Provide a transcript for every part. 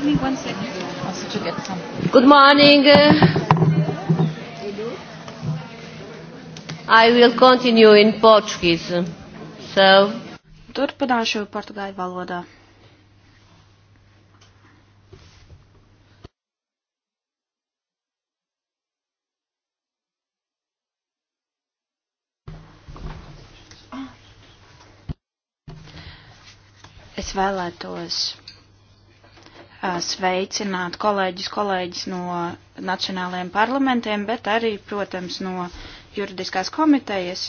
give me one second also to get some. Good morning. I will continue in Portuguese. So. Turpināšu portugāļu valodā. Es vēlētos sveicināt kolēģis, kolēģis no nacionālajiem parlamentiem, bet arī, protams, no juridiskās komitejas,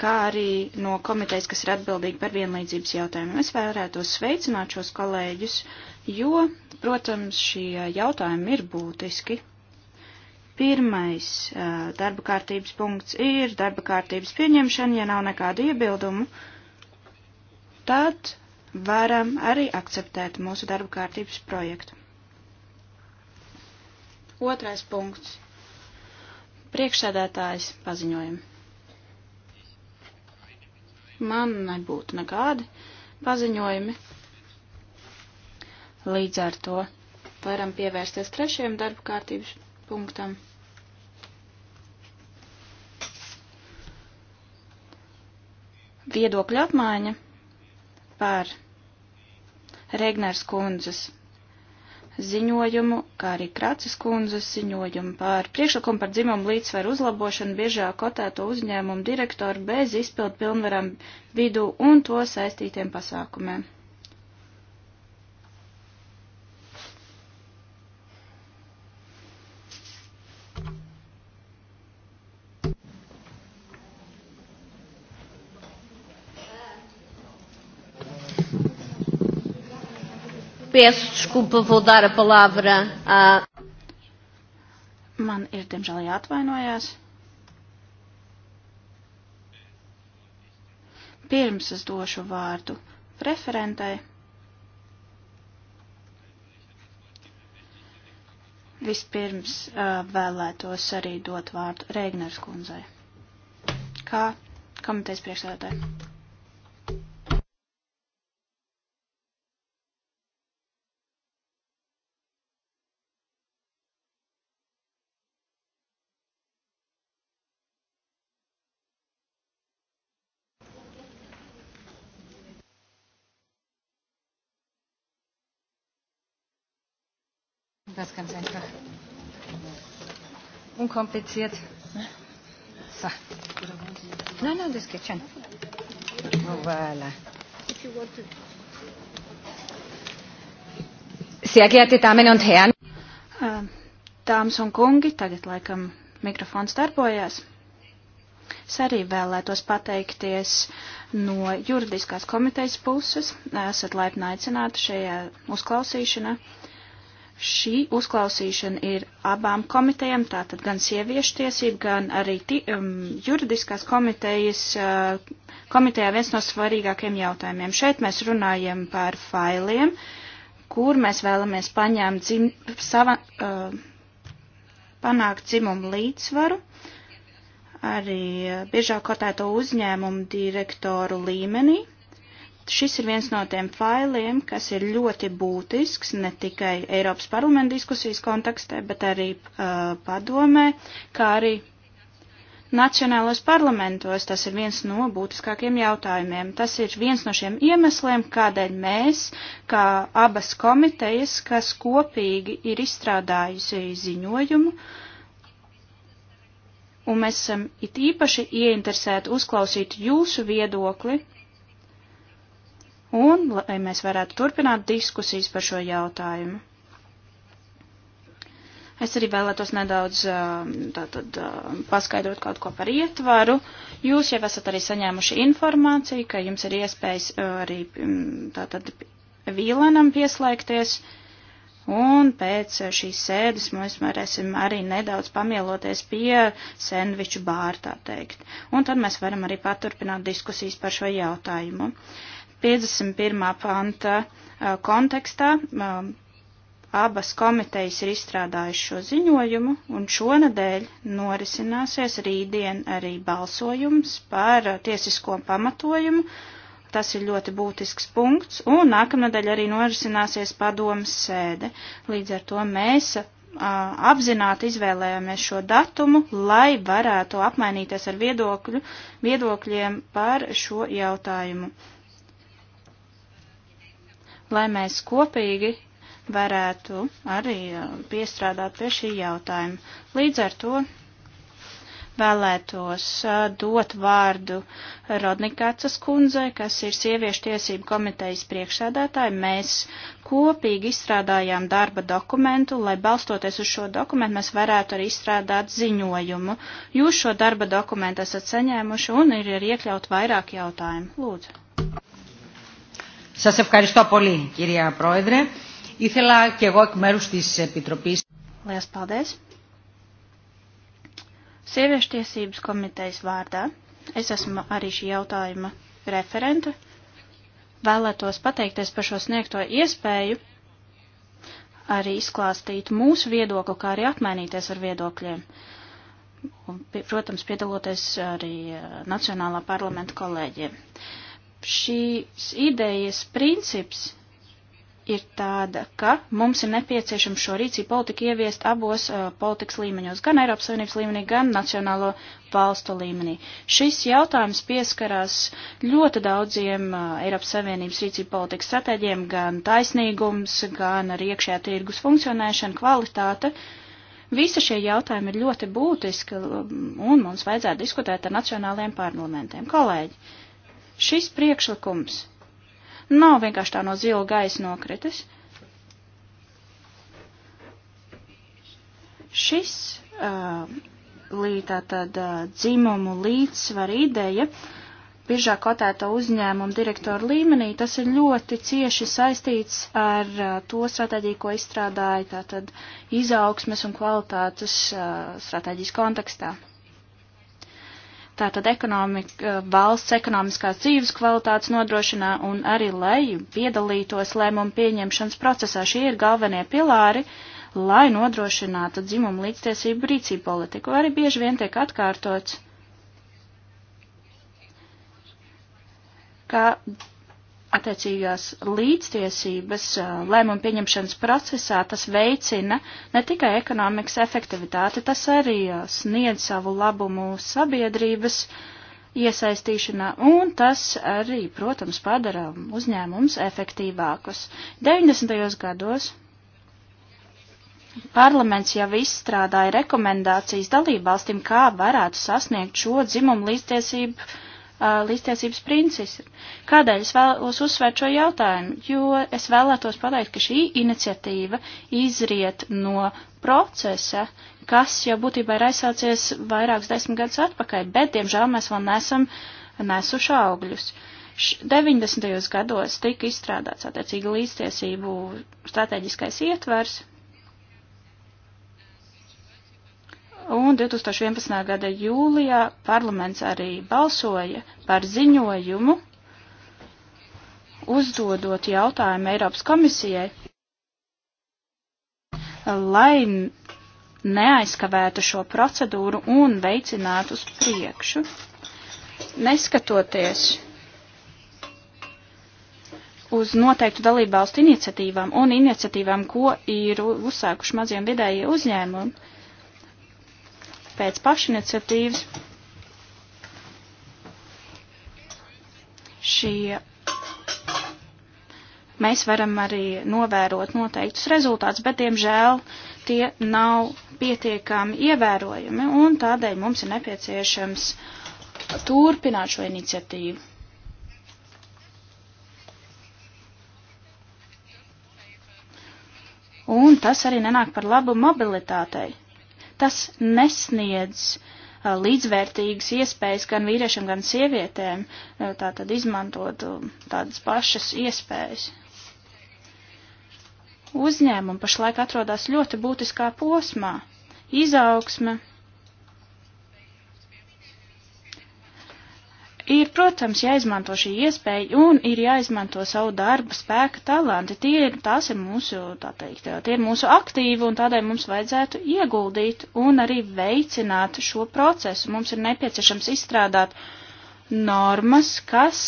kā arī no komitejas, kas ir atbildīgi par vienlīdzības jautājumiem. Es vēlētos sveicināt šos kolēģus, jo, protams, šie jautājumi ir būtiski. Pirmais darba kārtības punkts ir darba kārtības pieņemšana, ja nav nekādu iebildumu. Tad varam arī akceptēt mūsu darba kārtības projektu. Otrais punkts. Priekšsēdētājs paziņojumi. Man nebūtu nekādi paziņojumi. Līdz ar to varam pievērsties trešajam darba kārtības punktam. Viedokļa apmaiņa par Regners kundzes ziņojumu, kā arī Kracis kundzes ziņojumu par priekšlikumu par dzimumu līdzsveru uzlabošanu biežāk kotēto uzņēmumu direktoru bez izpildu pilnvaram vidū un to saistītiem pasākumiem. Peço desculpa, vou dar a palavra à. Man ir, diemžēl, jāatvainojās. Pirms es došu vārdu referentai. Vispirms uh, vēlētos arī dot vārdu Rēgners kundzei. Kā komitejas priekšsēdētāji? Das ist ganz einfach. Unkompliziert. So. Nein, no, nein, no, das geht schon. Oh, voilà. Sehr geehrte Damen und Herren. Äh, Dāmas un kungi, tagad laikam mikrofons darbojās. Es arī vēlētos pateikties no juridiskās komitejas puses. Esat laipni aicināti šajā uzklausīšanā. Uh, Šī uzklausīšana ir abām komitejām, tātad gan sieviešu tiesību, gan arī ti, um, juridiskās komitejas, uh, komitejā viens no svarīgākiem jautājumiem. Šeit mēs runājam par failiem, kur mēs vēlamies paņēmt dzim, sava, uh, panākt dzimumu līdzsvaru, arī uh, biežāk kotēto uzņēmumu direktoru līmenī. Šis ir viens no tiem failiem, kas ir ļoti būtisks ne tikai Eiropas parlamenta diskusijas kontekstē, bet arī uh, padomē, kā arī Nacionālos parlamentos tas ir viens no būtiskākiem jautājumiem. Tas ir viens no šiem iemesliem, kādēļ mēs, kā abas komitejas, kas kopīgi ir izstrādājusi ziņojumu, un mēs esam it īpaši ieinteresēti uzklausīt jūsu viedokli un lai mēs varētu turpināt diskusijas par šo jautājumu. Es arī vēlētos nedaudz tātad, paskaidrot kaut ko par ietvaru. Jūs jau esat arī saņēmuši informāciju, ka jums ir iespējas arī tātad vīlenam pieslēgties. Un pēc šīs sēdes mēs varēsim arī nedaudz pamieloties pie sendviču bārta, tā teikt. Un tad mēs varam arī paturpināt diskusijas par šo jautājumu. Uh, 51. panta kontekstā abas komitejas ir izstrādājuši šo ziņojumu, un šonadēļ norisināsies rītdien arī balsojums par tiesisko pamatojumu. Tas ir ļoti būtisks punkts, un nākamnedēļ arī norisināsies padomas sēde. Līdz ar to mēs apzināti izvēlējāmies šo datumu, lai varētu apmainīties ar viedokļu, viedokļiem par šo jautājumu lai mēs kopīgi varētu arī uh, piestrādāt pie šī jautājuma. Līdz ar to vēlētos uh, dot vārdu Rodnikācas kundzei, kas ir sieviešu tiesību komitejas priekšsēdētāja. Mēs kopīgi izstrādājām darba dokumentu, lai balstoties uz šo dokumentu mēs varētu arī izstrādāt ziņojumu. Jūs šo darba dokumentu esat saņēmuši un ir, ir iekļaut vairāk jautājumu. Lūdzu. Σας ευχαριστώ πολύ, κυρία Πρόεδρε. Ήθελα και εγώ εκ μέρους της Επιτροπής... Lielas paldies! Sieviešu tiesības komitejas vārdā es esmu arī šī jautājuma referente. Vēlētos pateikties par šo sniegto iespēju arī izklāstīt mūsu viedokli, kā arī apmainīties ar viedokļiem. Un, protams, piedaloties arī eh, Nacionālā parlamenta kolēģiem. Uh, šīs idejas princips ir tāda, ka mums ir nepieciešama šo rīcību politiku ieviest abos uh, politikas līmeņos, gan Eiropas Savienības līmenī, gan nacionālo valstu līmenī. Šis jautājums pieskarās ļoti daudziem uh, Eiropas Savienības rīcību politikas stratēģiem, gan taisnīgums, gan arī iekšējā tirgus funkcionēšana, kvalitāte. Visi šie jautājumi ir ļoti būtiski, um, un mums vajadzētu diskutēt ar nacionālajiem parlamentiem. Kolēģi! Šis priekšlikums nav vienkārši tā no zila gaisa nokritis. Šis uh, tātad uh, dzimumu līdzsvar ideja biežāk kotēto uzņēmumu direktoru līmenī, tas ir ļoti cieši saistīts ar uh, to stratēģiju, ko izstrādāja tātad izaugsmes un kvalitātes uh, stratēģijas kontekstā tātad ekonomika, eh, valsts ekonomiskās dzīves kvalitātes nodrošinā un arī, lai piedalītos lēmumu pieņemšanas procesā. Šie ir galvenie pilāri, lai nodrošinātu dzimumu līdztiesību rīcību politiku. Arī bieži vien tiek atkārtots, ka attiecīgās līdztiesības lēmumu pieņemšanas procesā, tas veicina ne tikai ekonomikas efektivitāti, tas arī sniedz savu labumu sabiedrības iesaistīšanā, un tas arī, protams, padara uzņēmums efektīvākus. 90. gados parlaments jau izstrādāja rekomendācijas dalībvalstīm, kā varētu sasniegt šo dzimumu līdztiesību līdztiesības princis. Kādēļ es vēlos uzsvērt šo jautājumu? Jo es vēlētos pateikt, ka šī iniciatīva izriet no procesa, kas jau būtībā ir aizsācies vairākus desmit gadus atpakaļ, bet, diemžēl, mēs vēl nesam nesuši augļus. 90. gados tika izstrādāts attiecīgi līdztiesību strateģiskais ietvers, un 2011. gada jūlijā parlaments arī balsoja par ziņojumu, uzdodot jautājumu Eiropas komisijai, lai neaizskavētu šo procedūru un veicinātu uz priekšu, neskatoties uz noteiktu dalībvalstu iniciatīvām un iniciatīvām, ko ir uzsākuši mazie un vidējie uzņēmumi pēc pašiniciatīvas. Šie mēs varam arī novērot noteiktus rezultātus, bet, diemžēl, tie nav pietiekami ievērojami, un tādēļ mums ir nepieciešams turpināt šo iniciatīvu. Un tas arī nenāk par labu mobilitātei tas nesniedz uh, līdzvērtīgas iespējas gan vīriešiem, gan sievietēm, uh, tātad izmantot um, tādas pašas iespējas. Uzņēmumi pašlaik atrodas ļoti būtiskā posmā. Izaugsme, Ir, protams, jāizmanto šī iespēja un ir jāizmanto savu darba spēka talanti. Tie ir, tās ir mūsu, tā teikt, tie ir mūsu aktīvi un tādēļ mums vajadzētu ieguldīt un arī veicināt šo procesu. Mums ir nepieciešams izstrādāt normas, kas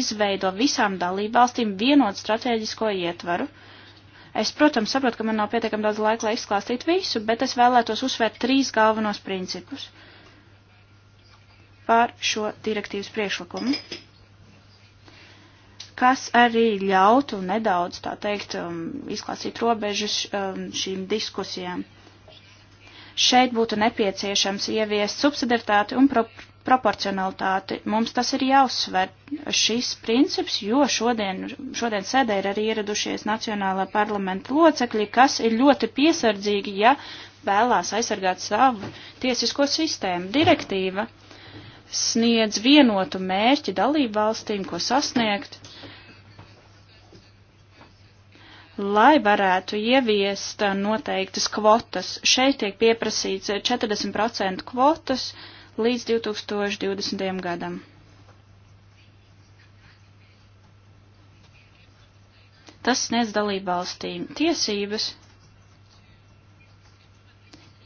izveido visām dalībvalstīm vienot strateģisko ietvaru. Es, protams, saprotu, ka man nav pietiekami daudz laika, lai izklāstītu visu, bet es vēlētos uzsvērt trīs galvenos principus par šo direktīvas priekšlikumu, kas arī ļautu nedaudz, tā teikt, um, izklāstīt robežas um, šīm diskusijām. Šeit būtu nepieciešams ieviest subsidiaritāti un pro proporcionalitāti. Mums tas ir jāuzsver šis princips, jo šodien, šodien sēdē ir arī ieradušies Nacionālā parlamenta locekļi, kas ir ļoti piesardzīgi, ja vēlās aizsargāt savu tiesisko sistēmu. Direktīva sniedz vienotu mērķi dalību valstīm, ko sasniegt, lai varētu ieviest noteiktas kvotas. Šeit tiek pieprasīts 40% kvotas līdz 2020. gadam. Tas sniedz dalību valstīm tiesības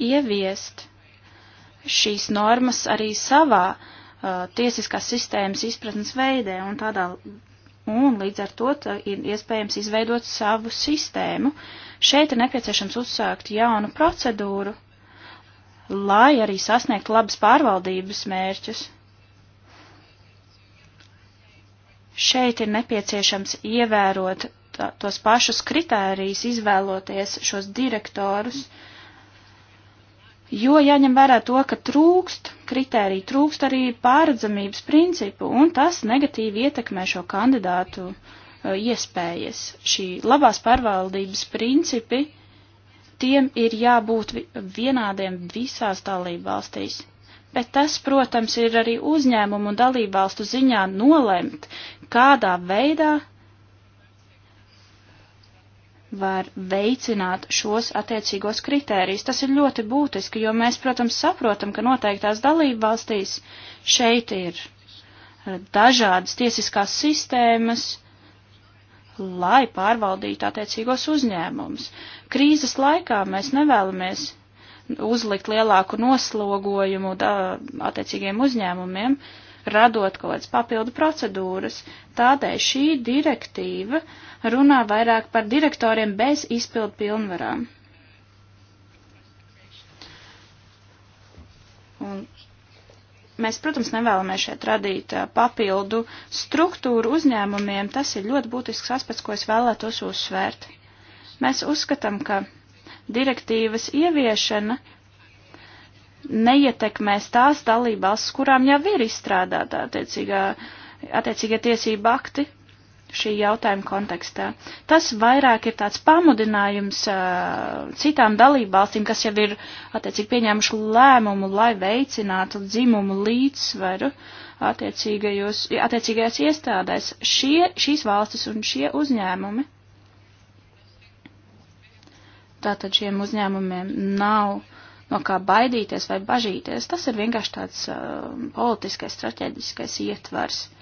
ieviest šīs normas arī savā uh, uh, tiesiskās sistēmas izpratnes veidē un tādā. Un līdz ar to ir iespējams izveidot savu sistēmu. Šeit ir nepieciešams uzsākt jaunu procedūru, lai arī sasniegtu labas pārvaldības mērķus. Šeit ir nepieciešams ievērot tā, tos pašus kritērijus, izvēloties šos direktorus. Mm Jo jāņem vērā to, ka trūkst kritērija, trūkst arī pārredzamības principu, un tas negatīvi ietekmē šo kandidātu uh, iespējas. Šī labās pārvaldības principi, tiem ir jābūt vienādiem visās dalību valstīs. Bet tas, protams, ir arī uzņēmumu un dalībvalstu ziņā nolemt, kādā veidā var veicināt šos attiecīgos kritērijus. Tas ir ļoti būtiski, jo mēs, protams, saprotam, ka noteiktās dalība valstīs šeit ir eh, dažādas tiesiskās sistēmas, lai pārvaldītu attiecīgos uzņēmumus. Krīzes laikā mēs nevēlamies uzlikt lielāku noslogojumu da, attiecīgiem uzņēmumiem, radot kaut kādas papildu procedūras. Tādēļ šī direktīva uh, runā vairāk par direktoriem bez izpildu pilnvarām. Un mēs, protams, nevēlamies šeit radīt papildu struktūru uzņēmumiem. Tas ir ļoti būtisks aspekts, ko es vēlētos uzsvērt. Mēs uzskatām, ka direktīvas ieviešana neietekmēs tās dalībās, kurām jau ir izstrādāta attiecīgā, attiecīgie tiesība akti, šī jautājuma kontekstā. Tas vairāk ir tāds pamudinājums uh, citām dalībvalstīm, kas jau ir attiecīgi pieņēmuši lēmumu, lai veicinātu dzimumu līdzsvaru attiecīgajās iestādēs. Šie, šīs valstis un šie uzņēmumi. Tātad šiem uzņēmumiem nav no kā baidīties vai bažīties. Tas ir vienkārši tāds uh, politiskais, strateģiskais ietvars. Uh,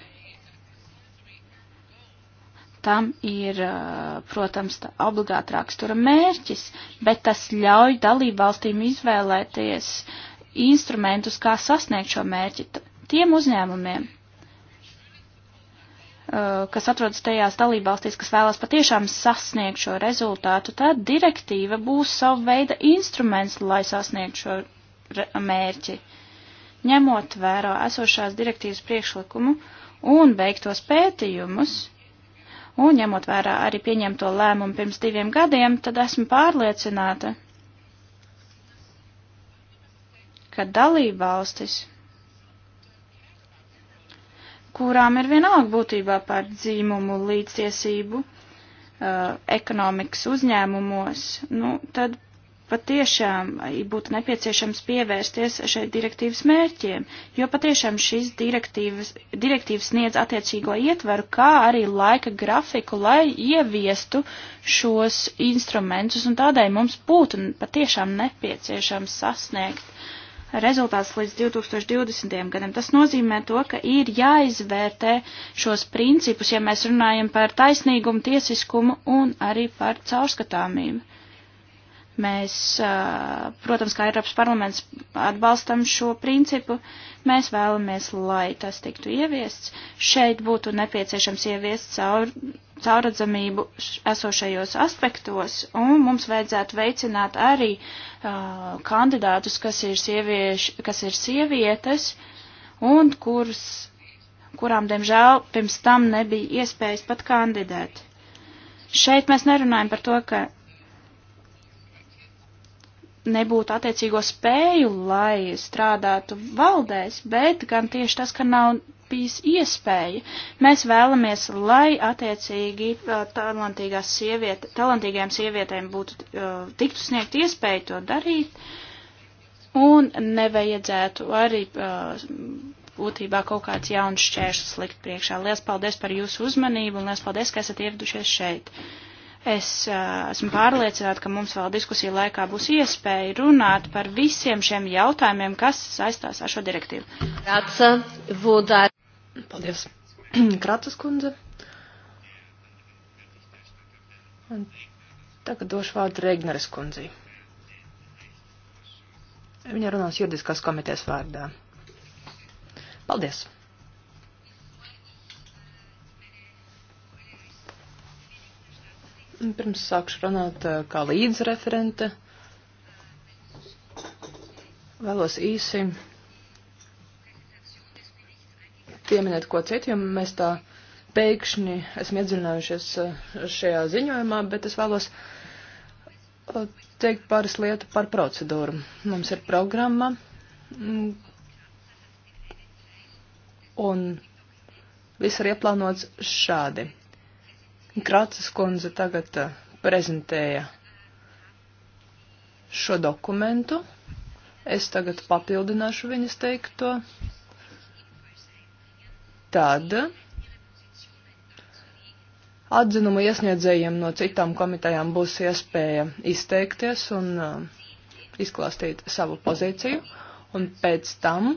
tam ir, protams, obligāti rakstura mērķis, bet tas ļauj dalību valstīm izvēlēties instrumentus, kā sasniegt šo mērķi tiem uzņēmumiem, kas atrodas tajās dalībvalstīs, kas vēlas patiešām sasniegt šo rezultātu, tad direktīva būs savu veidu instruments, lai sasniegtu šo mērķi, ņemot vērā esošās direktīvas priekšlikumu un beigtos pētījumus un ņemot vērā arī pieņemto lēmumu pirms diviem gadiem, tad esmu pārliecināta, ka dalība valstis, kurām ir vienalga būtībā par dzīmumu līdztiesību, uh, ekonomikas uzņēmumos, nu, tad patiešām būtu nepieciešams pievērsties šeit direktīvas mērķiem, jo patiešām šīs direktīvas, direktīvas sniedz attiecīgo ietveru, kā arī laika grafiku, lai ieviestu šos instrumentus, un tādēļ mums būtu patiešām nepieciešams sasniegt rezultāts līdz 2020. gadam. Tas nozīmē to, ka ir jāizvērtē šos principus, ja mēs runājam par taisnīgumu, tiesiskumu un arī par caurskatāmību Mēs, protams, kā Eiropas parlaments atbalstam šo principu, mēs vēlamies, lai tas tiktu ieviests. Šeit būtu nepieciešams ieviest caur, cauradzamību esošajos aspektos, un mums vajadzētu veicināt arī uh, kandidātus, kas ir, sievieš, kas ir sievietes, un kurs, kurām, diemžēl, pirms tam nebija iespējas pat kandidēt. Šeit mēs nerunājam par to, ka nebūtu attiecīgo spēju, lai strādātu valdēs, bet gan tieši tas, ka nav bijis iespēja. Mēs vēlamies, lai attiecīgi uh, talantīgās sieviete, talantīgajām sievietēm būtu uh, tiktu sniegt iespēju to darīt un nevajadzētu arī uh, būtībā kaut kāds jauns šķēršļs likt priekšā. Lielas paldies par jūsu uzmanību un lielas paldies, ka esat ieradušies šeit. Es uh, esmu pārliecināta, ka mums vēl diskusiju laikā būs iespēja runāt par visiem šiem jautājumiem, kas saistās ar šo direktīvu. Kraca, Vudā. Paldies. Kracas kundze. Un tagad došu vārdu Regneres kundzei. Viņa runās juridiskās komitejas vārdā. Paldies! Pirms sākšu runāt eh, kā līdzreferente, vēlos īsi pieminēt ko citu, jo mēs tā pēkšņi esam iedzinājušies eh, šajā ziņojumā, bet es vēlos eh, teikt pāris lietu par procedūru. Mums ir programma, mm, un viss ir ieplānots šādi. Krācas kundze tagad uh, prezentēja šo dokumentu. Es tagad papildināšu viņas teikto. Tad atzinumu iesniedzējiem no citām komitejām būs iespēja izteikties un uh, izklāstīt savu pozīciju, un pēc tam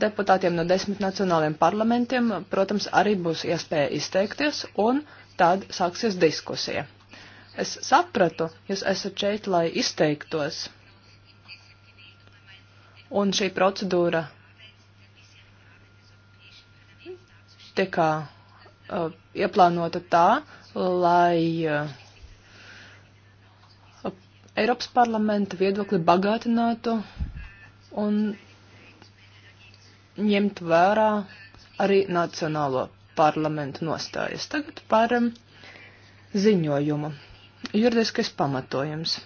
deputātiem no desmit nacionāliem parlamentiem, protams, arī būs iespēja izteikties, un uh, tad sāksies diskusija. Es sapratu, jūs esat šeit, lai izteiktos. Un šī procedūra tika uh, ieplānota tā, lai uh, Eiropas parlamenta viedokli bagātinātu un ņemt vērā arī nacionālo parlamentu nostājas. Tagad par um, ziņojumu. Juridiskais pamatojums.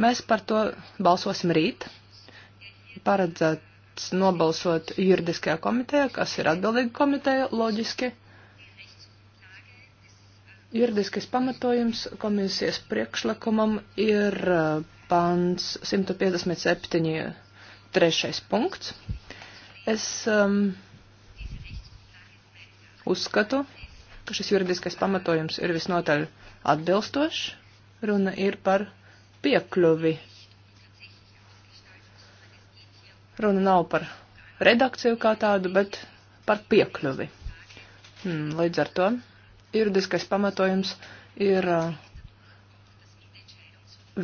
Mēs par to balsosim rīt. Paredzēts nobalsot juridiskajā komitejā, kas ir atbildīga komiteja, loģiski. Juridiskais pamatojums komisijas priekšlikumam ir uh, pants 157. trešais punkts. Es um, Uzskatu, ka šis juridiskais pamatojums ir visnotaļ atbilstošs. Runa ir par piekļuvi. Runa nav par redakciju kā tādu, bet par piekļuvi. Hmm, līdz ar to juridiskais pamatojums ir uh,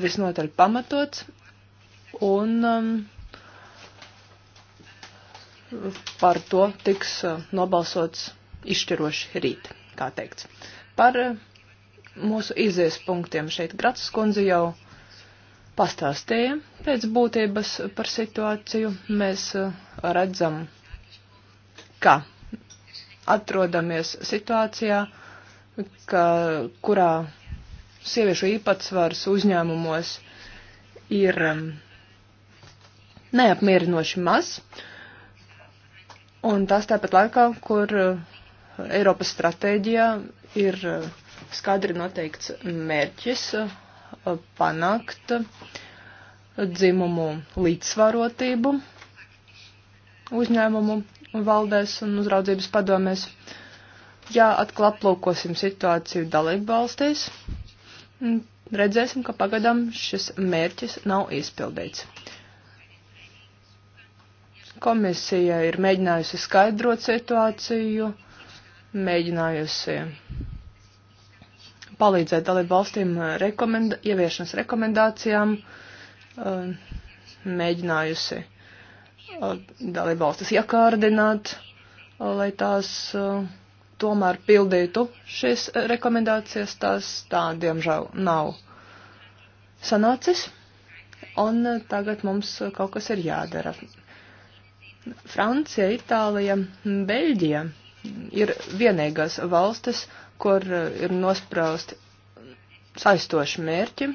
visnotaļ pamatots un um, par to tiks uh, nobalsots izšķiroši rīt, kā teikts. Par eh, mūsu izies punktiem šeit Gratas kundze jau pastāstīja pēc būtības par situāciju. Mēs eh, redzam, ka atrodamies situācijā, ka, kurā sieviešu īpatsvars uzņēmumos ir neapmierinoši maz. Un tas tāpat laikā, kur Eiropas stratēģijā ir eh, skaidri noteikts mērķis eh, panākt dzimumu līdzsvarotību uzņēmumu valdēs un uzraudzības padomēs. Ja atkal aplūkosim situāciju dalību valstīs, redzēsim, ka pagadam šis mērķis nav izpildīts. Komisija ir mēģinājusi skaidrot situāciju, uh, mēģinājusi palīdzēt dalību valstīm rekomenda ieviešanas rekomendācijām, um, mēģinājusi uh, dalību valstis iekārdināt, uh, lai tās uh, tomēr pildītu šīs rekomendācijas, tās tā, diemžēl, nav sanācis, un tagad mums kaut kas ir jādara. Francija, Itālija, Beļģija ir vienīgās valstis, kur eh, ir nosprausti saistoši mērķi,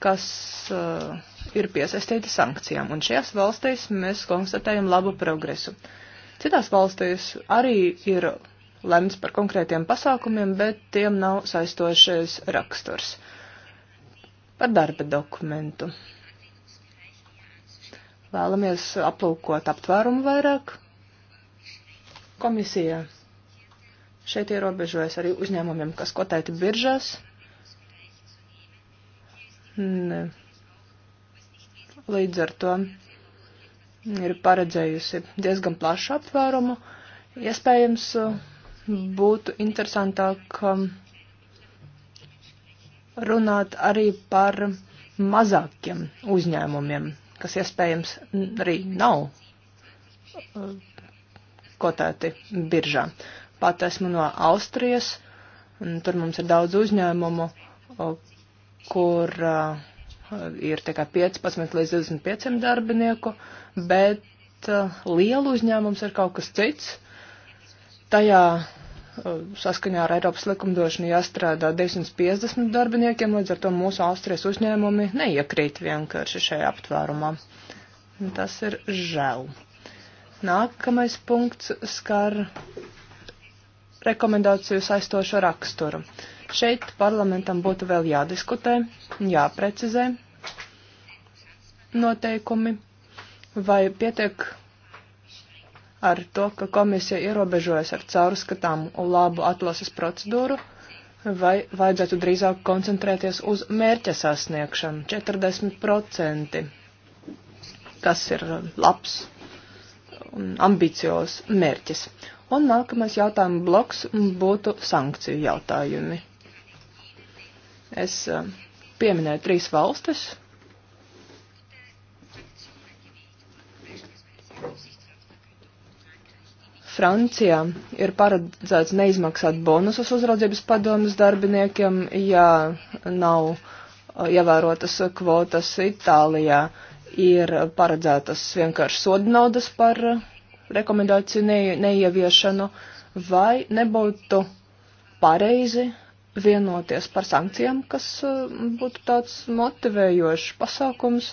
kas uh, ir piesaistīti sankcijām. Un šajās valstīs mēs konstatējam labu progresu. Citās valstīs arī ir lemts par konkrētiem pasākumiem, bet tiem nav saistošais raksturs. Par darba dokumentu. Vēlamies aplūkot aptvērumu vairāk komisijā šeit ierobežojas arī uzņēmumiem, kas kotēti biržās. Līdz ar to ir paredzējusi diezgan plašu apvērumu. Iespējams, būtu interesantāk um, runāt arī par mazākiem uzņēmumiem, kas iespējams arī nav uh, kotēti biržā. Uh, Pat esmu no Austrijas, un tur mums ir daudz uzņēmumu, kur uh, ir tikai 15 līdz 25 darbinieku, bet uh, liela uzņēmums ir kaut kas cits. Tajā saskaņā ar Eiropas likumdošanu jāstrādā 250 darbiniekiem, līdz ar to mūsu Austrijas uzņēmumi neiekrīt vienkārši šajā aptvērumā. Tas ir žēl. Nākamais punkts skar rekomendāciju saistošo raksturu. Šeit parlamentam būtu vēl jādiskutē, jāprecizē noteikumi, vai pietiek ar to, ka komisija ierobežojas ar caurskatām un labu atlases procedūru, vai vajadzētu drīzāk koncentrēties uz mērķa sasniegšanu 40%, kas ir labs un ambiciozs mērķis. Un nākamais jautājuma bloks būtu sankciju jautājumi. Es e, pieminēju trīs valstis. Francijā ir paredzēts neizmaksāt bonusus uzraudzības padomus darbiniekiem, ja nav e, ievērotas kvotas. Itālijā ir paredzētas vienkārši sodu naudas par e, rekomendāciju ne, neieviešanu, vai nebūtu pareizi vienoties par sankcijām, kas būtu tāds motivējošs pasākums,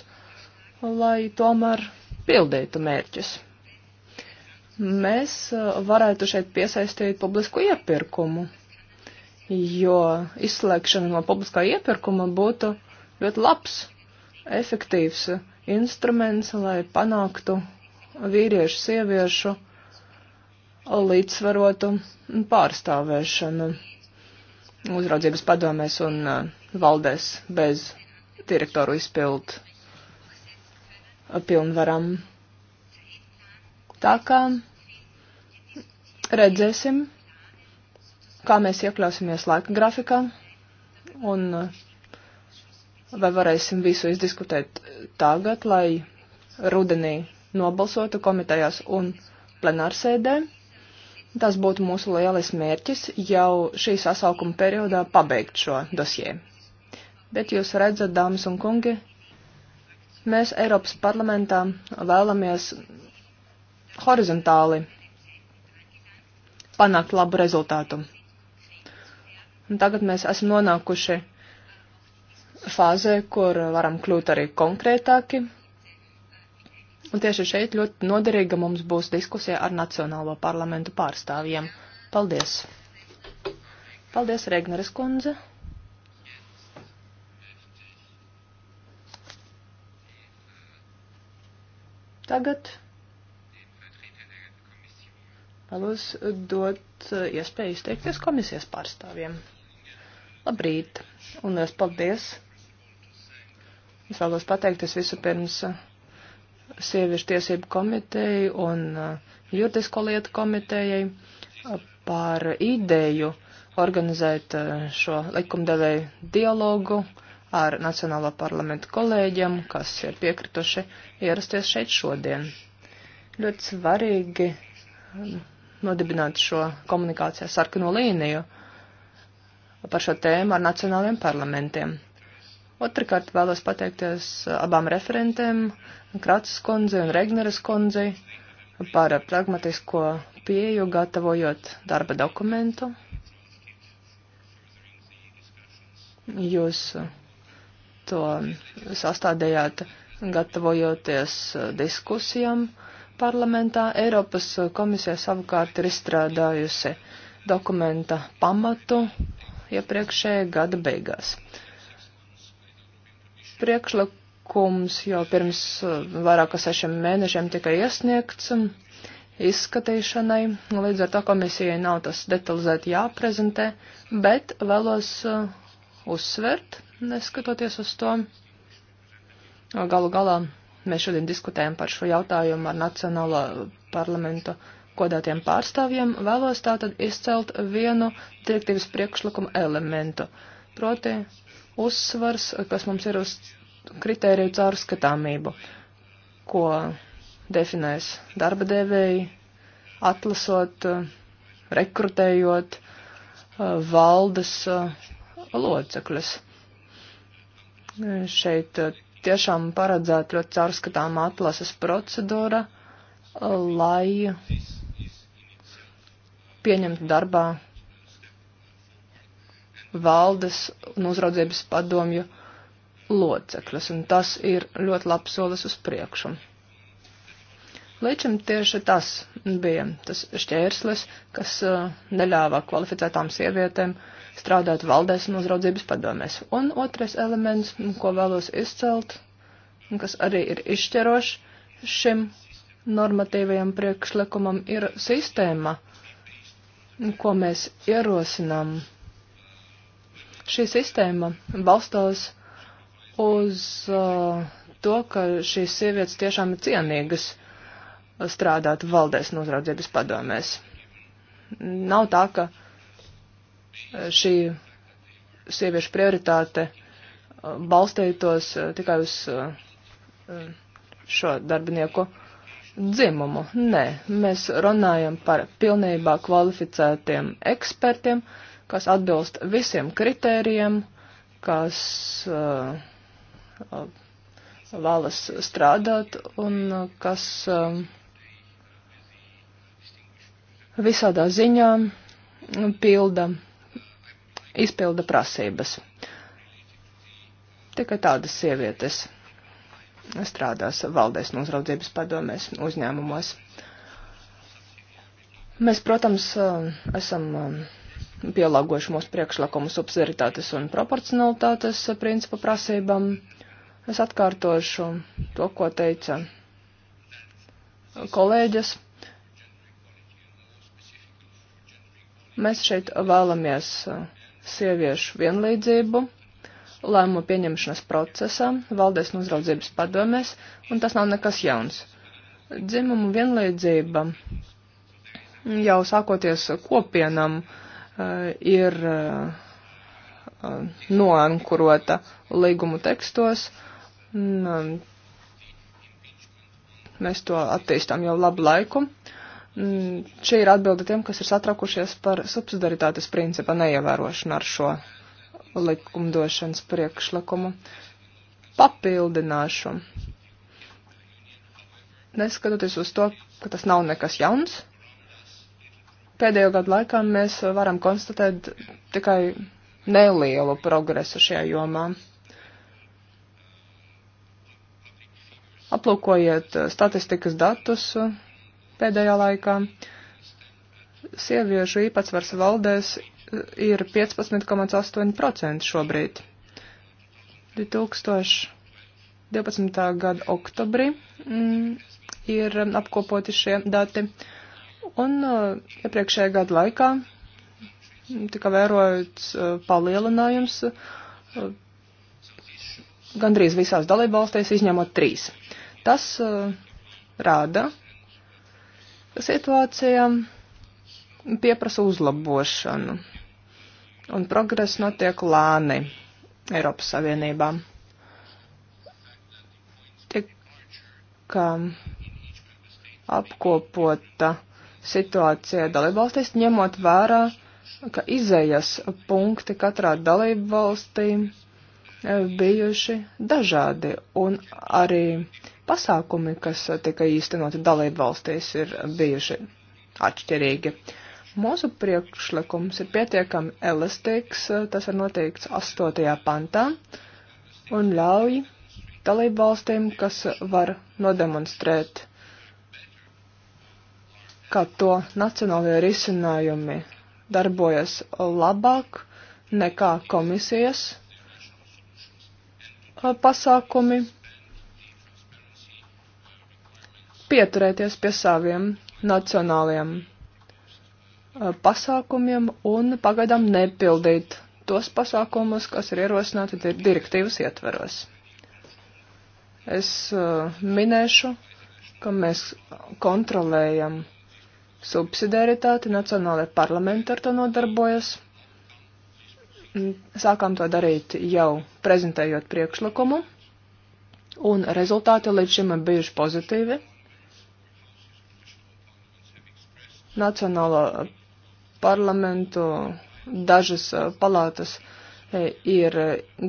lai tomēr pildītu mērķus. Mēs uh, varētu šeit piesaistīt publisku iepirkumu, jo izslēgšana no publiskā iepirkuma būtu ļoti labs, efektīvs instruments, lai panāktu vīriešu, sieviešu līdzsvarotu pārstāvēšanu uzraudzības padomēs un uh, valdēs bez direktoru izpild uh, pilnvaram. Tā kā redzēsim, kā mēs iekļausimies laika grafikā un uh, vai varēsim visu izdiskutēt tagad, lai rudenī nobalsotu komitejās un plenārsēdē. Tas būtu mūsu lielais mērķis jau šī sasaukuma periodā pabeigt šo dosie. Bet jūs redzat, dāmas un kungi, mēs Eiropas parlamentā vēlamies horizontāli panākt labu rezultātu. Un tagad mēs esam nonākuši fāzē, kur varam kļūt arī konkrētāki Un tieši šeit ļoti noderīga mums būs diskusija ar Nacionālo parlamentu pārstāvjiem. Paldies! Paldies, Regneres kundze! Tagad vēlos dot iespēju izteikties komisijas pārstāvjiem. Labrīt! Un es paldies! Es vēlos pateikties visu pirms. Uh, sieviešu tiesību komiteju un uh, juridisko lietu komitejai uh, par ideju organizēt uh, šo likumdevēju dialogu ar Nacionālo parlamentu kolēģiem, kas ir piekrituši ierasties šeit šodien. Ļoti svarīgi um, nodibināt šo komunikācijā sarkano līniju par šo tēmu ar nacionāliem parlamentiem. Otrakārt vēlos pateikties abām referentēm, Kratas kundzi un Regneras kundzi, par pragmatisko pieju gatavojot darba dokumentu. Jūs to sastādējāt gatavojoties diskusijām parlamentā. Eiropas komisija savukārt ir izstrādājusi dokumenta pamatu iepriekšējā gada beigās. Uh, priekšlikums jau pirms uh, vairāk kā sešiem mēnešiem tika iesniegts um, izskatīšanai, līdz ar to komisijai nav tas detalizēti jāprezentē, bet vēlos uh, uzsvert, neskatoties uz to. Galu galā mēs šodien diskutējam par šo jautājumu ar Nacionālo parlamentu kodētiem pārstāvjiem, vēlos tātad izcelt vienu direktīvas priekšlikumu elementu, proti uzsvars, kas mums ir uz kritēriju caurskatāmību, ko definēs darba devēji, atlasot, rekrutējot valdes locekļus. Šeit tiešām paredzēta ļoti caurskatāma atlases procedūra, lai pieņemtu darbā valdes un uzraudzības padomju locekļus, un tas ir ļoti labs solis uz priekšu. Līčam tieši tas bija tas šķērslis, kas eh, neļāva kvalificētām sievietēm strādāt valdēs un uzraudzības padomēs. Un otrais elements, ko vēlos izcelt, kas arī ir izšķirošs šim normatīvajam priekšlikumam, ir sistēma, ko mēs ierosinām Šī sistēma balstās uz uh, to, ka šīs sievietes tiešām ir cienīgas strādāt valdēs un uzraudzības padomēs. Nav tā, ka uh, šī sieviešu prioritāte uh, balstītos uh, tikai uz šo darbinieku dzimumu. Nē, mēs runājam par pilnībā kvalificētiem ekspertiem, uh, kas atbilst visiem kritērijiem, kas uh, vēlas strādāt un uh, kas uh, visādā ziņā pilda, izpilda prasības. Tikai tādas sievietes strādās valdēs un uzraudzības padomēs uzņēmumos. Mēs, protams, uh, esam um, pielāgojuši mūsu priekšlikumu subsidiaritātes un proporcionalitātes eh, principu prasībām. Es atkārtošu to, ko teica kolēģis. Mēs šeit vēlamies eh, sieviešu vienlīdzību lēmumu pieņemšanas procesā, valdēs un uzraudzības padomēs, un tas nav nekas jauns. Dzimumu vienlīdzība jau sākoties kopienam uh, Eh, ir eh, noankurota līgumu tekstos. Un, eh, mēs to attīstām jau labu laiku. Šī ir atbilde tiem, kas ir satraukušies par subsidaritātes principa neievērošanu ar šo likumdošanas priekšlikumu. Papildināšu. Neskatoties uz to, ka tas nav nekas jauns, pēdējo gadu laikā mēs varam konstatēt tikai nelielu progresu šajā jomā. Aplūkojiet uh, statistikas datus uh, pēdējā laikā. Sieviešu īpatsvars valdēs uh, ir 15,8% šobrīd. 2012. gada oktobrī mm, ir apkopoti šie dati. Uh, Un uh, iepriekšējā gada laikā tika vērots uh, palielinājums uh, gandrīz visās dalībvalstīs, izņemot trīs. Tas rāda, ka situācija pieprasa uzlabošanu un progress notiek lēni Eiropas Savienībā. Tika um, apkopota situācija dalībvalstīs, ņemot vērā, ka izējas punkti katrā dalībvalstī e, bijuši dažādi, un arī pasākumi, kas tika īstenoti dalībvalstīs, ir bijuši atšķirīgi. Mūsu priekšlikums ir pietiekami elastīgs, e, tas ir noteikts 8. pantā, un ļauj dalībvalstīm, kas var nodemonstrēt ka to nacionālajie risinājumi darbojas labāk nekā komisijas pasākumi. Pieturēties pie saviem nacionālajiem pasākumiem un pagaidām nepildīt tos pasākumus, kas ir ierosināti direktīvas ietveros. Es uh, minēšu, ka mēs kontrolējam uh, subsidiaritāti, nacionālajie parlamenti ar to nodarbojas. Sākām to darīt jau prezentējot priekšlikumu, un rezultāti līdz šim ir bijuši pozitīvi. Nacionālo parlamentu dažas palātas e, ir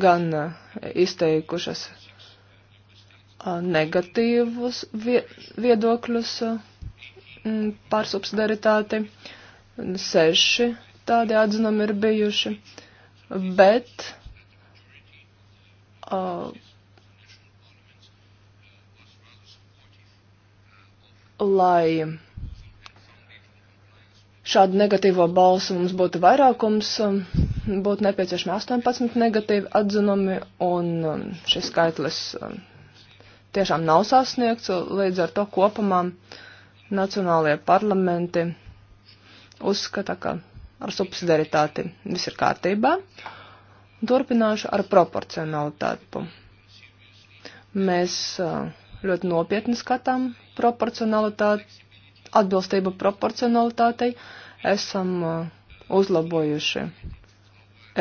gan izteikušas negatīvus viedokļus Mm, par subsidiaritāti. Seši tādi atzinumi ir bijuši, bet uh, lai šādu negatīvo balsu mums būtu vairākums, būtu nepieciešami 18 negatīvi atzinumi, un šis skaitlis tiešām nav sasniegts, līdz ar to kopumā uh, nacionālajie parlamenti uzskata, ka ar subsidiaritāti viss ir kārtībā. Turpināšu ar proporcionalitāti. Mēs ļoti nopietni skatām proporcionalitāti, atbilstību proporcionalitātei. Esam uzlabojuši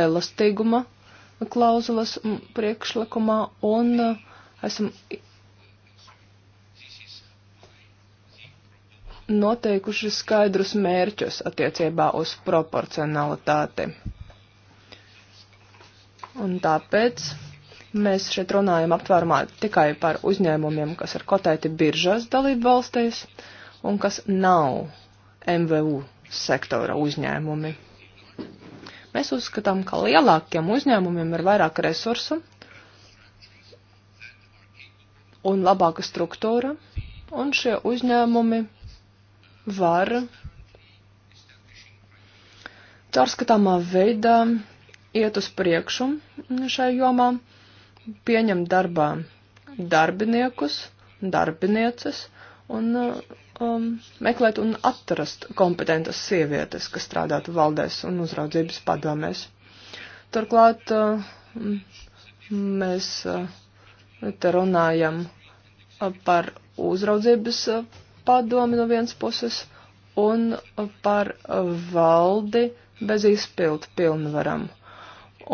elastīguma klauzulas priekšlikumā un esam noteikuši skaidrus mērķus attiecībā uz proporcionalitāti. Un tāpēc mēs šeit runājam aptvērumā tikai par uzņēmumiem, kas ir kotēti biržas dalību valstīs un kas nav MVU sektora uzņēmumi. Mēs uzskatām, ka lielākiem uzņēmumiem ir vairāk resursu un labāka struktūra, un šie uzņēmumi var caurskatāmā veidā iet uz priekšu šajā jomā, pieņemt darbā darbiniekus, darbinieces un um, meklēt un atrast kompetentas sievietes, kas strādātu valdēs un uzraudzības padomēs. Turklāt uh, mēs uh, te runājam par uzraudzības uh, padomi no vienas puses un par valdi bez izpildu pilnvaram.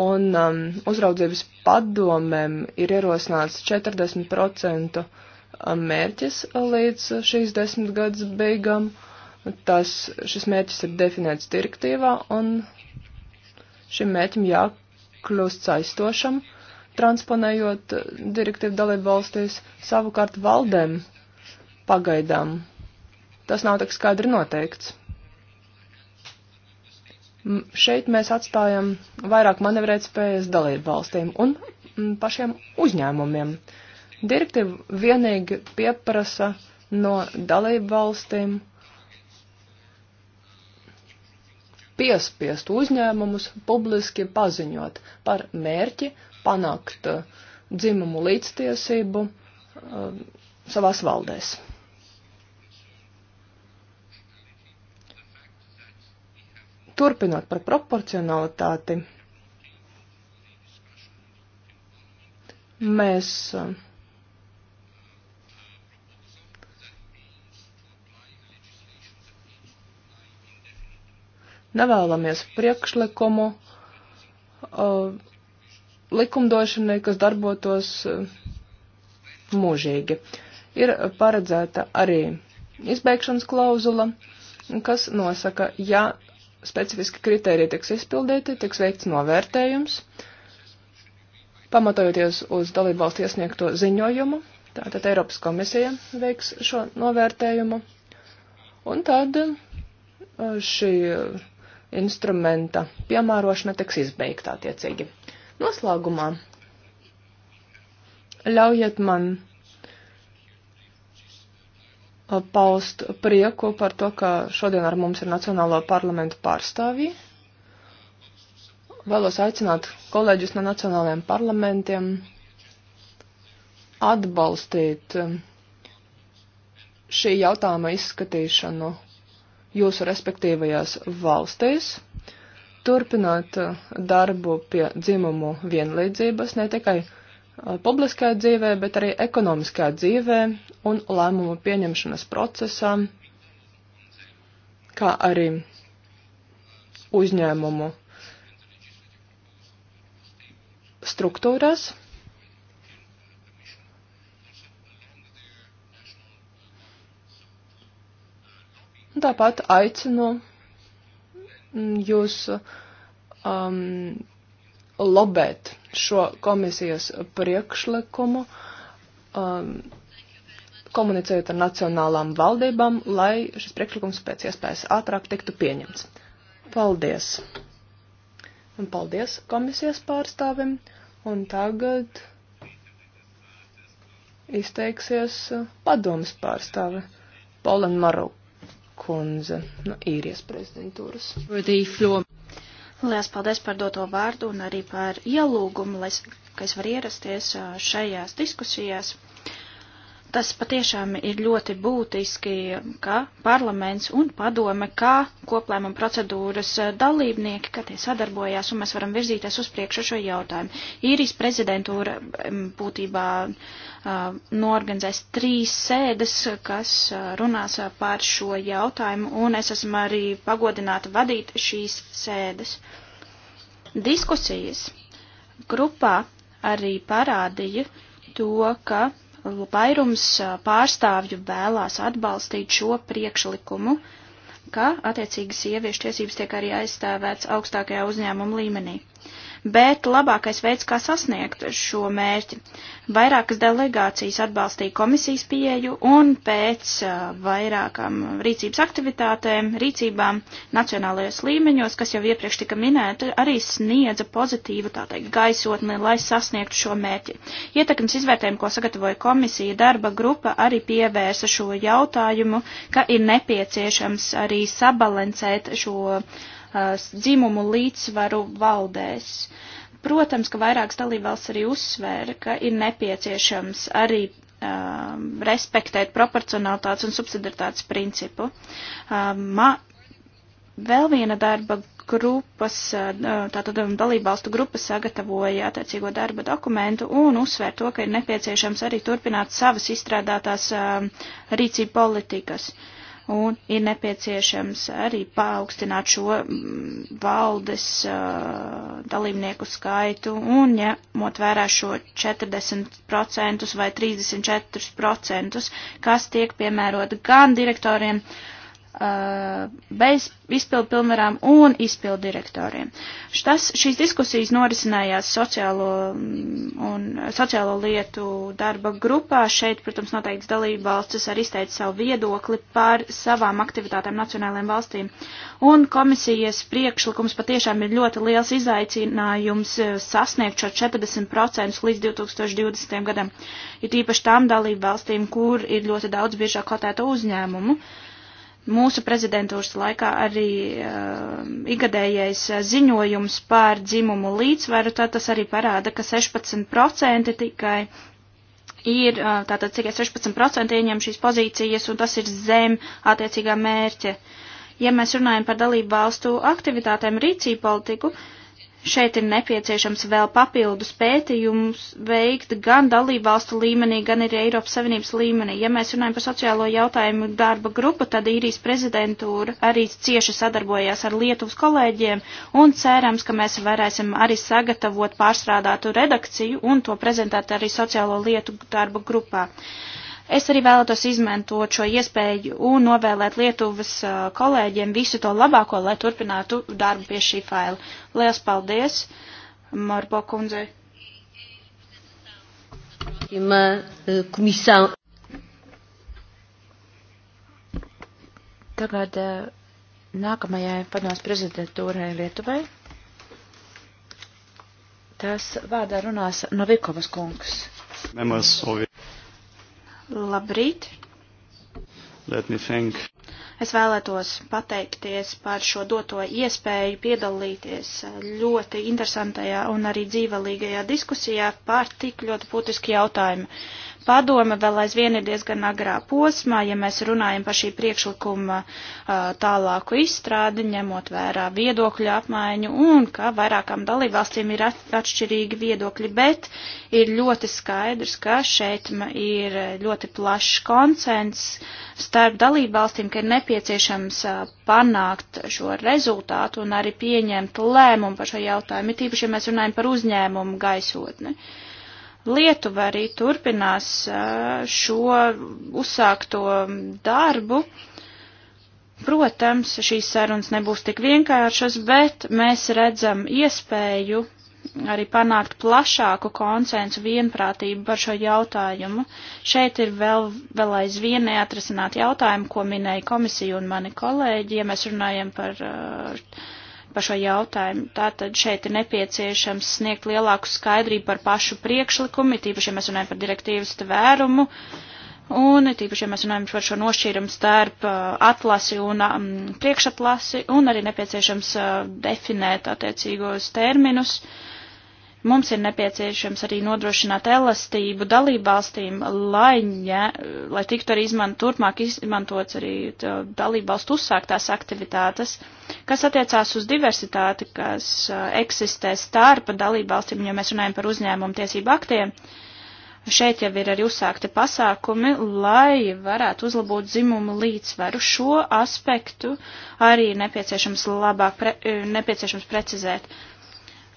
Un um, uzraudzības padomēm ir ierosināts 40% um, mērķis līdz šīs desmitgades beigām. Tas, šis mērķis ir definēts direktīvā un šim mērķim jākļūst saistošam, transponējot direktīvu dalību valstīs savukārt valdēm Pagaidām tas nav tik skaidri noteikts. Šeit mēs atstājam vairāk manevrētspējas dalību valstīm un pašiem uzņēmumiem. Direktīva vienīgi pieprasa no dalību valstīm piespiest uzņēmumus publiski paziņot par mērķi panākt uh, dzimumu līdztiesību uh, savās valdēs. Turpinot par proporcionalitāti, mēs uh, nevēlamies priekšlikumu uh, likumdošanai, kas darbotos uh, mūžīgi. Ir paredzēta arī izbeigšanas klauzula, kas nosaka, ja specifiski kriteriji tiks izpildīti, tiks veikts novērtējums, pamatojoties uz dalībvalstu iesniegto ziņojumu, tātad Eiropas komisija veiks šo novērtējumu, un tad uh, šī instrumenta piemērošana tiks izbeigta attiecīgi. Noslēgumā ļaujiet man Uh, paust prieku par to, ka šodien ar mums ir Nacionālo parlamentu pārstāvji. Vēlos aicināt kolēģus no nacionālajiem parlamentiem atbalstīt um, šī jautājuma izskatīšanu jūsu respektīvajās valstīs, turpināt uh, darbu pie dzimumu vienlīdzības, ne tikai Eh, publiskajā dzīvē, bet arī ekonomiskajā dzīvē un lēmumu pieņemšanas procesā, kā arī uzņēmumu struktūrās. Tāpat aicinu jūs um, lobēt šo komisijas priekšlikumu, um, komunicējot ar nacionālām valdībām, lai šis priekšlikums pēc iespējas ātrāk tiktu pieņemts. Paldies! Un paldies komisijas pārstāvim, un tagad izteiksies padomas pārstāve Paulina Maru kundze no īrijas prezidentūras. Lielas paldies par doto vārdu un arī par ielūgumu, lai, ka es varu ierasties šajās diskusijās tas patiešām ir ļoti būtiski, ka parlaments un padome, kā koplēmuma procedūras dalībnieki, ka tie sadarbojās un mēs varam virzīties uz priekšu šo jautājumu. Īrijas prezidentūra būtībā norganizēs trīs sēdes, kas runās par šo jautājumu, un es esmu arī pagodināta vadīt šīs sēdes. Diskusijas grupā arī parādīja to, ka vairums pārstāvju vēlās atbalstīt šo priekšlikumu, ka attiecīgi sieviešu tiesības tiek arī aizstāvēts augstākajā uzņēmuma līmenī. Uh, bet labākais veids, kā sasniegt šo mērķi. Vairākas delegācijas atbalstīja komisijas pieeju un pēc vairākām rīcības aktivitātēm, rīcībām nacionālajos līmeņos, kas jau iepriekš tika minēta, arī sniedza pozitīvu, tā teikt, gaisotni, lai sasniegtu šo mērķi. Ietekmes izvērtējumu, ko sagatavoja komisija, darba grupa arī pievērsa šo jautājumu, ka ir nepieciešams arī sabalansēt šo uh, Uh, dzimumu līdzsvaru valdēs. Protams, ka vairākas dalībvalsts arī uzsvēra, ka ir nepieciešams arī um, respektēt proporcionalitātes un subsidaritātes principu. Um, ma, vēl viena darba grupas, uh, uh, tātad um, dalībvalstu grupa sagatavoja attiecīgo darba dokumentu un uzsver to, ka ir nepieciešams arī turpināt savas izstrādātās um, rīcību politikas. Uh, un ir nepieciešams arī paaugstināt šo mm, valdes uh, dalībnieku skaitu un ņemot ja, vērā šo 40% vai 34%, kas tiek piemērot gan direktoriem, uh, Uh, bez izpildu pilnvarām un izpildu direktoriem. Štas, šīs diskusijas norisinājās sociālo, mm, un, sociālo lietu darba grupā. Šeit, protams, noteikts dalība valstis arī izteica savu viedokli par savām aktivitātēm nacionālajiem valstīm. Un komisijas priekšlikums patiešām ir ļoti liels izaicinājums uh, sasniegt šo 40% līdz 2020. gadam. Ir tīpaši tām dalību valstīm, kur ir ļoti daudz biežāk kotēto uzņēmumu. Uh, mūsu prezidentūras laikā arī um, uh, igadējais ziņojums par dzimumu līdzsvaru, tā tas arī parāda, ka 16% tikai ir, uh, tātad tikai 16% ieņem šīs pozīcijas, un tas ir zem attiecīgā mērķa. Ja mēs runājam par dalību valstu aktivitātēm rīcību politiku, uh, Šeit ir nepieciešams vēl papildus pētījums veikt gan dalībvalstu līmenī, gan arī Eiropas Savienības līmenī. Ja mēs runājam par sociālo jautājumu darba grupu, tad īrijas prezidentūra arī cieši sadarbojās ar Lietuvas kolēģiem un cerams, ka mēs varēsim arī sagatavot pārstrādātu redakciju un to prezentēt arī sociālo lietu darba grupā. Uh, Es arī vēlētos izmantot šo iespēju un novēlēt Lietuvas kolēģiem visu to labāko, lai turpinātu darbu pie šī faila. Lielas paldies, Marbo kundze. Tagad nākamajai padomas prezidentūrai Lietuvai. Tās vārdā runās Novikovas kungs. Nemaz, Labrīt! Let me thank. Es vēlētos pateikties par šo doto iespēju piedalīties ļoti interesantajā un arī dzīvelīgajā diskusijā par tik ļoti būtisku jautājumu. Padome vēl aizvien ir diezgan agrā posmā, ja mēs runājam par šī priekšlikuma tālāku izstrādi, ņemot vērā viedokļu apmaiņu un ka vairākām dalībvalstīm ir atšķirīgi viedokļi, bet ir ļoti skaidrs, ka šeit ir ļoti plašs konsens starp dalībvalstīm, ka ir nepieciešams nepieciešams panākt šo rezultātu un arī pieņemt lēmumu par šo jautājumu, it īpaši, ja mēs runājam par uzņēmumu gaisotni. Lietuva arī turpinās šo uzsākto darbu. Protams, šīs sarunas nebūs tik vienkāršas, bet mēs redzam iespēju arī panākt plašāku konsensu vienprātību par šo jautājumu. Šeit ir vēl, vēl aizvien neatrisināt jautājumu, ko minēja komisija un mani kolēģi, ja mēs runājam par, uh, par šo jautājumu. Tātad šeit ir nepieciešams sniegt lielāku skaidrību par pašu priekšlikumu, tīpaši, ja mēs runājam par direktīvas tvērumu. Un tīpaši, ja mēs runājam par šo nošķīrumu starp uh, atlasi un um, priekšatlasi, un arī nepieciešams uh, definēt attiecīgos terminus, uh, Mums ir nepieciešams arī nodrošināt elastību dalībvalstīm, lai, ja, lai tiktu arī izman, turpmāk izmantots arī dalībvalstu uzsāktās aktivitātes, kas attiecās uz diversitāti, kas eksistē starp dalībvalstīm, ja mēs runājam par uzņēmumu tiesību aktiem. Šeit jau ir arī uzsākti pasākumi, lai varētu uzlabot dzimumu līdzsvaru. Šo aspektu arī nepieciešams labāk, pre, nepieciešams precizēt. Uh,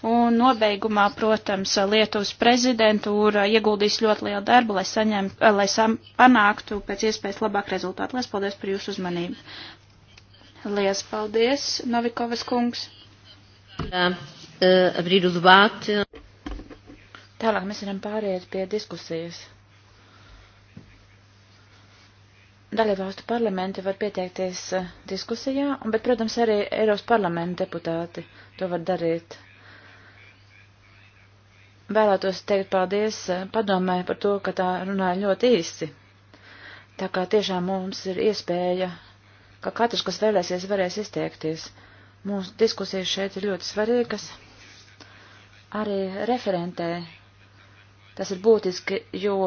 Un nobeigumā, protams, Lietuvas prezidentūra ieguldīs ļoti lielu darbu, lai, saņem, lai sam, panāktu pēc iespējas labāk rezultātu. Lielas paldies par jūsu uzmanību. Lielas paldies, Novikovas kungs. Eh, Tālāk mēs varam pāriet pie diskusijas. Dalībvalstu parlamenti var pieteikties eh, diskusijā, bet, protams, arī Eiropas parlamenta deputāti to var darīt. Vēlētos teikt paldies eh, padomē par to, ka tā runāja ļoti īsi. Tā kā tiešām mums ir iespēja, ka katrs, kas vēlēsies, varēs izteikties. Mūsu diskusijas šeit ir ļoti svarīgas. Arī referentē tas ir būtiski, jo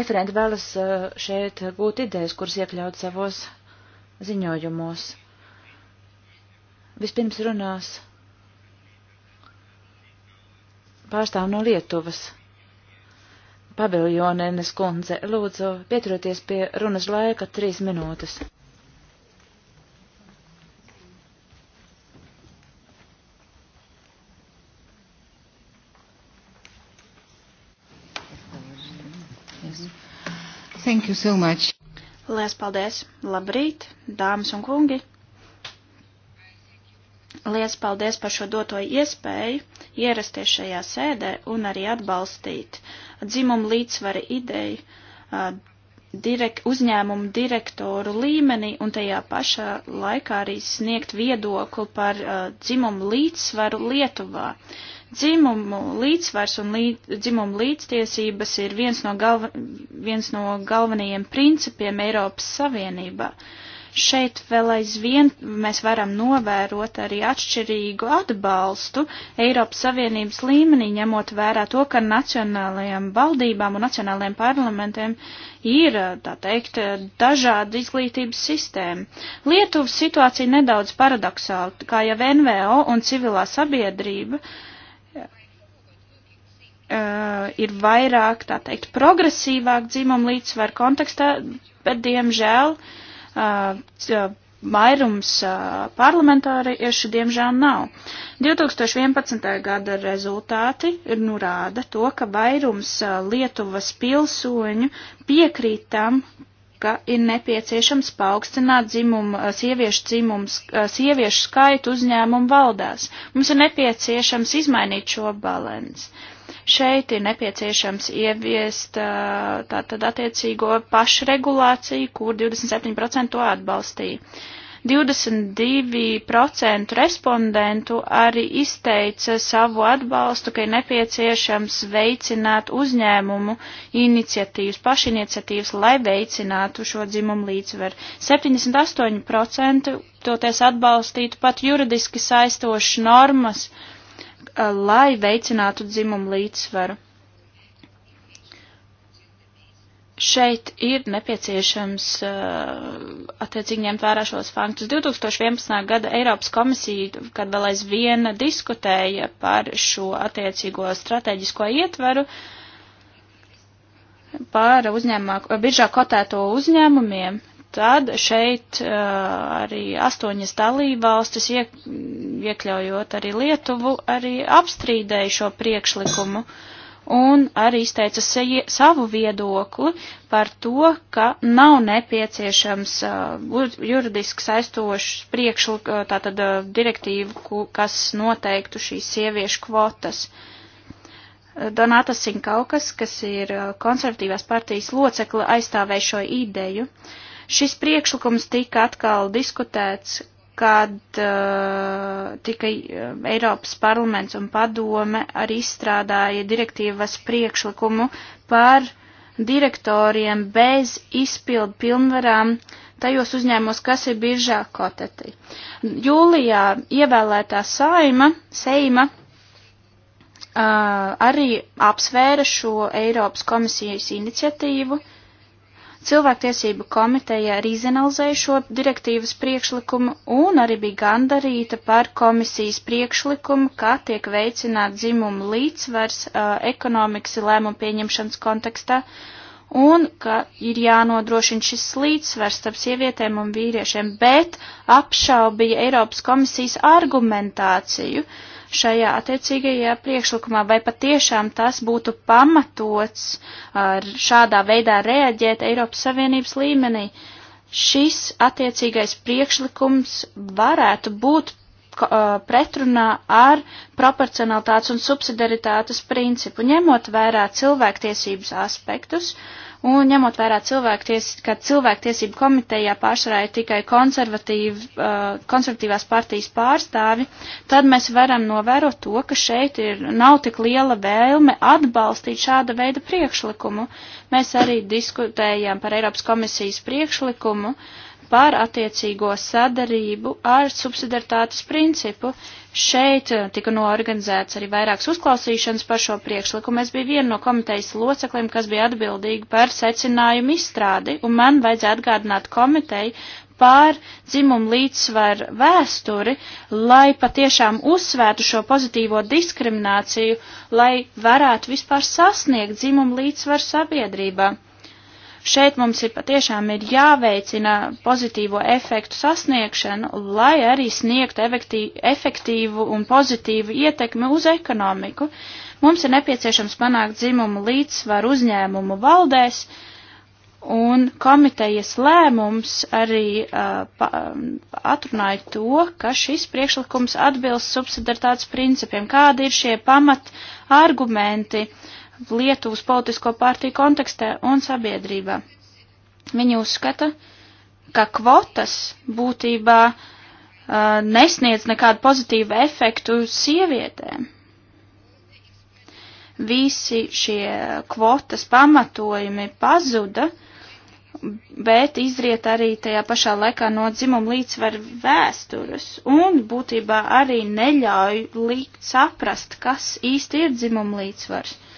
referenti vēlas eh, šeit gūt idejas, kuras iekļaut savos ziņojumos. Vispirms runās pārstāv no Lietuvas. Pabiljonenes kundze, lūdzu, pieturieties pie runas laika trīs minūtes. Thank you so much. Lielas paldies! Labrīt, dāmas un kungi! Lies paldies par šo doto iespēju ierasties šajā sēdē un arī atbalstīt dzimumu līdzsvara ideju uh, direk, uzņēmumu direktoru līmenī un tajā pašā laikā arī sniegt viedokli par uh, dzimumu līdzsvaru Lietuvā. Dzimumu līdzsvars un līd, dzimumu līdztiesības ir viens no, galva, viens no galvenajiem principiem Eiropas Savienībā. Uh, Šeit vēl aizvien mēs varam novērot arī atšķirīgu atbalstu Eiropas Savienības līmenī, ņemot vērā to, ka nacionālajām valdībām un nacionālajiem parlamentiem ir, tā teikt, dažāda izglītības sistēma. Lietuvas situācija nedaudz paradoxāla, kā jau NVO un civilā sabiedrība uh, ir vairāk, tā teikt, progresīvāk dzimumu līdzsvaru kontekstā, bet, diemžēl, uh, Uh, uh, vairums uh, parlamentārieši diemžēl nav. 2011. gada rezultāti nu rāda to, ka vairums Lietuvas pilsoņu piekrīt tam, ka ir nepieciešams paaugstināt dzimumu, sieviešu, dzimums, sieviešu skaitu uzņēmumu valdās. Mums ir nepieciešams izmainīt šo balansu. Šeit ir nepieciešams ieviest tātad attiecīgo pašregulāciju, kur 27% to atbalstīja. 22% respondentu arī izteica savu atbalstu, ka ir nepieciešams veicināt uzņēmumu iniciatīvas, pašiniciatīvas, lai veicinātu šo dzimumu līdzsveru. 78% toties atbalstītu pat juridiski saistošas normas Uh, lai veicinātu dzimumu līdzsvaru. Šeit ir nepieciešams uh, attiecīgi ņemt vērā šos faktus. 2011. gada Eiropas komisija, kad vēl aizvien diskutēja par šo attiecīgo strateģisko ietveru, par uzņēmumā, biržā kotēto uzņēmumiem, Tad šeit uh, arī astoņas dalībvalstis, iek, iekļaujot arī Lietuvu, arī apstrīdēja šo priekšlikumu un arī izteica savu viedokli par to, ka nav nepieciešams uh, juridiski saistošs priekšlik, uh, tātad uh, direktīvu, kas noteiktu šīs sieviešu kvotas. Donātas Sinkaukas, kas ir uh, konservatīvās partijas locekli, aizstāvēja šo ideju. Uh, Šis priekšlikums tika atkal diskutēts, kad uh, tika uh, Eiropas parlaments un padome arī izstrādāja direktīvas priekšlikumu par direktoriem bez izpildu pilnvarām tajos uzņēmumos, kas ir biržā kotetī. Jūlijā ievēlētā saima, seima uh, arī apsvēra šo Eiropas komisijas iniciatīvu uh, Cilvēktiesību komiteja arī izanalizēja šo direktīvas priekšlikumu un arī bija gandarīta par komisijas priekšlikumu, kā tiek veicināt dzimumu līdzsvars uh, ekonomikas lēmumu pieņemšanas kontekstā un ka ir jānodrošina šis līdzsvars starp sievietēm un vīriešiem, bet apšaubīja Eiropas komisijas argumentāciju. Uh, šajā attiecīgajā priekšlikumā, vai patiešām tas būtu pamatots uh, šādā veidā reaģēt Eiropas Savienības līmenī. Šis attiecīgais priekšlikums varētu būt uh, pretrunā ar proporcionalitātes un subsidiaritātes principu, ņemot vērā cilvēktiesības aspektus, uh, Un ņemot vērā cilvēkties, ka cilvēktiesību komitejā pārsvarā ir tikai konservatīv, uh, konservatīvās partijas pārstāvi, tad mēs varam novērot to, ka šeit ir, nav tik liela vēlme atbalstīt šāda veida priekšlikumu. Mēs arī diskutējām par Eiropas komisijas priekšlikumu, uh, par attiecīgo sadarību ar subsidiartātes principu. Šeit eh, tika noorganizēts arī vairākas uzklausīšanas par šo priekšlikumu. Es biju viena no komitejas locekliem, kas bija atbildīga par secinājumu izstrādi, un man vajadzēja atgādināt komiteju pār dzimumu līdzsvaru vēsturi, lai patiešām uzsvērtu šo pozitīvo diskrimināciju, lai varētu vispār sasniegt dzimumu līdzsvaru sabiedrībā. Šeit mums ir patiešām ir jāveicina pozitīvo efektu sasniegšanu, lai arī sniegtu efektīvu un pozitīvu ietekmi uz ekonomiku. Mums ir nepieciešams panākt dzimumu līdzsvaru uzņēmumu valdēs, un komitejas lēmums arī uh, pa, atrunāja to, ka šis priekšlikums atbilst subsidartāts principiem. Kādi ir šie pamat argumenti? Uh, Lietuvas politisko partiju kontekstē un sabiedrībā. Viņi uzskata, ka kvotas būtībā uh, nesniedz nekādu pozitīvu efektu sievietēm. Visi šie kvotas pamatojumi pazuda, bet izriet arī tajā pašā laikā no dzimuma līdzsvaru vēstures un būtībā arī neļauj likt saprast, kas īsti ir dzimuma līdzsvars. Uh,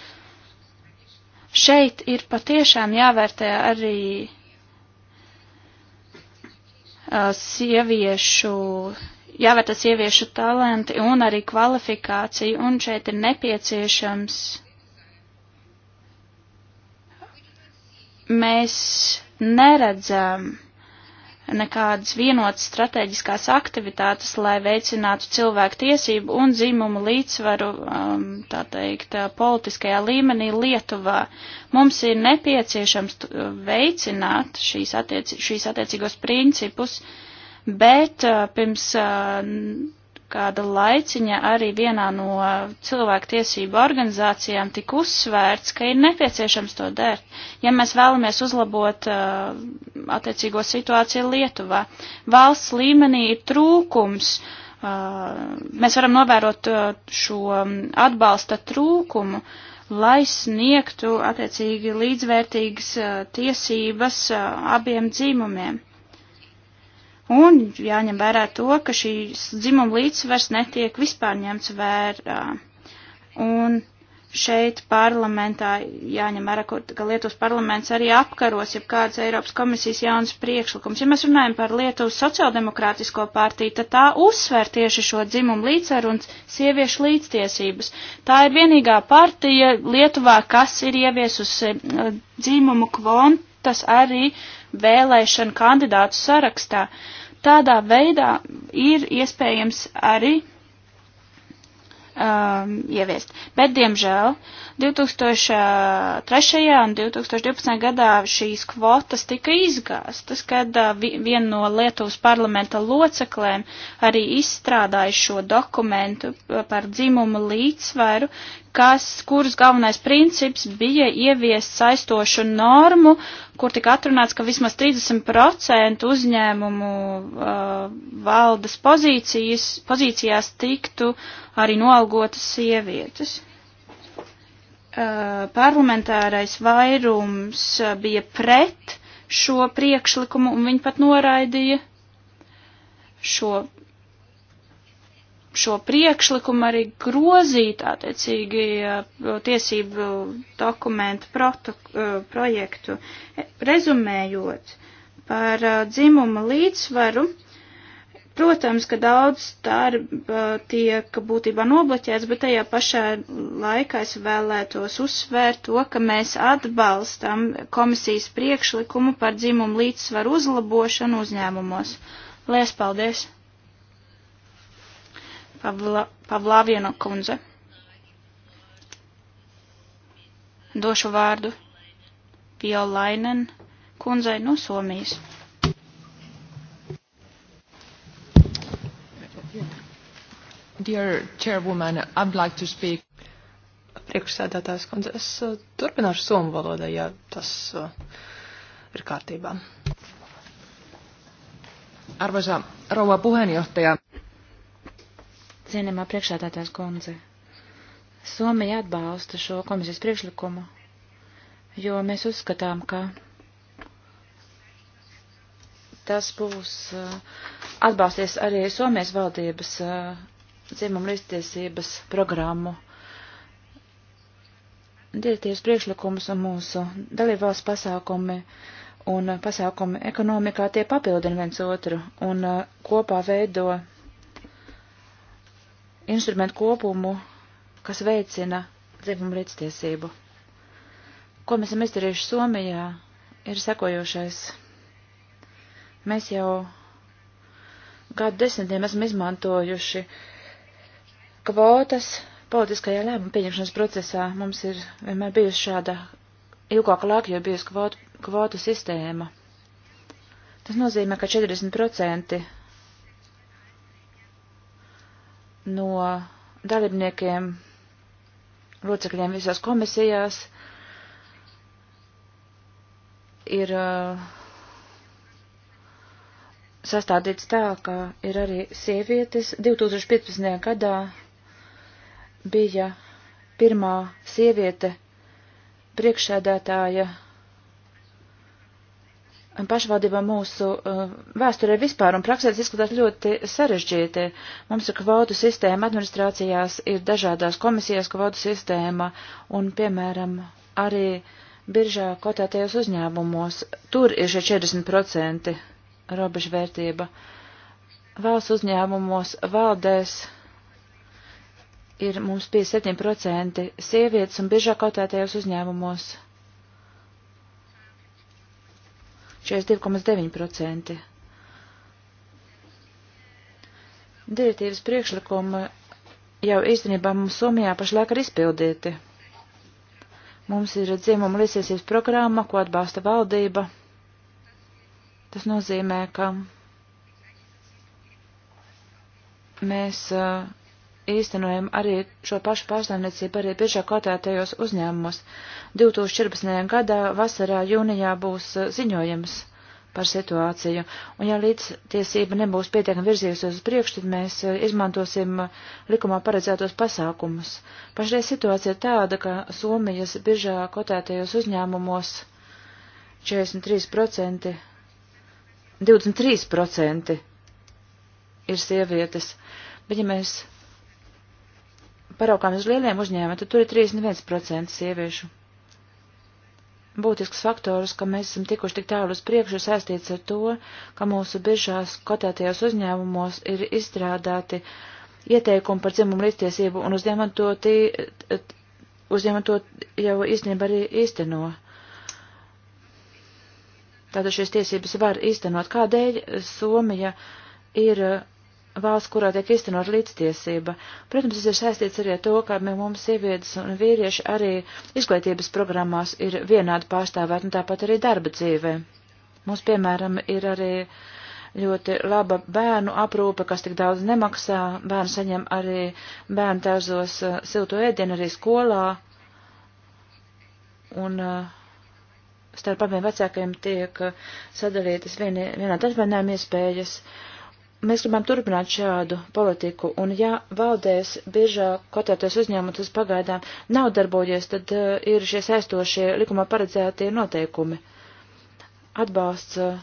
Šeit ir patiešām jāvērtē arī sieviešu, jāvērtē sieviešu talenti un arī kvalifikāciju, un šeit ir nepieciešams. Mēs neredzam nekādas vienotas strateģiskās aktivitātes, lai veicinātu cilvēku tiesību un dzimumu līdzsvaru, um, tā teikt, uh, politiskajā līmenī Lietuvā. Mums ir nepieciešams uh, veicināt šīs, attiec šīs attiecīgos principus, bet uh, pirms kāda laiciņa arī vienā no cilvēktiesību organizācijām tika uzsvērts, ka ir nepieciešams to dērt, ja mēs vēlamies uzlabot uh, attiecīgo situāciju Lietuvā. Valsts līmenī ir trūkums, uh, mēs varam novērot uh, šo um, atbalsta trūkumu, lai sniegtu attiecīgi līdzvērtīgas uh, tiesības uh, abiem dzīmumiem. Un jāņem vērā to, ka šīs dzimuma līdzsvars netiek vispār ņemts vērā. Un šeit parlamentā jāņem vērā, ka Lietuvas parlaments arī apkaros, ja kāds Eiropas komisijas jauns priekšlikums. Ja mēs runājam par Lietuvas sociāldemokrātisko partiju, tad tā uzsver tieši šo dzimumu līdzsvaru un sieviešu līdztiesības. Tā ir vienīgā partija Lietuvā, kas ir ieviesusi eh, dzimumu kvantu iekļautas arī vēlēšana kandidātu sarakstā. Tādā veidā ir iespējams arī um, ieviest. Bet, diemžēl, 2003. un 2012. gadā šīs kvotas tika izgāstas, kad uh, viena no Lietuvas parlamenta loceklēm arī izstrādāja šo dokumentu uh, par dzimumu līdzsvaru, kas, kuras galvenais princips bija ieviest saistošu normu, kur tika atrunāts, ka vismaz 30% uzņēmumu uh, valdes pozīcijas, pozīcijās tiktu arī noalgotas sievietes. Uh, parlamentārais vairums uh, bija pret šo priekšlikumu un viņi pat noraidīja šo šo priekšlikumu arī grozīt attiecīgi eh, tiesību dokumentu protok, eh, projektu. Rezumējot par eh, dzimuma līdzsvaru, protams, ka daudz darba tiek būtībā nobloķēts, bet tajā pašā laikā es vēlētos uzsvērt to, ka mēs atbalstam komisijas priekšlikumu par dzimumu līdzsvaru uzlabošanu uzņēmumos. Lies paldies! Pavla, Pavlāvieno kundze. Došu vārdu Violainen kundzei no Somijas. Dear Chairwoman, I'd like to speak. Priekšsēdētājs kundze, es uh, turpināšu somu valodā, ja tas uh, ir kārtībā. Arvoisa rouva puheenjohtaja. Cienījumā priekšādātās kundze. Somija atbalsta šo komisijas priekšlikumu, jo mēs uzskatām, ka tas būs uh, atbalsties arī Somijas valdības uh, dzimumu līdztiesības programmu. Direktīvas priekšlikums un mūsu dalībvalsts pasākumi un uh, pasākumi ekonomikā tie papildina viens otru un kopā veido instrumentu kopumu, kas veicina dzimumu līdztiesību. Ko mēs esam izdarījuši Somijā, ir sekojošais. Mēs jau gadu desmitiem esam izmantojuši kvotas politiskajā lēmuma pieņemšanas procesā. Mums ir vienmēr bijusi šāda ilgāka laika, jo bijusi kvotu, kvotu sistēma. Tas nozīmē, ka 40% no dalībniekiem, locekļiem visās komisijās ir uh, sastādīts tā, ka ir arī sievietes. 2015. gadā bija pirmā sieviete priekšsēdētāja pašvaldībā mūsu uh, vēsturē vispār un praksē tas izskatās ļoti sarežģīti. Mums ir kvotu sistēma, administrācijās ir dažādās komisijās kvotu sistēma un, piemēram, arī biržā kotētajos uzņēmumos. Tur ir šie 40% robežvērtība. Valsts uzņēmumos valdēs ir mums 57% sievietes un biržā kotētajos uzņēmumos 42,9%. Direktīvas priekšlikuma jau īstenībā mums Somijā pašlaik ir izpildīti. Mums ir dzimumu līdzsiesības programma, ko atbalsta valdība. Tas nozīmē, ka mēs uh, īstenojam arī šo pašu pārstāvniecību arī biežāk kotētajos uzņēmumos. 2014. gadā vasarā jūnijā būs eh, ziņojums par situāciju, un ja līdztiesība nebūs pietiekami virzījusies uz priekšu, tad mēs eh, izmantosim eh, likumā paredzētos pasākumus. Pašreiz situācija ir tāda, ka Somijas biežāk kotētajos uzņēmumos 43%, 23% ir sievietes, bet ja mēs paraugāmies uz lieliem uzņēmumiem, tad tur ir 31% sieviešu. Būtisks faktors, ka mēs esam tikuši tik tālu uz priekšu, saistīts ar to, ka mūsu biržās kotētajos uzņēmumos ir izstrādāti ieteikumi par dzimumu līdztiesību un uzņēmumi to, tī, uzņēmumi to jau īstenībā arī īsteno. Tātad šīs tiesības var īstenot. Kādēļ Somija ir valsts, kurā tiek īstenot līdztiesība. Protams, tas ir saistīts arī ar to, ka mums sievietes un vīrieši arī izglītības programmās ir vienādi pārstāvēt un nu, tāpat arī darba dzīvē. Mums, piemēram, ir arī ļoti laba bērnu aprūpe, kas tik daudz nemaksā. Bērni saņem arī bērnu tārzos uh, silto ēdienu arī skolā. Un uh, starp abiem vecākiem tiek uh, sadalītas vien, vienādi atvainājumi iespējas. Uh, mēs gribam turpināt šādu politiku, un ja valdēs biežāk kotētos uzņēmumu tas pagaidām nav darbojies, tad uh, ir šie saistošie likumā paredzētie noteikumi. Atbalsts uh,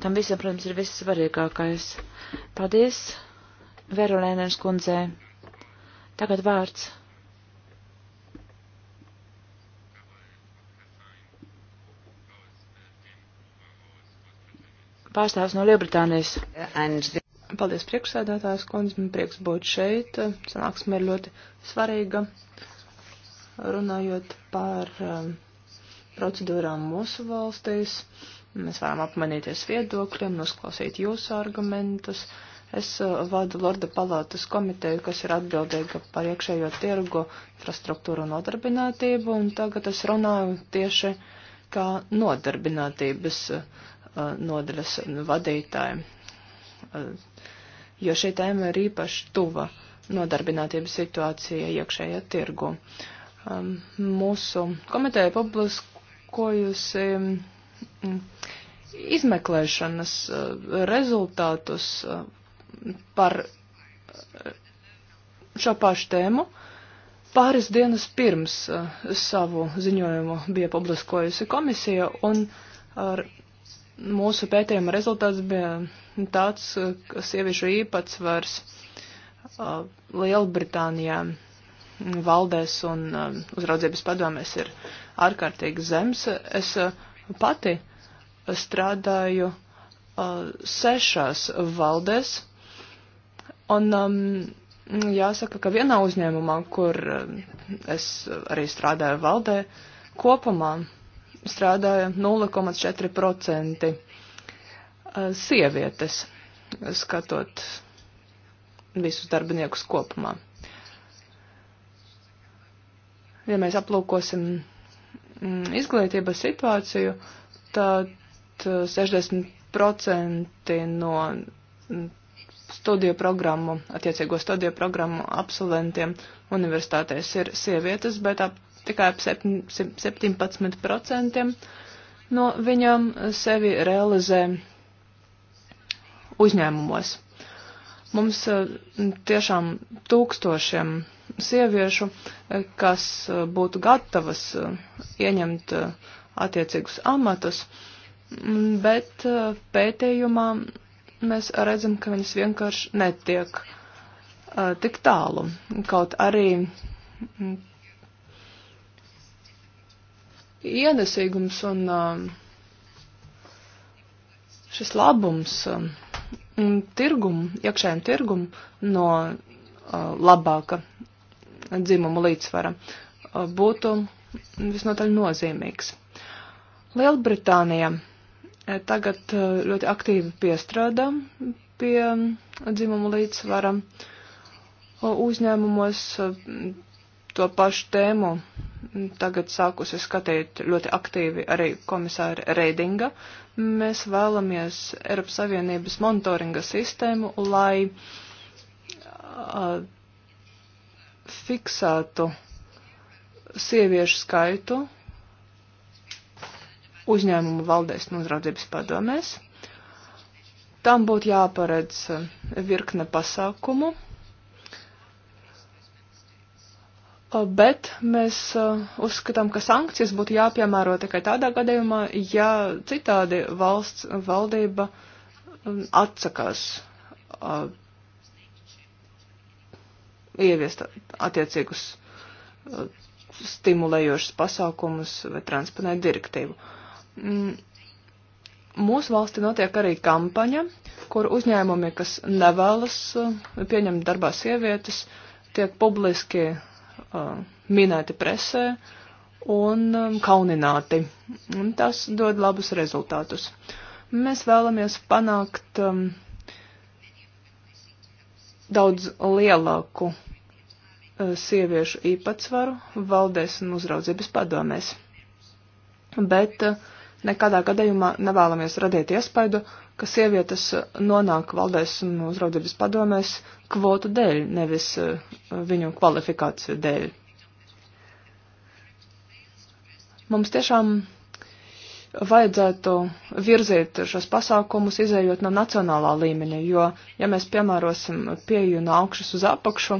tam visam, protams, ir viss svarīgākais. Paldies, Verolēners kundzē. Tagad vārds. pārstāvs no Lielbritānijas. And Paldies priekšsēdētājs kundze, man prieks būt šeit. Sanāksme ir ļoti svarīga. Runājot par um, procedūrām mūsu valstīs, mēs varam apmainīties viedokļiem, uzklausīt jūsu argumentus. Es uh, vadu Lorda palātas komiteju, kas ir atbildīga par iekšējo tirgu, infrastruktūru un nodarbinātību, un tagad es runāju tieši kā nodarbinātības uh, nodaļas vadītāja. Uh, jo šī tēma ir īpaši tuva nodarbinātības situācija iekšējā tirgu. Um, mūsu komiteja publiskojusi um, izmeklēšanas uh, rezultātus uh, par uh, šo pašu tēmu. Pāris dienas pirms uh, savu ziņojumu bija publiskojusi komisija, un ar mūsu pētījuma rezultāts bija tāds, ka sieviešu īpatsvars Lielbritānijā valdēs un uzraudzības padomēs ir ārkārtīgi zems. Es pati strādāju sešās valdēs, un jāsaka, ka vienā uzņēmumā, kur es arī strādāju valdē, kopumā strādāja 0,4% Eh, sievietes, skatot visus darbiniekus kopumā. Ja mēs aplūkosim mm, izglītības situāciju, tad 60% eh, no mm, studiju programmu, attiecīgo studiju programmu absolventiem universitātēs ir sievietes, bet ap, tikai ap 7, 17% no viņām sevi realizē uzņēmumos. Mums eh, tiešām tūkstošiem sieviešu, eh, kas eh, būtu gatavas ieņemt attiecīgus amatus, mm, bet pētījumā mēs redzam, ka viņas vienkārši netiek uh, tik tālu. Kaut arī mm, ienesīgums un uh, šis labums uh, tirgumu, iekšējiem tirgumu no uh, labāka dzimumu līdzsvara uh, būtu visnotaļ nozīmīgs. Lielbritānija eh, tagad eh, ļoti aktīvi piestrādā pie dzimumu līdzsvara uh, uzņēmumos to pašu tēmu tagad sākusi skatīt ļoti aktīvi arī komisāra Reidinga. Mēs vēlamies Eiropas Savienības monitoringa sistēmu, lai uh, fiksētu sieviešu skaitu uzņēmumu valdēs un uzraudzības padomēs. Tam būtu jāparedz virkne pasākumu, Uh, bet mēs uh, uzskatām, ka sankcijas būtu jāpiemēro tikai tādā gadījumā, ja citādi valsts valdība um, atsakās uh, ieviest attiecīgus stimulējošus pasākumus vai transponēt direktīvu. Mm, mūsu valsti notiek arī kampaņa, kur uzņēmumi, kas nevēlas pieņemt darbā sievietes, tiek publiski uh, minēti presē un um, kaunināti. Un tas dod labus rezultātus. Mēs vēlamies panākt um, daudz lielāku uh, sieviešu īpatsvaru valdēs un uzraudzības padomēs. Bet uh, nekādā gadījumā nevēlamies radīt iespaidu, ka sievietes eh, nonāk valdēs un uzraudzības padomēs kvotu dēļ, nevis eh, viņu kvalifikāciju dēļ. Mums tiešām vajadzētu virzīt šos pasākumus, izējot no nacionālā līmeņa, jo, ja mēs piemērosim pieju no augšas uz apakšu,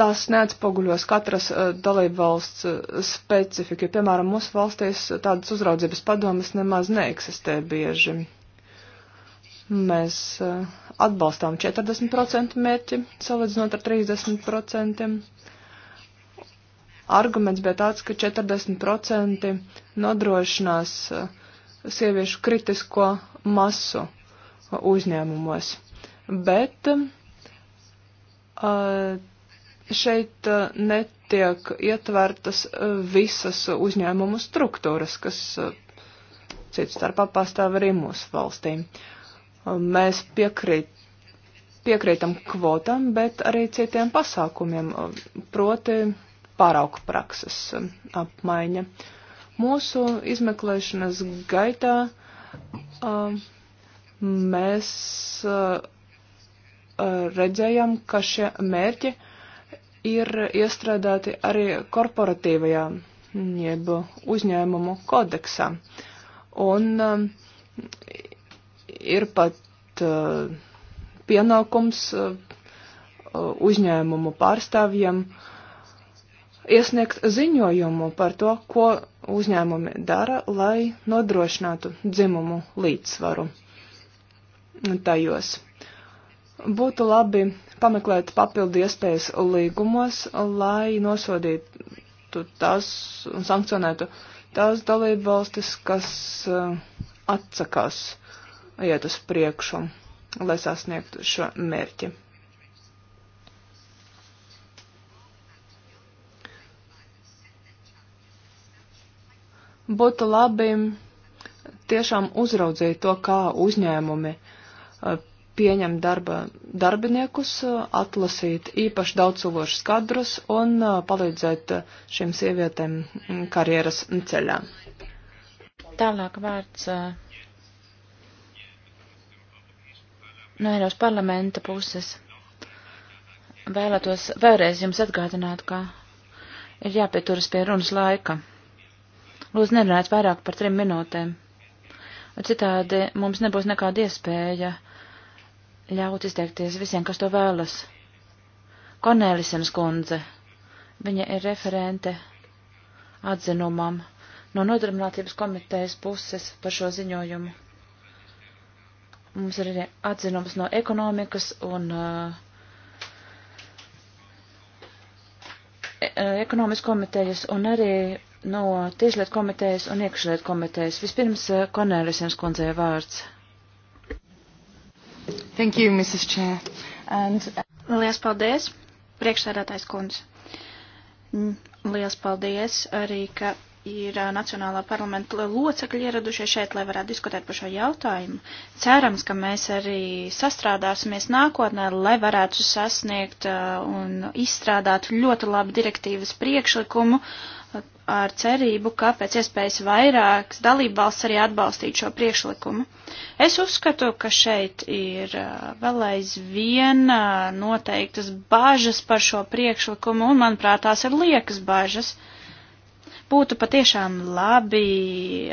tas neatspoguļos katras eh, dalību valsts specifiku. Piemēram, mūsu valstīs tādas uzraudzības padomas nemaz neeksistē bieži Mēs eh, atbalstām 40% mērķi, salīdzinot ar 30%. Arguments bija tāds, ka 40% nodrošinās eh, sieviešu kritisko masu uzņēmumos. Bet eh, šeit netiek ietvertas visas uzņēmumu struktūras, kas citu starpā pastāv arī mūsu valstīm. Uh, Mēs piekrīt, piekrītam kvotam, bet arī citiem pasākumiem, proti pārauku prakses apmaiņa. Mūsu izmeklēšanas gaitā mēs redzējām, ka šie mērķi ir iestrādāti arī korporatīvajā jeb uzņēmumu kodeksā. Un ir pat uh, pienākums uh, uh, uzņēmumu pārstāvjiem iesniegt ziņojumu par to, ko uzņēmumi dara, lai nodrošinātu dzimumu līdzsvaru tajos. Būtu labi pameklēt papildu iespējas līgumos, lai nosodītu tās un sankcionētu tās dalību valstis, kas uh, atsakās iet uz priekšu, lai sasniegtu šo mērķi. Būtu labi tiešām uzraudzīt to, kā uzņēmumi pieņem darba darbiniekus, atlasīt īpaši daudzsološus kadrus un palīdzēt šīm sievietēm karjeras ceļā. Tālāk vārds no Eiropas parlamenta puses vēlētos vēlreiz jums atgādināt, ka ir jāpieturas pie runas laika. Lūdzu, nerunājiet vairāk par trim minūtēm. Citādi mums nebūs nekāda iespēja ļaut izteikties visiem, kas to vēlas. Kornēlisens kundze, viņa ir referente atzinumam no nodarbinātības komitejas puses par šo ziņojumu. Mums ir arī atzinums no ekonomikas un uh, ekonomikas komitejas un arī no tieslietu komitejas un iekšlietu komitejas. Vispirms eh, Kornēlisiems kundzei vārds. Thank you, Mrs. Chair. And... Uh, Lielas paldies, priekšsēdētājs kundze. Lielas paldies arī, ka ir Nacionālā parlamenta locekļi ieradušies šeit, lai varētu diskutēt par šo jautājumu. Cerams, ka mēs arī sastrādāsimies nākotnē, lai varētu sasniegt un izstrādāt ļoti labu direktīvas priekšlikumu ar cerību, ka pēc iespējas vairākas dalībvalsts arī atbalstītu šo priekšlikumu. Es uzskatu, ka šeit ir vēl aizvien noteiktas bažas par šo priekšlikumu, un, manuprāt, tās ir liekas bažas. Uh, Būtu patiešām labi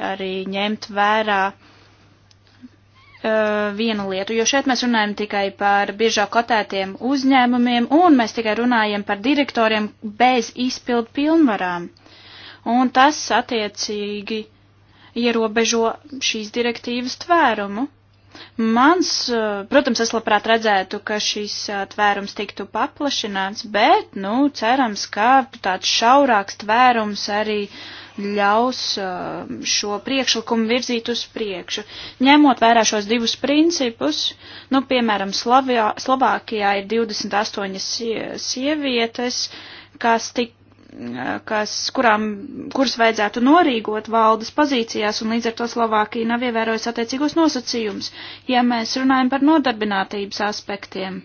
arī ņemt vērā e, vienu lietu, jo šeit mēs runājam tikai par biežāk kotētiem uzņēmumiem, un mēs tikai runājam par direktoriem bez izpildu pilnvarām. Un tas attiecīgi ierobežo šīs direktīvas tvērumu. Mans, eh, protams, es labprāt redzētu, ka šis eh, tvērums tiktu paplašināts, bet, nu, cerams, ka tāds šaurāks tvērums arī ļaus eh, šo priekšlikumu virzīt uz priekšu. Ņemot vērā šos divus principus, nu, piemēram, Slavijā, Slovākijā ir 28 sievietes, kas tik kas, kurām, kuras vajadzētu norīgot valdes pozīcijās, un līdz ar to Slovākija nav ievērojusi attiecīgos nosacījumus, ja mēs runājam par nodarbinātības aspektiem.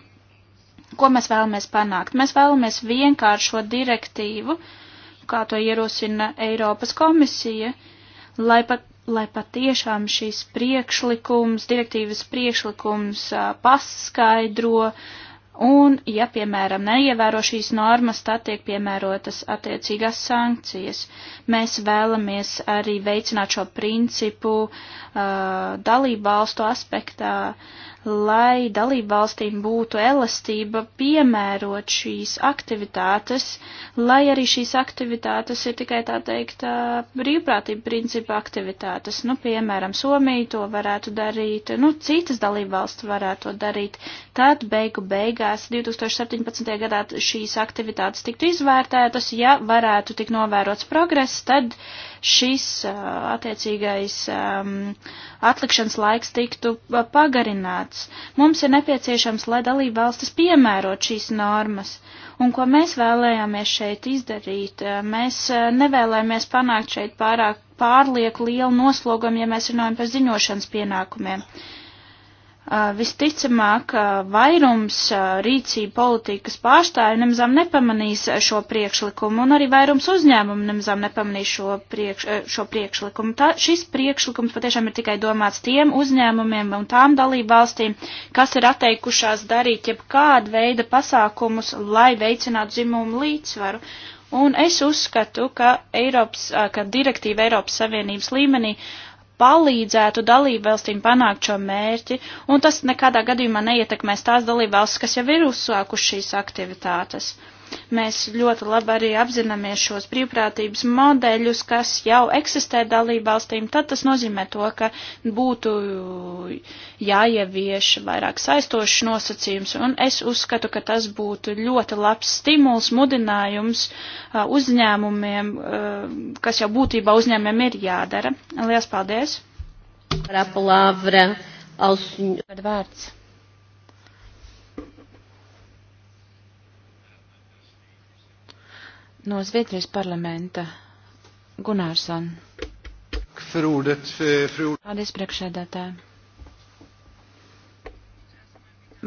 Ko mēs vēlamies panākt? Mēs vēlamies vienkāršo direktīvu, kā to ierosina Eiropas komisija, lai pat lai patiešām šīs priekšlikums, direktīvas priekšlikums paskaidro uh, Un, ja, piemēram, neievēro šīs normas, tad tiek piemērotas attiecīgās sankcijas. Mēs vēlamies arī veicināt šo principu uh, dalību valstu aspektā, lai dalībvalstīm būtu elastība piemērot šīs aktivitātes, lai arī šīs aktivitātes ir tikai tā teikt brīvprātība principa aktivitātes. Nu, piemēram, Somija to varētu darīt, nu, citas dalībvalsts varētu to darīt. Tad beigu beigās 2017. gadā šīs aktivitātes tiktu izvērtētas, ja varētu tik novērots progress, tad šis attiecīgais um, atlikšanas laiks tiktu pagarināts. Mums ir nepieciešams, lai dalība valstis piemērot šīs normas. Un ko mēs vēlējāmies šeit izdarīt? Mēs nevēlējāmies panākt šeit pārāk pārlieku lielu noslogumu, ja mēs runājam par ziņošanas pienākumiem. Uh, Visticamāk, vairums rīcība politikas pārstāvju nemazām nepamanīs šo priekšlikumu, un arī vairums uzņēmumu nemazām nepamanīs šo, priekš, šo priekšlikumu. Tā, šis priekšlikums patiešām ir tikai domāts tiem uzņēmumiem un tām dalību valstīm, kas ir atteikušās darīt jebkādu veidu pasākumus, lai veicinātu dzimumu līdzsvaru. Un es uzskatu, ka, Eiropas, ka direktīva Eiropas Savienības līmenī uh, palīdzētu dalībvalstīm panākt šo mērķi, un tas nekādā gadījumā neietekmēs tās dalībvalstis, kas jau ir uzsākušas šīs aktivitātes. Uh, Mēs ļoti labi arī apzināmies šos brīvprātības modeļus, kas jau eksistē dalībvalstīm, tad tas nozīmē to, ka būtu jāievieš vairāk saistošs nosacījums, un es uzskatu, ka tas būtu ļoti labs stimuls, mudinājums uzņēmumiem, kas jau būtībā uzņēmumiem ir jādara. Lielas paldies! Palavra, aos... Vārds. no Zviedrijas parlamenta Gunārsson. Eh, paldies, priekšēdētāji.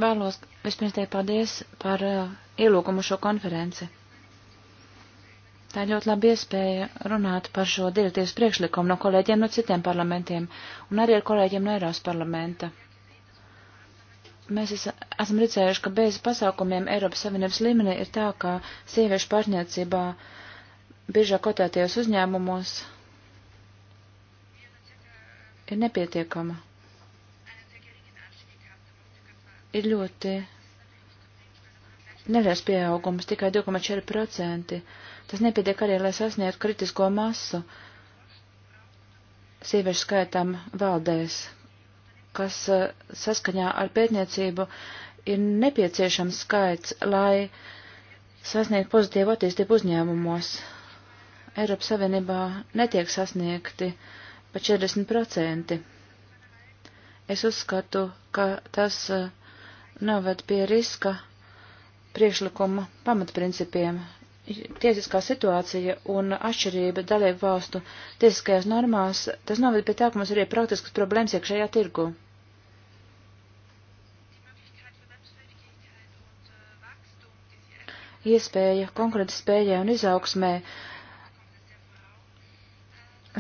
Vēlos vispirms teikt paldies par uh, ielūgumu šo konferenci. Tā ir ļoti laba iespēja runāt par šo direktīvas priekšlikumu no kolēģiem no citiem parlamentiem un arī ar kolēģiem no Eiropas parlamenta. Mēs esam redzējuši, ka bez pasākumiem Eiropas Savienības līmenī ir tā, ka sieviešu pārniecībā biežāk kotētajos uzņēmumos ir nepietiekama. Ir ļoti neliels pieaugums, tikai 2,4%. Tas nepietiek arī, lai sasniegtu kritisko masu sieviešu skaitam valdēs kas e, saskaņā ar pētniecību ir nepieciešams skaits, lai sasniegtu pozitīvu attīstību uzņēmumos. Eiropas Savienībā netiek sasniegti pa 40%. Es uzskatu, ka tas e, noved pie riska priekšlikuma pamatprincipiem. Tiesiskā situācija un atšķirība dalību valstu tiesiskajās normās, tas noved pie tā, ka mums ir arī praktiskas problēmas iekšējā tirgu. iespēja konkrēti spējai un izaugsmē.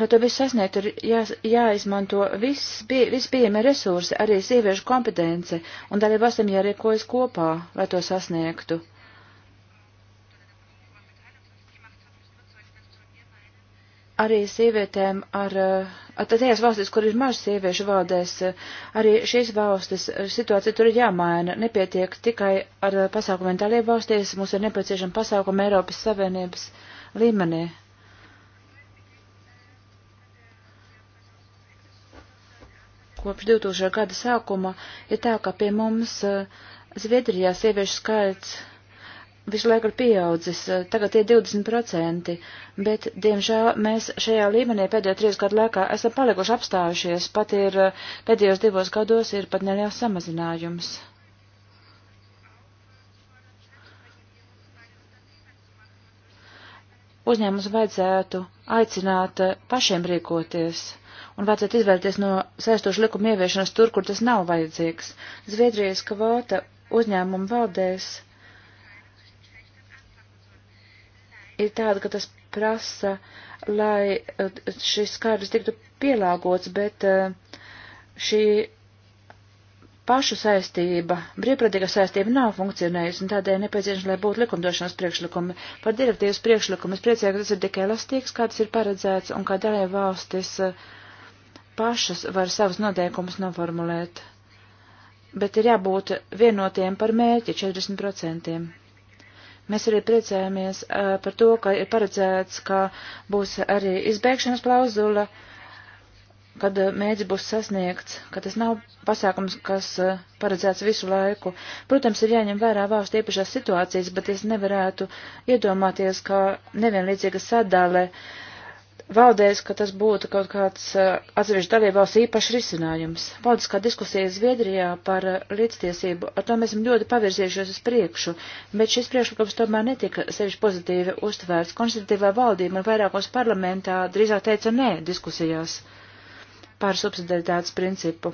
Lai to visu sasniegtu, ir jā, jāizmanto viss pieejami resursi, arī sieviešu kompetence, un dalībvalstīm jārīkojas kopā, lai to sasniegtu. arī sievietēm ar, eh, ar tajās valstis, kur ir maz sieviešu valdēs, eh, arī šīs valstis eh, situācija tur ir jāmaina. Nepietiek tikai ar pasākumiem dalību valstīs, mums ir nepieciešama pasākuma Eiropas Savienības līmenī. Kopš 2000. gada sākuma ir tā, ka pie mums Zviedrijā sieviešu skaits visu laiku ir pieaudzis, tagad ir 20%, bet, diemžēl, mēs šajā līmenī pēdējo trīs gadu laikā esam palikuši apstājušies, pat ir pēdējos divos gados ir pat neliels samazinājums. Uzņēmums vajadzētu aicināt pašiem rīkoties un vajadzētu izvērties no saistošu likumu ieviešanas tur, kur tas nav vajadzīgs. Zviedrijas kvota uzņēmuma valdēs ir tāda, ka tas prasa, lai eh, šis skaidrs tiktu pielāgots, bet eh, šī pašu saistība, brīvprātīga saistība nav funkcionējusi, un tādēļ nepieciešams, lai būtu likumdošanas priekšlikumi. Par direktīvas priekšlikumu es priecēju, ka tas ir tik elastīgs, kā tas ir paredzēts, un kā daļai valstis eh, pašas var savus noteikumus noformulēt. Bet ir jābūt vienotiem par mērķi 40%. Mēs arī priecājamies uh, par to, ka ir paredzēts, ka būs arī izbēgšanas klauzula, kad uh, mēģi būs sasniegts, ka tas nav pasākums, kas uh, paredzēts visu laiku. Protams, ir jāņem vērā valsts iepašās situācijas, bet es nevarētu iedomāties, ka nevienlīdzīga sadale uh, valdēs, ka tas būtu kaut kāds eh, atsevišķi dalībās īpašs risinājums. Valdiskā diskusija Zviedrijā par eh, līdztiesību, ar to mēs esam ļoti pavirzījušies uz priekšu, bet šis priekšlikums tomēr netika sevišķi pozitīvi uztvērts. Konstitutīvā valdība un vairākos parlamentā drīzāk teica nē diskusijās par subsidaritātes principu.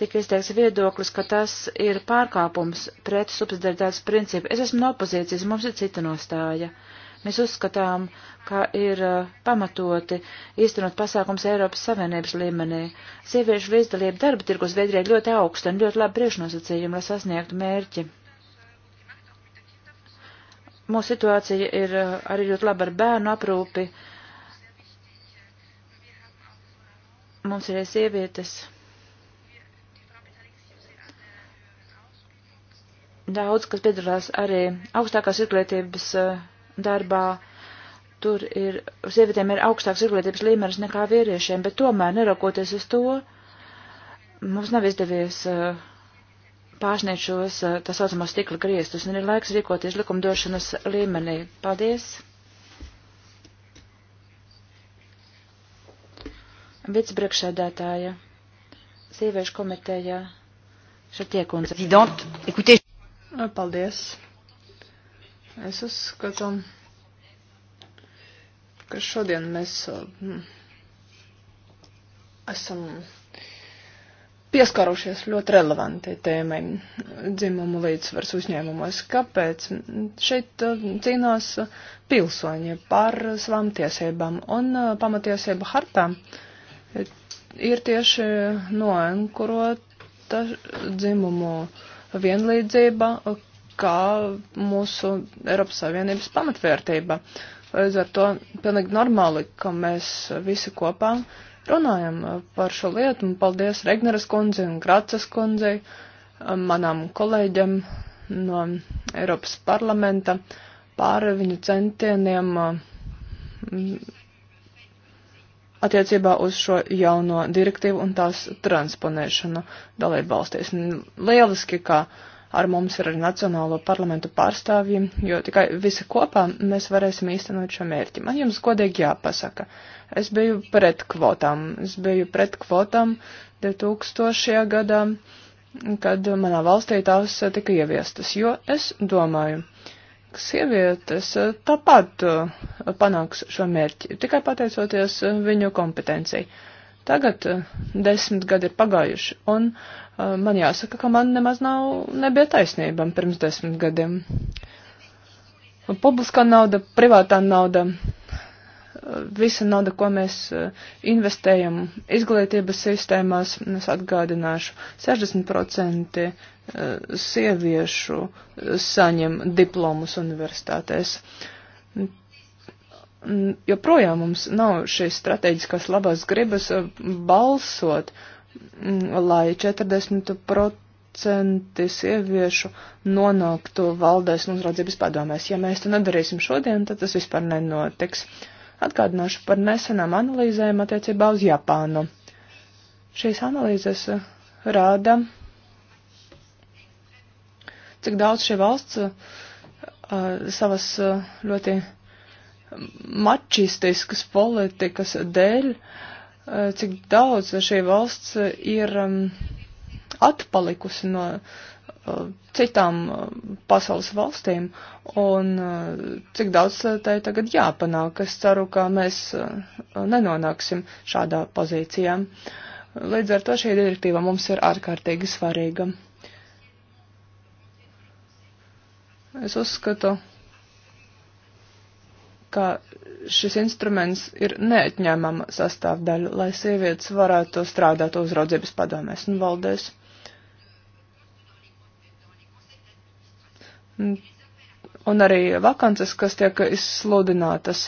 Tika izteikts viedoklis, ka tas ir pārkāpums pret subsidaritātes principu. Es esmu no opozīcijas, mums ir cita nostāja. Uh, Mēs uzskatām, ka ir uh, pamatoti īstenot pasākums Eiropas Savienības līmenī. Sieviešu līdzdalība darba tirgus Vēdrē ļoti augsta un ļoti labi priekšnosacījumi, lai sasniegtu mērķi. Mūsu situācija ir uh, arī ļoti laba ar bērnu aprūpi. Mums ir sievietes. Daudz, kas piedalās arī augstākās izglītības uh, darbā. Tur ir, sievietēm ir augstāks izglītības līmenis nekā vīriešiem, bet tomēr, neraugoties uz to, mums nav izdevies uh, pārsniegt šos uh, tā saucamos stikla griestus, un ir laiks rīkoties likumdošanas līmenī. Paldies! Vicepriekšsēdētāja, sieviešu komiteja, Šatiekundze. Paldies! Es uzskatu, ka šodien mēs hm, esam pieskarušies ļoti relevantai tēmai dzimumu līdzsvars uzņēmumos. Kāpēc? Šeit hm, cīnās pilsoņi par savām tiesībām un hm, pamatiesība hartā ir tieši noenkurota dzimumu vienlīdzība, kā mūsu Eiropas Savienības pamatvērtība. Līdz ar to pilnīgi normāli, ka mēs visi kopā runājam par šo lietu, un paldies Regneras kundzi un Gracas kundzei, manām kolēģiem no Eiropas parlamenta par viņu centieniem mm, attiecībā uz šo jauno direktīvu un tās transponēšanu dalību valstīs. Lieliski, ka uh, ar mums ir arī Nacionālo parlamentu pārstāvji, jo tikai visi kopā mēs varēsim īstenot šo mērķi. Man jums godīgi jāpasaka, es biju pret kvotām. Es biju pret kvotām 2000. gadā, kad manā valstī tās tika ieviestas, jo es domāju, ka sievietes tāpat uh, panāks šo mērķi, tikai pateicoties uh, viņu kompetencijai Tagad eh, desmit gadi ir pagājuši, un uh, man jāsaka, ka man nemaz nav, nebija taisnība pirms desmit gadiem. Publiskā nauda, privātā nauda, eh, visa nauda, ko mēs investējam izglītības sistēmās, es atgādināšu, 60% sieviešu saņem diplomus universitātēs joprojām mums nav šīs strateģiskās labās gribas uh, balsot, lai 40% sieviešu nonāktu valdēs un uzraudzības padomēs. Ja mēs to nedarīsim šodien, tad tas vispār nenotiks. Atgādināšu par nesenām analīzēm attiecībā uz Japānu. Šīs analīzes uh, rāda, cik daudz šī valsts uh, savas uh, ļoti uh, mačistiskas politikas dēļ, eh, cik daudz šī valsts ir mm, atpalikusi no eh, citām eh, pasaules valstīm un cik daudz tai tagad jāpanāk. Es ceru, ka mēs nenonāksim šādā pozīcijā. Līdz ar to šī direktīva mums ir ārkārtīgi svarīga. Es uzskatu, ka ka šis instruments ir neatņēmama sastāvdaļa, lai sievietes varētu strādāt uzraudzības padomēs nu, un valdēs. Un arī vakances, kas tiek izsludinātas,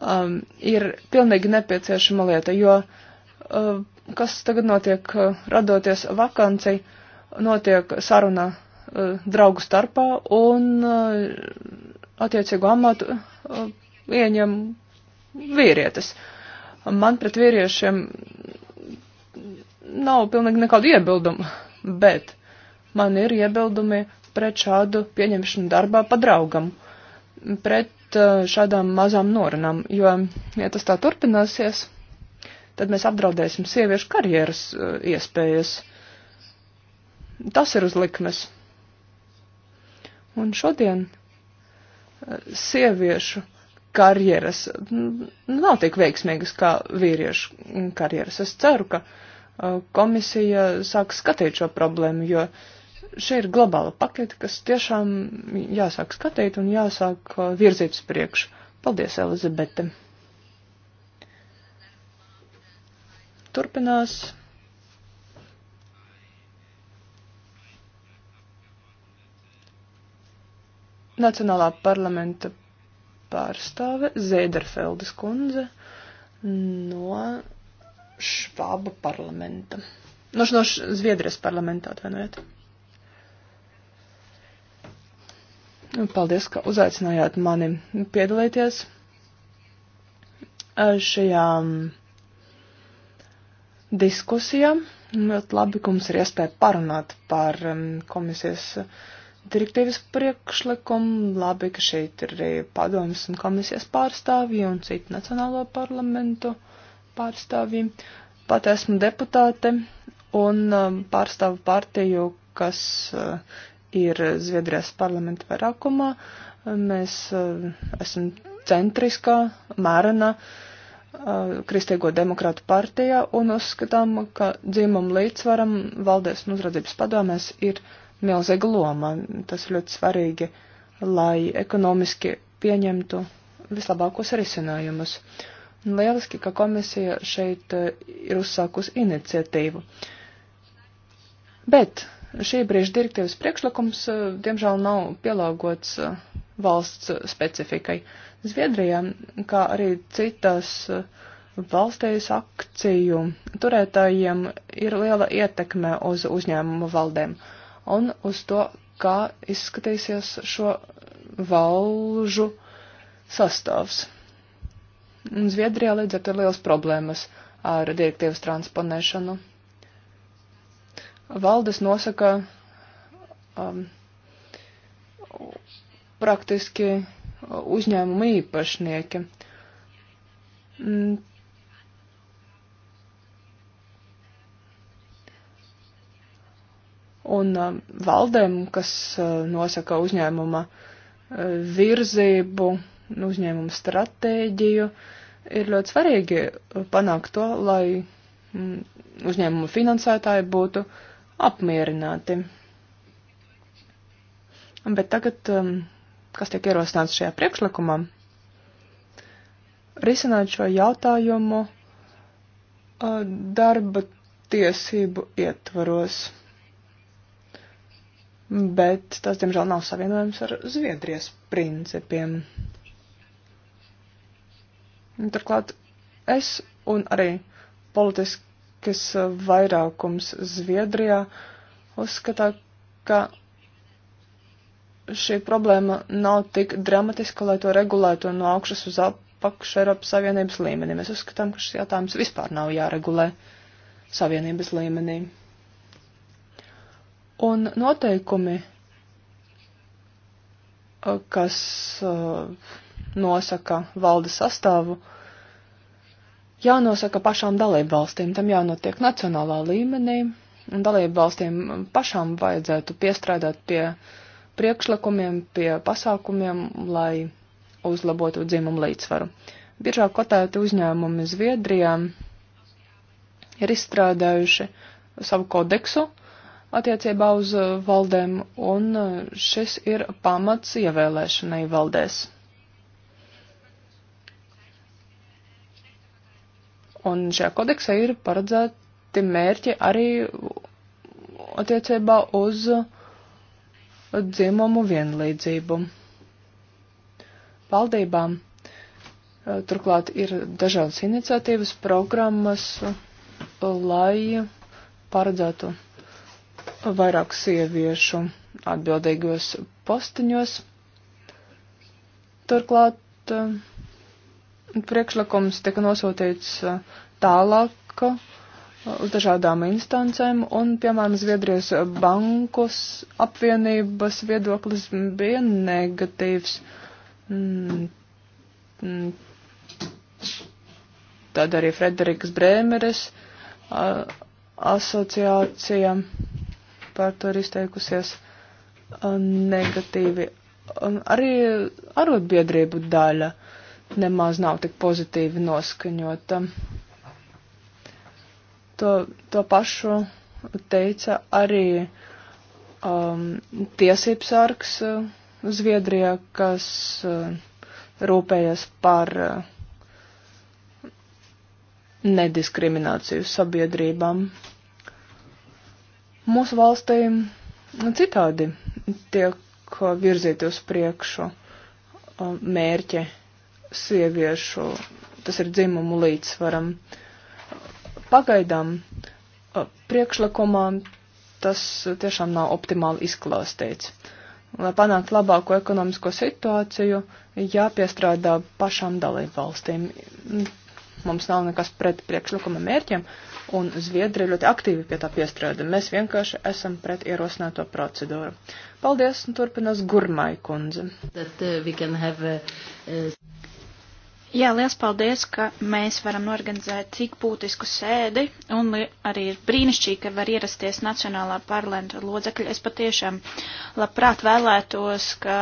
um, ir pilnīgi nepieciešama lieta, jo um, kas tagad notiek, radoties vakanci, notiek saruna uh, draugu starpā un uh, attiecīgu amatu uh, ieņem vīrietis. Man pret vīriešiem nav pilnīgi nekādu iebildumu, bet man ir iebildumi pret šādu pieņemšanu darbā pa draugam, pret uh, šādām mazām norunām, jo, ja tas tā turpināsies, tad mēs apdraudēsim sieviešu karjeras uh, iespējas. Tas ir uzlikmes. Un šodien sieviešu karjeras nav tik veiksmīgas kā vīriešu karjeras. Es ceru, ka uh, komisija sāks skatīt šo problēmu, jo šī ir globāla pakete, kas tiešām jāsāk skatīt un jāsāk uh, virzīt uz priekšu. Paldies, Elizabete! Turpinās. Nacionālā parlamenta pārstāve Zēderfeldes kundze no Švāba parlamenta. No, no Zviedrijas parlamenta atvainojiet. Nu, paldies, ka uzaicinājāt mani piedalīties eh, šajā mm, diskusijā. Ļoti labi, ka mums ir iespēja parunāt par mm, komisijas uh, direktīvas priekšlikumu. Labi, ka šeit ir arī padomjas un komisijas pārstāvji un citu nacionālo parlamentu pārstāvji. Pat esmu deputāte un um, pārstāvu partiju, kas uh, ir Zviedrijas parlamenta vairākumā. Mēs uh, esam centriskā, mērena uh, kristīgo demokrātu partijā un uzskatām, ka dzimumu līdzsvaram valdēs un uzraudzības padomēs ir milzīga loma. Tas ļoti svarīgi, lai ekonomiski pieņemtu vislabākos risinājumus. Lieliski, ka komisija šeit eh, ir uzsākusi iniciatīvu. Bet šī brīža direktīvas priekšlikums, eh, diemžēl, nav pielāgots eh, valsts specifikai. Zviedrijā, kā arī citās valstīs akciju turētājiem, ir liela ietekme uz uzņēmumu valdēm. Uh, un uz to, kā izskatīsies šo valžu sastāvs. Un Zviedrijā līdz ar to ir liels problēmas ar direktīvas transponēšanu. Valdes nosaka um, praktiski uzņēmumu īpašnieki. Mm, un uh, valdēm, kas uh, nosaka uzņēmuma uh, virzību, uzņēmuma stratēģiju, ir ļoti svarīgi panākt to, lai mm, uzņēmuma finansētāji būtu apmierināti. Bet tagad, um, kas tiek ierosināts šajā priekšlikumā, risināt šo jautājumu darba tiesību ietvaros bet tas, diemžēl, nav savienojams ar Zviedrijas principiem. Turklāt es un arī politiskas vairākums Zviedrijā uzskatā, ka šī problēma nav tik dramatiska, lai to regulētu no augšas uz apakšu Eiropas Savienības līmenī. Mēs uzskatām, ka šis jautājums vispār nav jāregulē Savienības līmenī. Un noteikumi, kas nosaka valdes sastāvu, jānosaka pašām dalībvalstīm. Tam jānotiek nacionālā līmenī, un dalībvalstīm pašām vajadzētu piestrādāt pie priekšlikumiem, pie pasākumiem, lai uzlabotu dzimumu līdzsvaru. Biežāk kotēti uzņēmumi Zviedrijā ir izstrādājuši savu kodeksu, attiecībā uz uh, valdēm, un uh, šis ir pamats ievēlēšanai valdēs. Un šajā kodeksā ir paredzēti mērķi arī attiecībā uz dzimumu vienlīdzību. Valdībām uh, turklāt ir dažādas iniciatīvas, programmas, lai paredzētu vairāk sieviešu atbildīgos postiņos. Turklāt eh, priekšlikums tika nosūtīts eh, tālāk eh, uz dažādām instancēm, un, piemēram, Zviedrijas bankus apvienības viedoklis bija negatīvs. Mm, mm. Tad arī Frederikas Brēmeres asociācija par to ir izteikusies uh, negatīvi. Arī arotbiedrību daļa nemaz nav tik pozitīvi noskaņota. To, to pašu teica arī um, tiesības sargs uh, Zviedrijā, kas uh, rūpējas par uh, nediskrimināciju sabiedrībām mūsu valstī citādi tiek virzīti uz priekšu uh, mērķi sieviešu, tas ir dzimumu līdzsvaram. Pagaidām uh, priekšlikumā tas tiešām nav optimāli izklāstīts. Lai panāktu labāko ekonomisko situāciju, jāpiestrādā pašām dalību valstīm. Mums nav nekas pret priekšlikuma mērķiem, uh, un Zviedri ļoti aktīvi pie tā piestrāda. Mēs vienkārši esam pret ierosināto procedūru. Paldies, un turpinās Gurmai kundze. That, uh, have, uh, uh Jā, liels paldies, ka mēs varam norganizēt tik būtisku sēdi, un arī ir brīnišķīgi, ka var ierasties Nacionālā parlamenta lodzekļi. Es patiešām labprāt vēlētos, ka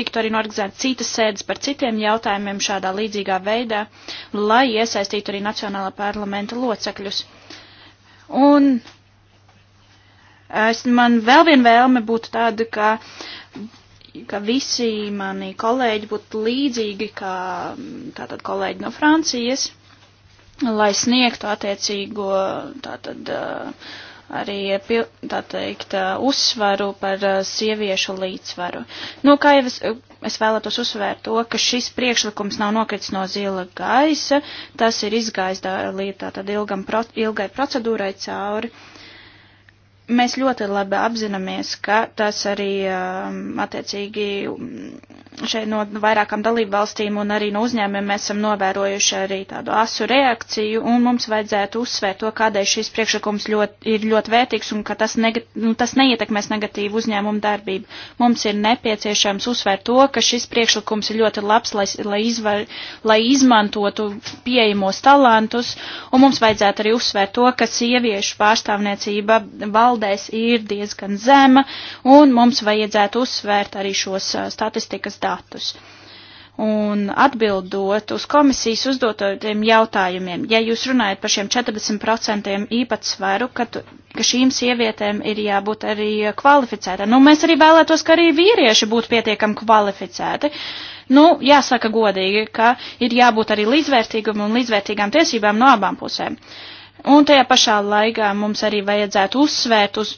tiktu arī norganizēt citas sēdes par citiem jautājumiem šādā līdzīgā veidā, lai iesaistītu arī Nacionālā parlamenta locekļus. Un es, man vēl viena vēlme būtu tāda, ka ka visi mani kolēģi būtu līdzīgi kā mm, tātad kolēģi no Francijas, lai sniegtu attiecīgo tātad eh, arī tā teikt eh, uzsvaru par eh, sieviešu līdzsvaru. Nu, kā jau es, es vēlētos uzsvērt to, ka šis priekšlikums nav nokritis no zila gaisa, tas ir izgājis līdz tātad ilgam, pro, ilgai procedūrai cauri. Uh, Mēs ļoti labi apzināmies, ka tas arī um, attiecīgi mm, šeit no vairākām dalību valstīm un arī no uzņēmumiem mēs esam novērojuši arī tādu asu reakciju un mums vajadzētu uzsvērt to, kādēļ šis priekšlikums ļoti, ir ļoti vērtīgs un ka tas, negat, nu, tas neietekmēs negatīvu uzņēmumu darbību. Mums ir nepieciešams uzsvērt to, ka šis priekšlikums ir ļoti labs, lai, lai, izvar, lai izmantotu pieejamos talantus un mums vajadzētu arī uzsvērt to, ka sieviešu pārstāvniecība valda atbildēs ir diezgan zema, un mums vajadzētu uzsvērt arī šos statistikas datus. Un atbildot uz komisijas uzdotiem jautājumiem, ja jūs runājat par šiem 40% īpatsvaru, ka, tu, ka šīm sievietēm ir jābūt arī kvalificētām, nu mēs arī vēlētos, ka arī vīrieši būtu pietiekami kvalificēti. Nu, jāsaka godīgi, ka ir jābūt arī līdzvērtīgam un līdzvērtīgām tiesībām no abām pusēm. Uh, Un tajā pašā laikā mums arī vajadzētu uzsvērt uz,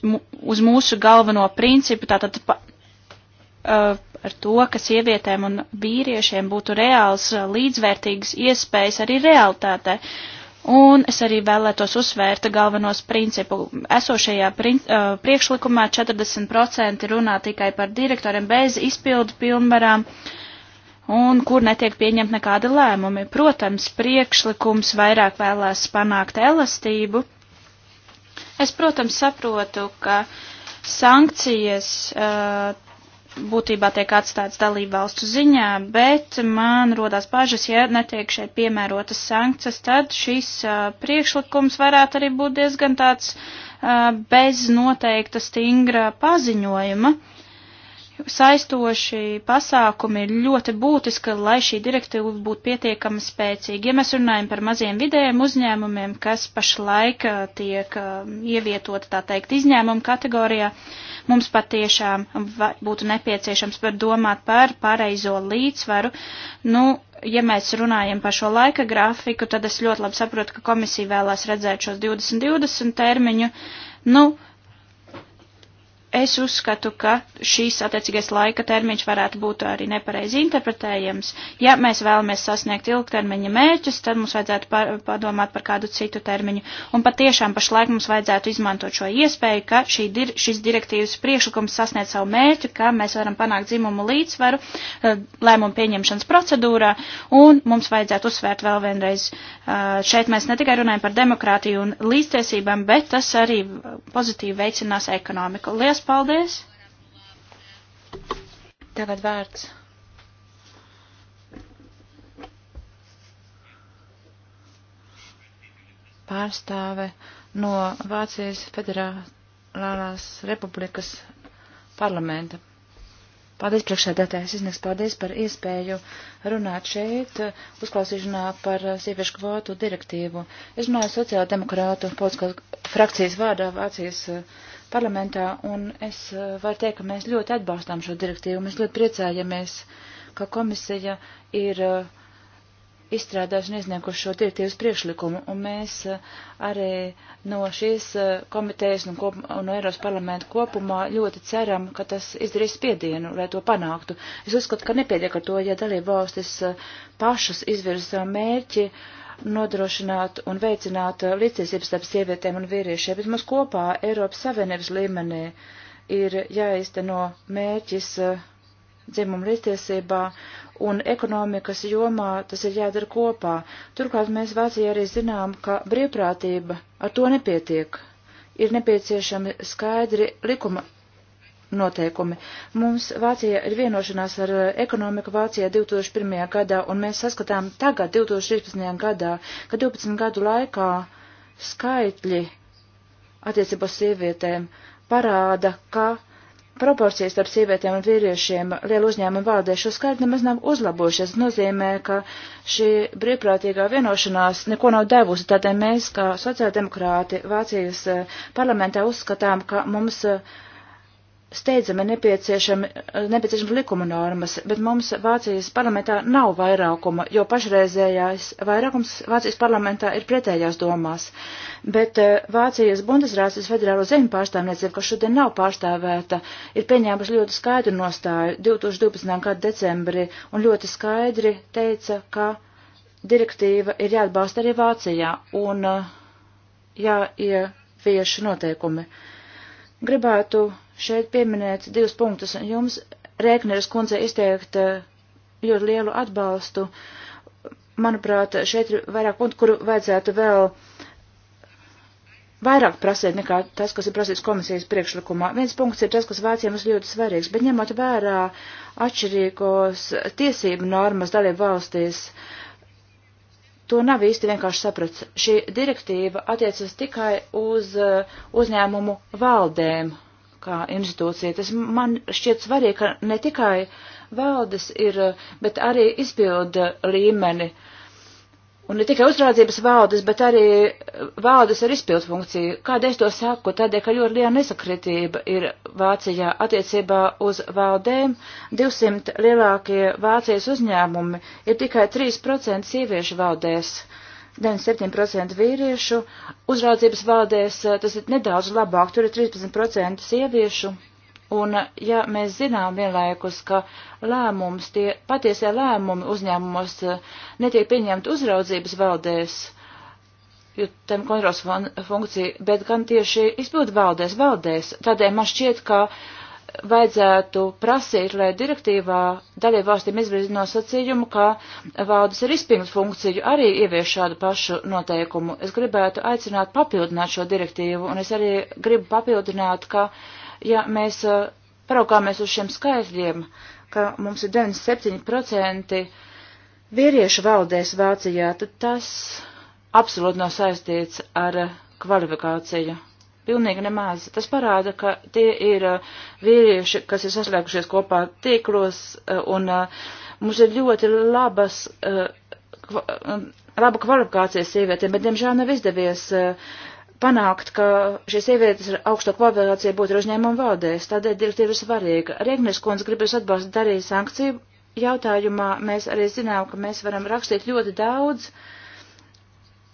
uz mūsu galveno principu, tātad pa, uh, ar to, ka sievietēm un vīriešiem būtu reāls, uh, līdzvērtīgas iespējas arī realitātē. Un es arī vēlētos uzsvērt galvenos principu. Esošajā prin, uh, priekšlikumā 40% runā tikai par direktoriem bez izpildu pilnvarām. Uh, un kur netiek pieņemt nekādi lēmumi. Protams, priekšlikums vairāk vēlās panākt elastību. Es, protams, saprotu, ka sankcijas uh, būtībā tiek atstāts dalību valstu ziņā, bet man rodās bažas, ja netiek šeit piemērotas sankcijas, tad šis uh, priekšlikums varētu arī būt diezgan tāds uh, bez noteikta stingra paziņojuma. Uh, saistoši pasākumi ir ļoti būtiski, lai šī direktīva būtu pietiekami spēcīga. Ja mēs runājam par maziem vidējiem uzņēmumiem, kas pašlaik eh, tiek eh, ievietota, tā teikt, izņēmumu kategorijā, mums patiešām būtu nepieciešams par domāt par pareizo līdzsvaru. Nu, ja mēs runājam par šo laika grafiku, tad es ļoti labi saprotu, ka komisija vēlās redzēt šos 2020 termiņu. Nu, uh, Es uzskatu, ka šīs attiecīgais laika termiņš varētu būt arī nepareizi interpretējams. Ja mēs vēlamies sasniegt ilgtermiņa mērķus, tad mums vajadzētu par, padomāt par kādu citu termiņu. Un patiešām pašlaik mums vajadzētu izmantot šo iespēju, ka šī dir, šis direktīvas priekšlikums sasniedz savu mērķi, ka mēs varam panākt dzimumu līdzsvaru eh, lēmumu pieņemšanas procedūrā. Un mums vajadzētu uzsvērt vēl vienreiz, eh, šeit mēs ne tikai runājam par demokrātiju un līdztiesībām, bet tas arī pozitīvi veicinās ekonomiku. Lies paldies! Tagad vērts. Pārstāve no Vācijas Federālās Republikas parlamenta. Paldies priekšsēdētājs iznieks, paldies par iespēju runāt šeit, uzklausīšanā par sieviešu kvotu direktīvu. Es runāju sociāldemokrātu frakcijas vārdā Vācijas uh, parlamentā, un es eh, varu teikt, ka mēs ļoti atbalstām šo direktīvu. Mēs ļoti priecājamies, ka komisija ir eh, izstrādājusi un iznieguši šo direktīvas priekšlikumu, un mēs eh, arī no šīs komitejas un, kop, un no Eiropas parlamenta kopumā ļoti ceram, ka tas izdarīs spiedienu, lai to panāktu. Es uzskatu, ka nepietiek ar to, ja dalība valstis pašas izvirza mērķi, uh, nodrošināt un veicināt līdztiesības starp sievietēm un vīriešiem, bet mums kopā Eiropas Savienības līmenī ir jāizteno mērķis eh, dzimumu līdztiesībā un ekonomikas jomā tas ir jādara kopā. Turklāt mēs Vācijā arī zinām, ka brīvprātība ar to nepietiek. Ir nepieciešami skaidri likuma noteikumi. Mums Vācija ir vienošanās ar eh, ekonomiku Vācijā 2001. gadā, un mēs saskatām tagad, 2016. gadā, ka 12 gadu laikā skaitļi attiecībos sievietēm parāda, ka proporcijas starp sievietēm un vīriešiem lielu uzņēmumu valdē šo skaidru nemaz nav uzlabojušies. Tas nozīmē, ka šī brīvprātīgā vienošanās neko nav devusi. Tādēļ mēs, kā sociāldemokrāti Vācijas eh, parlamentā, uzskatām, ka mums uh, steidzami nepieciešami, nepieciešams likuma normas, bet mums Vācijas parlamentā nav vairākuma, jo pašreizējais vairākums Vācijas parlamentā ir pretējās domās. Bet eh, Vācijas Bundesrāsas federālo zemju pārstāvniecība, kas šodien nav pārstāvēta, ir pieņēmusi ļoti skaidru nostāju 2012. gada decembrī un ļoti skaidri teica, ka direktīva ir jāatbalsta arī Vācijā un eh, jāievieš noteikumi. Gribētu šeit pieminēt divus punktus. Jums, Rēkneres kundze, izteikt eh, ļoti lielu atbalstu. Manuprāt, šeit ir vairāk punktu, kuru vajadzētu vēl vairāk prasīt nekā tas, kas ir prasīts komisijas priekšlikumā. Viens punkts ir tas, kas Vācijam ir ļoti svarīgs, bet ņemot vērā atšķirīgos tiesību normas dalību valstīs, to nav īsti vienkārši saprats. Šī direktīva attiecas tikai uz eh, uzņēmumu valdēm kā institūcija. Tas man šķiet svarīgi, ka ne tikai valdes ir, bet arī izpilda līmeni. Un ne tikai uzraudzības valdes, bet arī valdes ar izpildu funkciju. Kādēļ to saku? Tādēļ, ka ļoti liela nesakritība ir Vācijā attiecībā uz valdēm. 200 lielākie Vācijas uzņēmumi ir tikai 3% sieviešu valdēs. Uh, 97% vīriešu, uzraudzības valdēs eh, tas ir nedaudz labāk, tur ir 13% sieviešu. Un, eh, ja mēs zinām vienlaikus, ka lēmums, tie patiesie lēmumi uzņēmumos eh, netiek pieņemti uzraudzības valdēs, jo tam kontrols fun funkcija, bet gan tieši izpildu valdēs, valdēs, tādēļ man šķiet, ka uh, vajadzētu prasīt, lai direktīvā dalību valstīm izvirz nosacījumu, ka valdes ir izpildu funkciju arī ievieš šādu pašu noteikumu. Es gribētu aicināt papildināt šo direktīvu, un es arī gribu papildināt, ka, ja mēs uh, paraugāmies uz šiem skaitļiem, ka mums ir 97% vīriešu valdēs Vācijā, tad tas absolūti nav saistīts ar kvalifikāciju Pilnīgi nemaz. Tas parāda, ka tie ir uh, vīrieši, kas ir saslēgušies kopā tīklos, uh, un uh, mums ir ļoti labas, um, laba kvalifikācija sievietēm, bet, diemžēl, nav izdevies panākt, ka šīs sievietes ar augsto kvalifikāciju būtu uzņēmuma valdēs. Tādēļ direktīva ir svarīga. Riegnes kundze gribas atbalstīt arī sankciju jautājumā. Mēs arī zinām, ka mēs varam rakstīt ļoti daudz. Uh,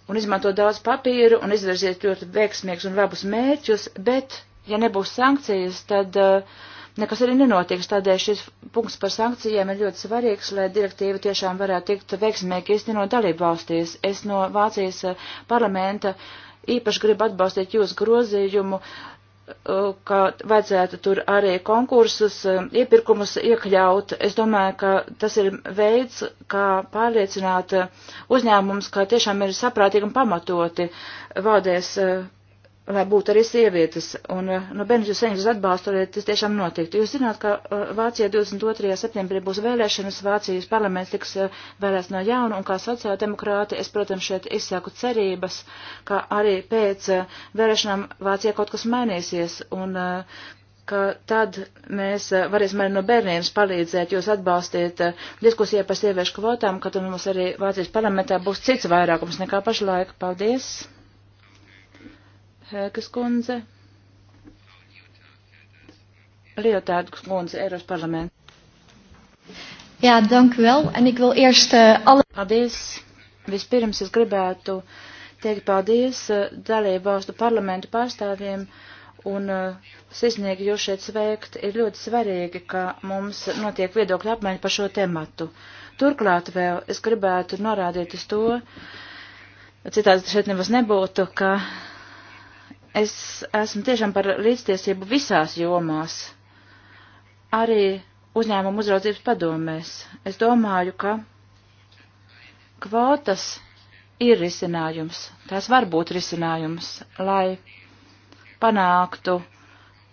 un izmanto daudz papīru un izvirziet ļoti veiksmīgus un labus mērķus, bet, ja nebūs sankcijas, tad uh, nekas arī nenotiks. Tādēļ šis punkts par sankcijām ir ļoti svarīgs, lai direktīva tiešām varētu tikt veiksmīgi īstenot dalību valstīs. Es no Vācijas eh, parlamenta īpaši gribu atbalstīt jūsu grozījumu Uh, ka vajadzētu tur arī konkursus, uh, iepirkumus iekļaut. Es domāju, ka tas ir veids, kā pārliecināt uh, uzņēmums, ka tiešām ir saprātīgi un pamatoti valdēs lai būtu arī sievietes, un no Benedžu saņems atbalstu, lai tas tiešām notiktu. Jūs zināt, ka eh, Vācijā 22. septembrī būs vēlēšanas, Vācijas parlaments tiks eh, vēlēts no jauna, un kā sociāldemokrāti es, protams, šeit izsaku cerības, ka arī pēc eh, vēlēšanām Vācijā kaut kas mainīsies, un ka tad mēs varēsim arī no bērniem palīdzēt, jūs atbalstiet diskusijā par sieviešu kvotām, ka tad mums arī Vācijas parlamentā būs cits vairākums nekā pašlaik. Paldies! Hēkas kundze. Liotārdas kundze, Eiros parlaments. Jā, dank u wel. En ik wil eerst uh, alle... Paldies. Vispirms es gribētu teikt paldies uh, dalību valstu parlamentu pārstāvjiem un uh, sirsnīgi jūs šeit sveikt. Ir ļoti svarīgi, ka mums notiek viedokļa apmaiņa par šo tematu. Turklāt vēl es gribētu norādīt uz to, citādi šeit nemaz nebūtu, ka Es esmu tiešām par līdztiesību visās jomās, arī uzņēmuma uzraudzības padomēs. Es domāju, ka kvotas ir risinājums, tās var būt risinājums, lai panāktu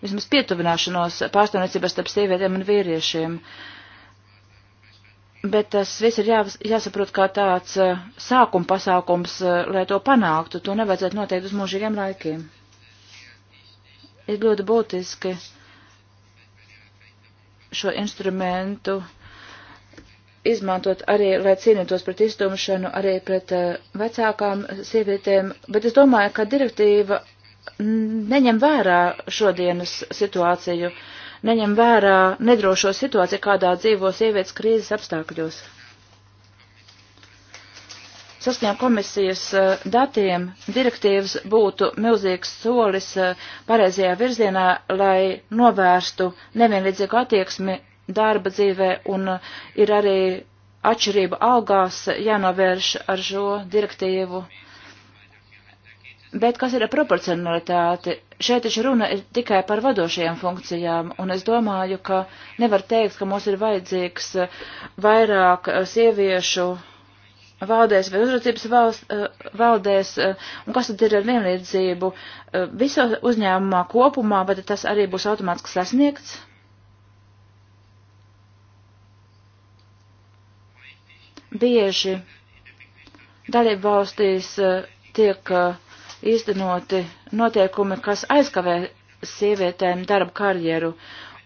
vismaz pietuvināšanos pārstāvniecības starp sievietēm un vīriešiem. Bet tas viss ir jā, jāsaprot kā tāds sākuma pasākums, lai to panāktu. To nevajadzētu noteikt uz mūžīgiem laikiem ir ļoti būtiski šo instrumentu izmantot arī, lai cīnītos pret iztumšanu, arī pret uh, vecākām sievietēm, bet es domāju, ka direktīva neņem vērā šodienas situāciju, neņem vērā nedrošo situāciju, kādā dzīvo sievietes krīzes apstākļos saskaņā komisijas eh, datiem direktīvas būtu milzīgs solis eh, pareizajā virzienā, lai novērstu nevienlīdzīgu attieksmi darba dzīvē un eh, ir arī atšķirība algās jānovērš ar šo direktīvu. Bet kas ir ar proporcionalitāti? Šeit taču runa ir tikai par vadošajām funkcijām, un es domāju, ka nevar teikt, ka mums ir vajadzīgs vairāk sieviešu valdēs vai uzraudzības valsts eh, valdēs, eh, un kas tad ir ar vienlīdzību eh, visā uzņēmumā kopumā, vai tas arī būs automātiski sasniegts? Bieži dalību valstīs tiek īstenoti noteikumi, kas aizkavē sievietēm darba karjeru,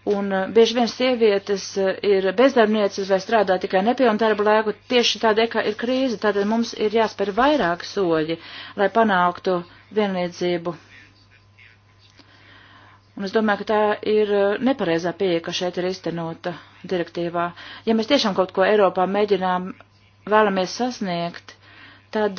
Un eh, bieži vien sievietes eh, ir bezdarbnieces vai strādā tikai nepilnu darbu laiku. Tieši tādēļ, ka ir krīze, tātad mums ir jāspēr vairāk soļi, lai panāktu vienlīdzību. Un es domāju, ka tā ir eh, nepareizā pieeja, ka šeit ir iztenota direktīvā. Ja mēs tiešām kaut ko Eiropā mēģinām, vēlamies sasniegt, tad,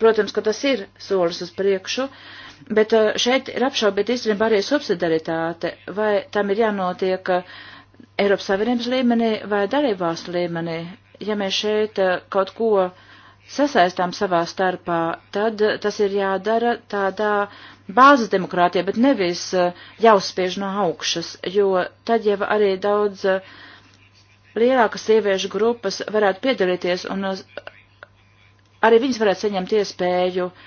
protams, ka tas ir solis uz priekšu. Uh, Bet eh, šeit ir apšaubīt īstenībā arī subsidaritāte, vai tam ir jānotiek eh, Eiropas Savienības līmenī vai dalībvalstu līmenī. Ja mēs šeit eh, kaut ko sasaistām savā starpā, tad tas ir jādara tādā bāzes demokrātijā, bet nevis jāuzspiež no augšas, jo tad jau arī daudz lielākas sieviešu grupas varētu piedalīties un arī viņas varētu saņemt iespēju uh,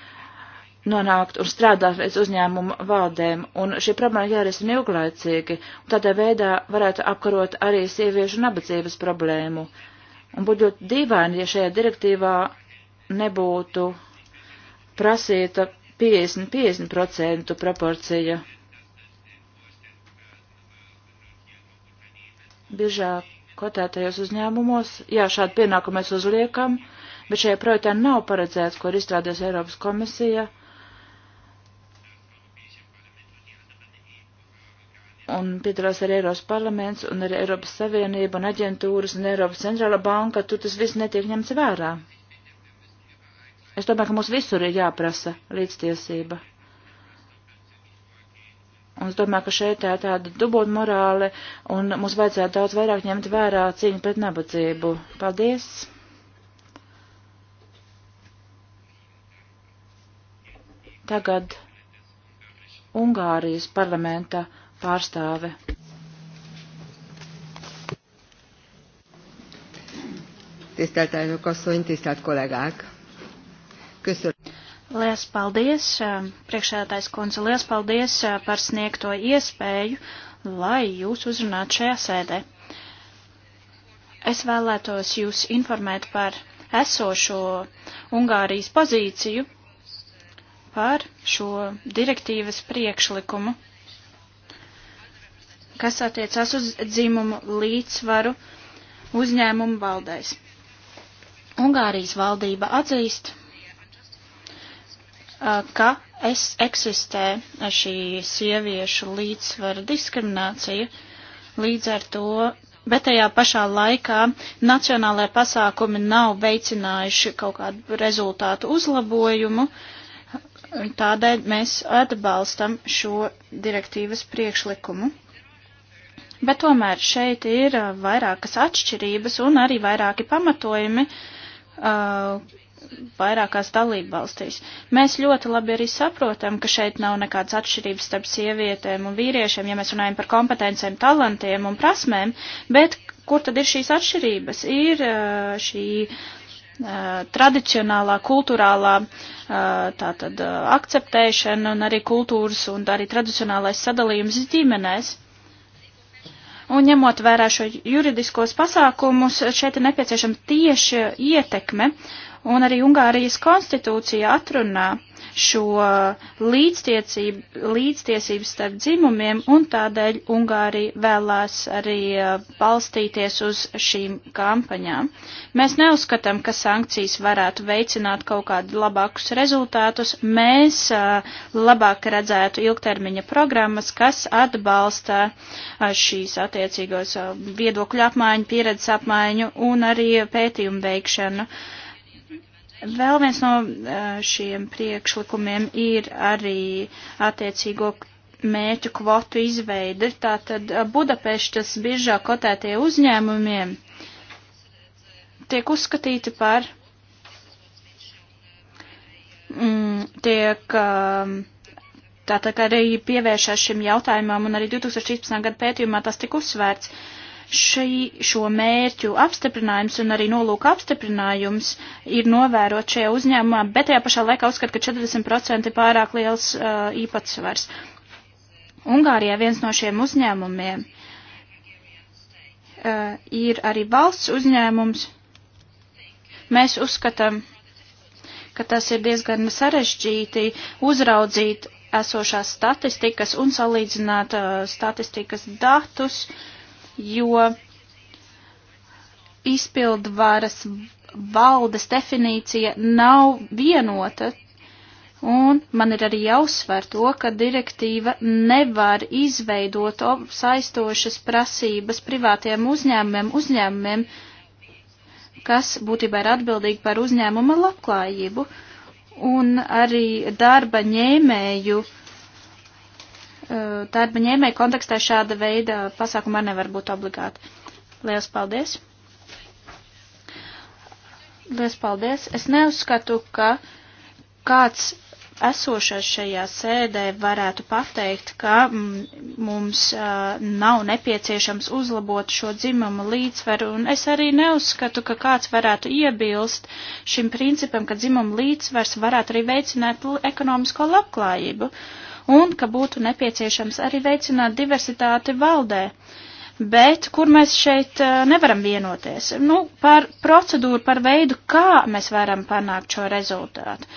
nonākt un strādāt pēc uzņēmumu valdēm, un šī problēma jārisina ilglaicīgi, un tādā veidā varētu apkarot arī sieviešu nabadzības problēmu. Un būtu ļoti dīvaini, ja šajā direktīvā nebūtu prasīta 50-50% proporcija. Biežāk kotētajos uzņēmumos, jā, šādu pienākumu mēs uzliekam, bet šajā projektā nav paredzēts, kur izstrādās Eiropas komisija un piedalās arī Eiropas parlaments un arī Eiropas Savienība un aģentūras un Eiropas centrāla banka, tur tas viss netiek ņemts vērā. Es domāju, ka mums visur ir jāprasa līdztiesība. Un es domāju, ka šeit tā tāda dubult morāle, un mums vajadzētu daudz vairāk ņemt vērā cīņu pret nabadzību. Paldies! Tagad Ungārijas parlamenta pārstāve. Tisztelt elnök asszony, tisztelt kollégák! Köszönöm. Lielas paldies, eh, priekšsēdētājs konsul, lielas paldies eh, par sniegto iespēju, lai jūs uzrunātu šajā sēdē. Es vēlētos jūs informēt par esošo Ungārijas pozīciju par šo direktīvas priekšlikumu kas attiecās uz dzimumu līdzsvaru uzņēmumu valdēs. Ungārijas valdība atzīst, ka es eksistē šī sieviešu līdzsvara diskriminācija, līdz ar to, bet tajā pašā laikā nacionālajie pasākumi nav veicinājuši kaut kādu rezultātu uzlabojumu, tādēļ mēs atbalstam šo direktīvas priekšlikumu bet tomēr šeit ir uh, vairākas atšķirības un arī vairāki pamatojumi uh, vairākās dalībvalstīs. Mēs ļoti labi arī saprotam, ka šeit nav nekādas atšķirības starp sievietēm un vīriešiem, ja mēs runājam par kompetencēm, talantiem un prasmēm, bet kur tad ir šīs atšķirības? Ir uh, šī uh, tradicionālā, kultūrālā uh, tātad akceptēšana un arī kultūras un arī tradicionālais sadalījums ģimenēs. Un ņemot vērā šo juridiskos pasākumus, šeit ir nepieciešama tieši ietekme un arī Ungārijas konstitūcija atrunā šo līdztiesību starp dzimumiem, un tādēļ Ungārija vēlās arī e, balstīties uz šīm kampaņām. Mēs neuzskatām, ka sankcijas varētu veicināt kaut kādu labākus rezultātus. Mēs e, labāk redzētu ilgtermiņa programmas, kas atbalsta e, šīs attiecīgos viedokļu apmaiņu, pieredzes apmaiņu un arī pētījumu veikšanu. Uh, Vēl viens no eh, šiem priekšlikumiem ir arī attiecīgo mērķu kvotu izveide. Tātad eh, Budapeštas biržā kotētie uzņēmumiem tiek uzskatīti par, mm, tiek ehm, tātad arī pievēršās šim jautājumam, un arī 2013. gada pētījumā tas tika uzsvērts. Uh, šī, šo mērķu apstiprinājums un arī nolūka apstiprinājums ir novērot šajā uzņēmumā, bet tajā pašā laikā uzskat, ka 40% ir pārāk liels uh, īpatsvars. Ungārijā viens no šiem uzņēmumiem uh, ir arī valsts uzņēmums. Mēs uzskatām, ka tas ir diezgan sarežģīti uzraudzīt esošās statistikas un salīdzināt uh, statistikas datus. Uh, jo izpildvaras valdes definīcija nav vienota. Un man ir arī jāuzsver to, ka direktīva nevar izveidot saistošas prasības privātiem uzņēmumiem, uzņēmumiem, kas būtībā ir atbildīgi par uzņēmuma labklājību. Un arī darba ņēmēju uh, Eh, darba ņēmēja kontekstā šāda veida pasākuma arī nevar būt obligāti. Lielas paldies! Lielas paldies! Es neuzskatu, ka kāds esošais šajā sēdē varētu pateikt, ka mm, mums uh, nav nepieciešams uzlabot šo dzimumu līdzsvaru, un es arī neuzskatu, ka kāds varētu iebilst šim principam, ka dzimumu līdzsvars varētu arī veicināt ekonomisko labklājību. Uh, un ka būtu nepieciešams arī veicināt diversitāti valdē. Bet kur mēs šeit eh, nevaram vienoties? Nu, par procedūru, par veidu, kā mēs varam panākt šo rezultātu.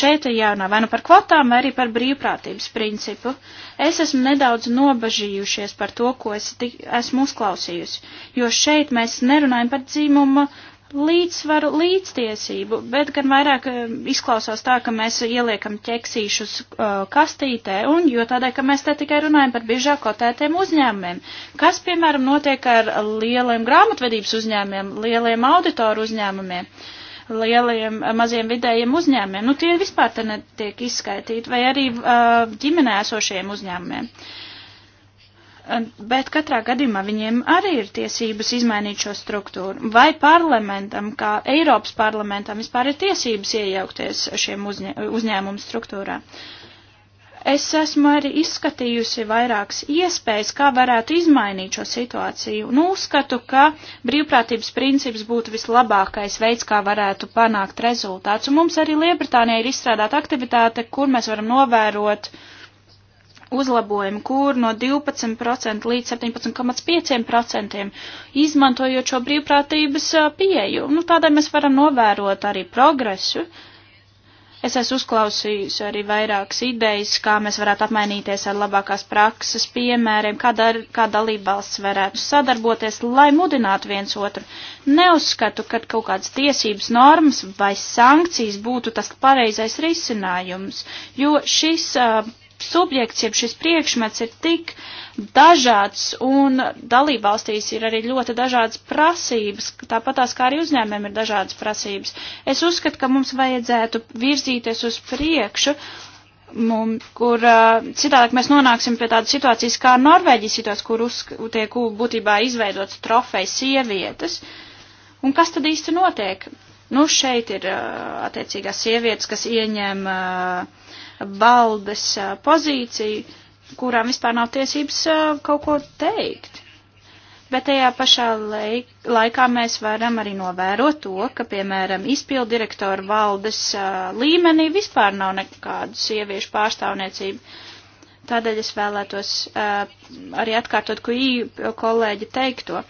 Šeit ir jārunā vai nu par kvotām, vai arī par brīvprātības principu. Es esmu nedaudz nobažījušies par to, ko es esmu uzklausījusi, jo šeit mēs nerunājam par dzīmumu līdzsvaru, līdztiesību, bet gan vairāk eh, izklausās tā, ka mēs ieliekam ķeksīšus uh, kastītē, un jo tādēļ, ka mēs te tikai runājam par biežāk kotētiem uzņēmumiem. Kas, piemēram, notiek ar lieliem grāmatvedības uzņēmumiem, lieliem auditoru uzņēmumiem? lieliem eh, maziem vidējiem uzņēmumiem. Nu, tie vispār te netiek izskaitīti, vai arī uh, ģimenē esošiem uzņēmumiem. Uh, bet katrā gadījumā viņiem arī ir tiesības izmainīt šo struktūru. Vai parlamentam, kā Eiropas parlamentam, vispār ir tiesības iejaukties šiem uzņē, uzņēmumu struktūrā? Es esmu arī izskatījusi vairākas iespējas, kā varētu izmainīt šo situāciju, un nu, uzskatu, ka brīvprātības princips būtu vislabākais veids, kā varētu panākt rezultāts. Un mums arī Liebritānija ir izstrādāta aktivitāte, kur mēs varam novērot uh, uzlabojumu, kur no 12% līdz 17,5% izmantojot šo brīvprātības pieeju. Nu, tādēļ mēs varam novērot arī progresu. Es esmu uzklausījusi arī vairākas idejas, kā mēs varētu apmainīties ar labākās prakses piemēriem, kā, dar, kā dalībvalsts varētu sadarboties, lai mudinātu viens otru. Neuzskatu, ka kaut kādas tiesības normas vai sankcijas būtu tas pareizais risinājums, jo šis uh, subjekts, jeb šis priekšmets ir tik dažāds un dalībvalstīs ir arī ļoti dažādas prasības, tāpat tās kā arī uzņēmēm ir dažādas prasības. Es uzskatu, ka mums vajadzētu virzīties uz priekšu, mum, kur uh, citādāk mēs nonāksim pie tādas situācijas kā Norvēģijas situācija, kur uz, tiek būtībā izveidots trofejs sievietes. Un kas tad īsti notiek? Nu, šeit ir uh, attiecīgās sievietes, kas ieņem uh, valdes pozīciju, kurām vispār nav tiesības kaut ko teikt. Bet tajā pašā laikā mēs varam arī novērot to, ka, piemēram, izpildirektora valdes līmenī vispār nav nekādu sieviešu pārstāvniecību. Tādēļ es vēlētos uh, arī atkārtot, ko īpa kolēģi teikto.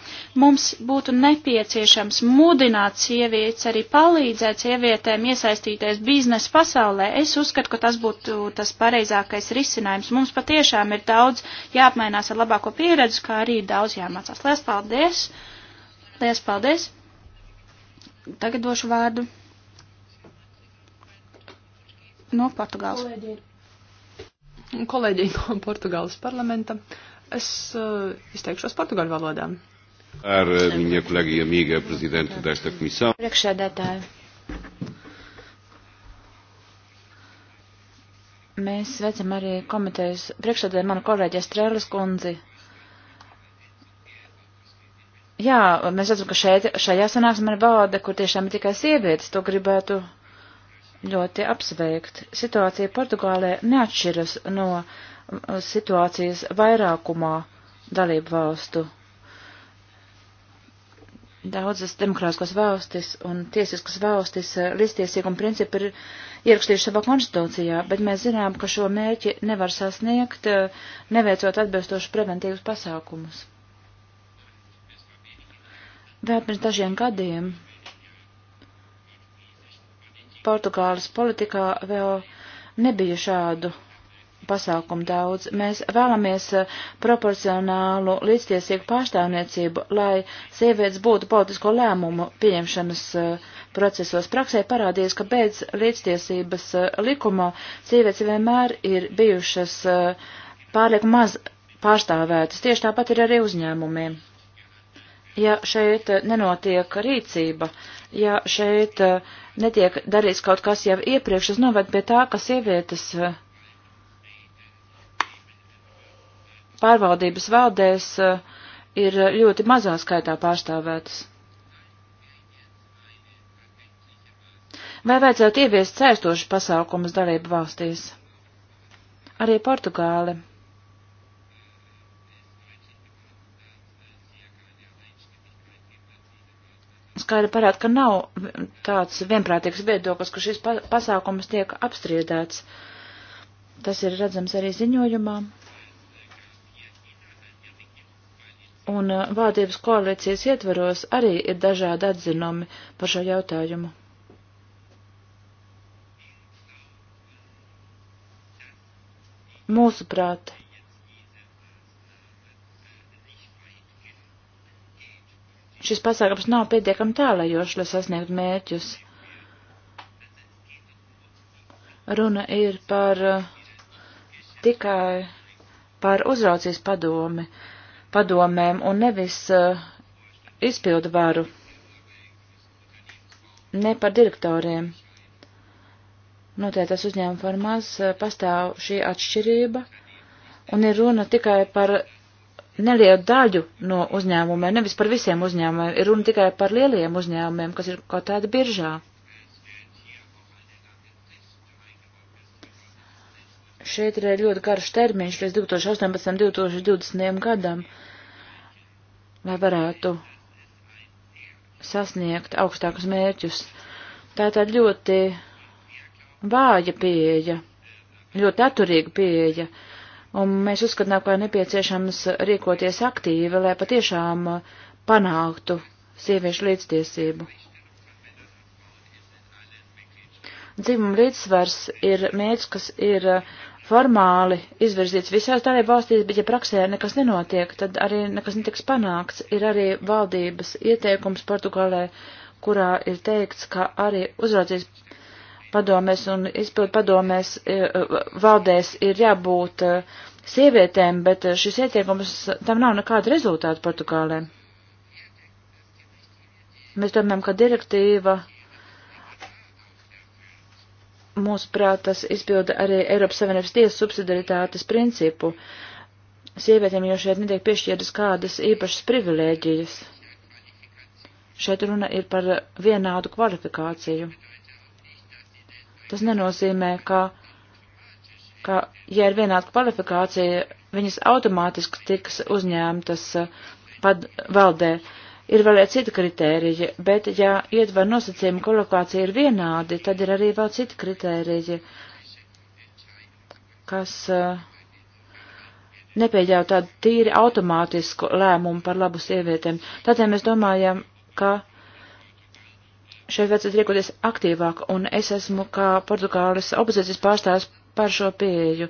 Mums būtu nepieciešams mudināt sievietes, arī palīdzēt sievietēm iesaistīties biznesa pasaulē. Es uzskatu, ka tas būtu tas pareizākais risinājums. Mums patiešām ir daudz jāapmainās ar labāko pieredzi, kā arī daudz jāmācās. Lielas paldies! Lielas paldies! Tagad došu vārdu no Portugāles. Kolēģi kolēģi no Portugāles parlamenta. Es uh, izteikšos portugāļu valodā. Ar viņa eh, kolēģi e Amīga prezidentu desta komisā. Priekšsēdētāji. Mēs veicam arī komitejas priekšsēdētāju manu kolēģi Estrēlis kundzi. Jā, mēs redzam, ka šeit, šajā sanāksmē ir bauda, kur tiešām ir tikai sievietes. To gribētu ļoti apsveikt. Situācija Portugālē neatšķiras no situācijas vairākumā dalību valstu. Daudzas demokrātiskās valstis un tiesiskas valstis eh, līdztiesīguma principu ir ierakstījuši savā konstitūcijā, bet mēs zinām, ka šo mērķi nevar sasniegt, eh, neveicot atbilstošu preventīvus pasākumus. Vēl pirms dažiem gadiem Portugāles politikā vēl nebija šādu pasākumu daudz. Mēs vēlamies eh, proporcionālu līdztiesīgu pārstāvniecību, lai sievietes būtu politisko lēmumu pieņemšanas eh, procesos. Praksē parādījies, ka pēc līdztiesības eh, likuma sievietes vienmēr ir bijušas pārlieku maz pārstāvētas. Tieši tāpat ir arī uzņēmumiem. Ja šeit nenotiek rīcība, ja šeit eh, netiek darīts kaut kas jau iepriekš, tas noved pie tā, ka sievietes eh, pārvaldības valdēs eh, ir ļoti mazā skaitā pārstāvētas. Vai vajadzētu ieviest cēstošas pasākumus dalību valstīs? Arī Portugāle skaidri parāda, ka nav tāds vienprātīgs viedoklis, ka šis pasākums tiek apstrīdēts. Tas ir redzams arī ziņojumā. Un uh, valdības koalīcijas ietveros arī ir dažādi atzinumi par šo jautājumu. Mūsuprāt, šis pasākums nav pietiekami tālajošs, lai sasniegtu mērķus. Runa ir par eh, tikai par uzraucīs padomi, padomēm un nevis uh, izpildu varu, ne par direktoriem. Noteiktās uzņēmuma formās eh, pastāv šī atšķirība, un ir runa tikai par nelielu daļu no uzņēmumiem, nevis par visiem uzņēmumiem, ir runa tikai par lielajiem uzņēmumiem, kas ir kaut tāda biržā. Šeit ir ļoti garš termiņš līdz 2018. 2020. gadam, lai varētu sasniegt augstākus mērķus. Tā ir tāda ļoti vāja pieeja, ļoti atturīga pieeja. Uh, Un mēs uzskatām, ka ir nepieciešams rīkoties aktīvi, lai patiešām panāktu sieviešu līdztiesību. Dzimuma līdzsvars ir mērķis, kas ir formāli izvirzīts visās dalību valstīs, bet ja praksē nekas nenotiek, tad arī nekas netiks panākts. Ir arī valdības ieteikums Portugālē, kurā ir teikts, ka arī uzraudzības padomēs un izpildu padomēs e, valdēs ir jābūt e, sievietēm, bet e, šis ieteikums tam nav nekāda rezultāta Portugālē. Mēs domājam, ka direktīva, mūsuprāt, tas izpilda arī Eiropas Savienības tiesas subsidiaritātes principu. Sievietēm jau šeit netiek piešķirtas kādas īpašas privilēģijas. Šeit runa ir par vienādu kvalifikāciju. Tas nenozīmē, ka, ka ja ir vienāda kvalifikācija, viņas automātiski tiks uzņēmtas eh, pad valdē. Ir vēl citi kritēriji, bet ja ietver nosacījuma kolokācija ir vienādi, tad ir arī vēl citi kritēriji, kas uh, nepieļauj tādu tīri automātisku lēmumu par labu sievietēm. Tādēļ mēs domājam, ka šeit vajadzētu riekoties aktīvāk, un es esmu kā Portugāles opozīcijas pārstāvis par šo pieeju.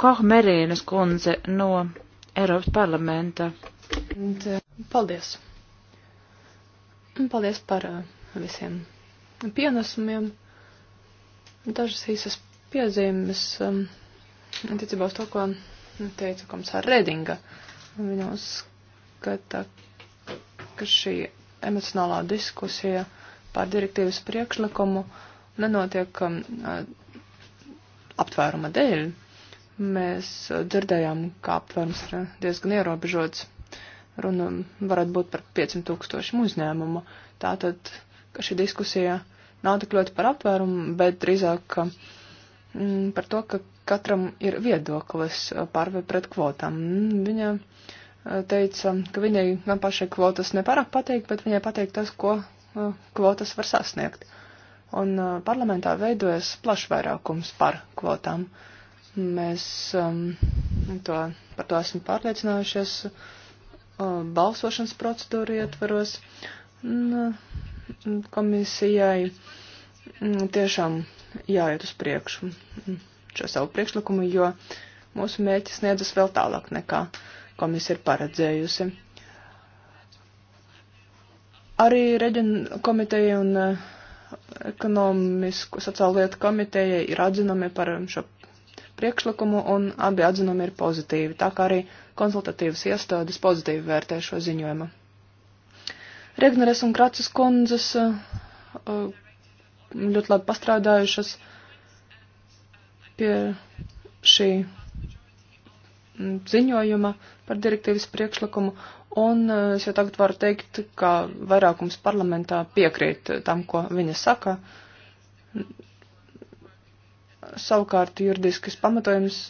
Koh Merīnas kundze no Eiropas parlamenta. Paldies. Paldies par uh, visiem pienesumiem. Dažas īsas piezīmes um, attiecībā uz to, ko teica komisāra Redinga. Viņa uzskata, ka šī emocionālā diskusija par direktīvas priekšlikumu nenotiek um, uh, aptvēruma dēļ. Mēs uh, dzirdējām, ka aptvērums ir diezgan ierobežots. Runa varētu būt par 500 tūkstošiem uzņēmumu. Tātad, ka šī diskusija nav tik ļoti par aptvērumu, bet drīzāk mm, par to, ka katram ir viedoklis uh, par vai pret kvotām. Viņa teica, ka viņai gan pašai kvotas nepārāk patīk, bet viņai patīk tas, ko Eh, kvotas var sasniegt. Un eh, parlamentā veidojas plašs vairākums par kvotām. Mēs um, to, par to esam pārliecinājušies uh, balsošanas procedūru ietvaros. Un, uh, komisijai mm, tiešām jāiet uz priekšu mm, šo savu priekšlikumu, jo mūsu mērķis sniedzas vēl tālāk nekā komisija ir paredzējusi. Arī reģionu komiteja un eh, ekonomisku sociālu lietu komiteja ir atzinumi par šo priekšlikumu un abi atzinumi ir pozitīvi, tā kā arī konsultatīvas iestādes pozitīvi vērtē šo ziņojumu. Regneres un Kracis kundzes eh, ļoti labi pastrādājušas pie šī Mm, ziņojuma par direktīvas priekšlikumu, un eh, es jau tagad varu teikt, ka vairākums parlamentā piekrīt eh, tam, ko viņa saka. Savukārt juridiskais pamatojums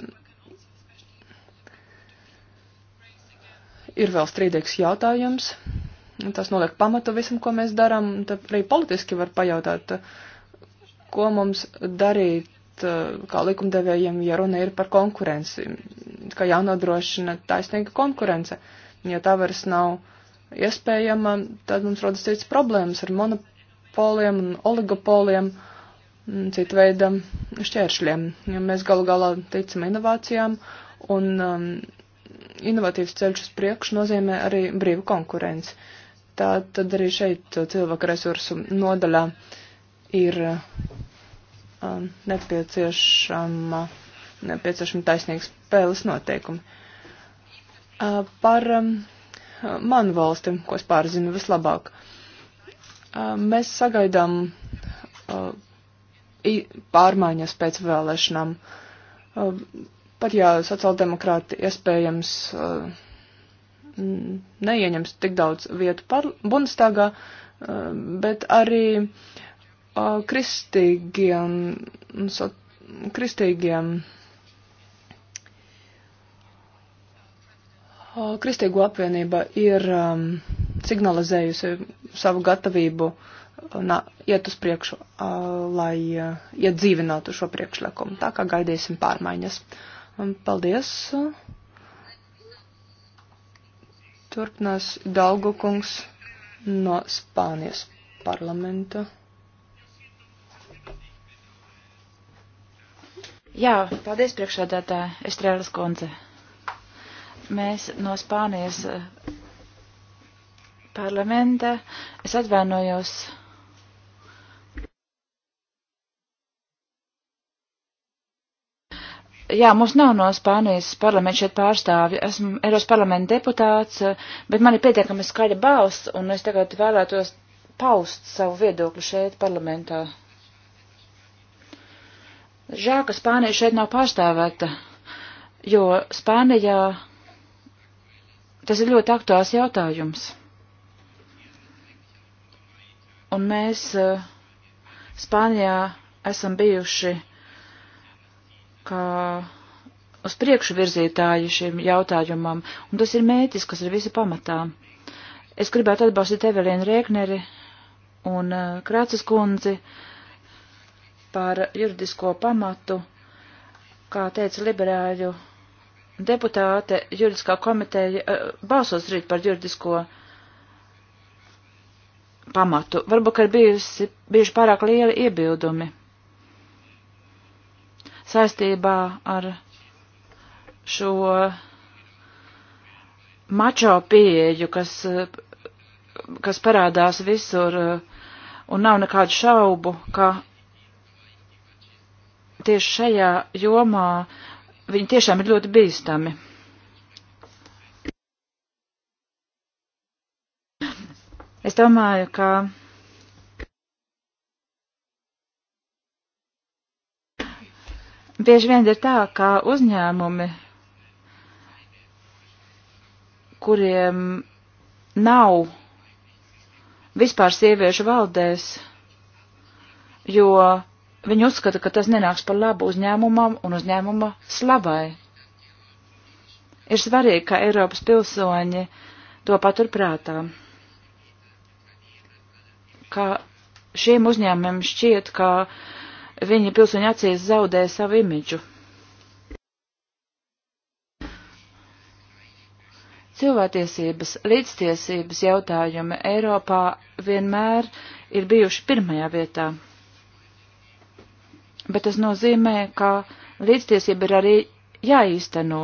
ir vēl strīdīgs jautājums. Tas noliek pamatu visam, ko mēs darām. Tad arī politiski var pajautāt, ko mums darīt eh, kā likumdevējiem, ja runa ir par konkurenci ka jānodrošina taisnīga konkurence. Ja tā vairs nav iespējama, tad mums rodas cits problēmas ar monopoliem un oligopoliem, citu veidu šķēršļiem. Ja mēs galu galā ticam inovācijām un um, inovatīvs ceļš uz priekšu nozīmē arī brīvu konkurenci. Tā tad arī šeit cilvēku resursu nodaļā ir um, nepieciešama. Um, nepieciešami taisnīgi spēles noteikumi. Par um, manu valsti, ko es pārzinu vislabāk, mēs sagaidām pārmaiņas pēc vēlēšanām. Pat ja sociāldemokrāti iespējams neieņems tik daudz vietu Bundestagā, bet arī kristīgiem, so, kristīgiem Kristīgo apvienība ir um, signalizējusi savu gatavību uh, na, iet uz priekšu, uh, lai uh, iedzīvinātu šo priekšlikumu. Tā kā gaidīsim pārmaiņas. Um, paldies. Turpinās Dalgu kungs no Spānijas parlamenta. Jā, paldies priekšādātā Estrēlas konce. Mēs no Spānijas eh, parlamenta, es atvainojos. Jā, mums nav no Spānijas parlamenta šeit pārstāvja. Esmu Eiros parlamenta deputāts, eh, bet man ir pietiekami skaļa balss, un es tagad vēlētos paust savu viedokli šeit parlamentā. Žēl, ka Spānija šeit nav pārstāvēta, jo Spānijā Tas ir ļoti aktuāls jautājums. Un mēs eh, Spānijā esam bijuši kā uz priekšu virzītāji šim jautājumam, un tas ir mētis, kas ir visi pamatā. Es gribētu atbalstīt Evelīnu Rēkneri un eh, Krācis kundzi par juridisko pamatu, kā teica liberāļu deputāte juridiskā komiteja eh, balsos rīt par juridisko pamatu. Varbūt, ka ir bijusi, bijuši pārāk lieli iebildumi saistībā ar šo mačo pieeju, kas, kas parādās visur, un nav nekādu šaubu, ka tieši šajā jomā viņi tiešām ir ļoti bīstami. Es domāju, ka bieži vien ir tā, ka uzņēmumi, kuriem nav vispār sieviešu valdēs, jo Viņi uzskata, ka tas nenāks par labu uzņēmumam un uzņēmuma slavai. Ir svarīgi, ka Eiropas pilsoņi to paturprātā, ka šiem uzņēmumiem šķiet, ka viņi pilsoņu acīs zaudē savu imidžu. Cilvēktiesības, līdztiesības jautājumi Eiropā vienmēr ir bijuši pirmajā vietā bet tas nozīmē, ka līdztiesība ir arī jāīsteno.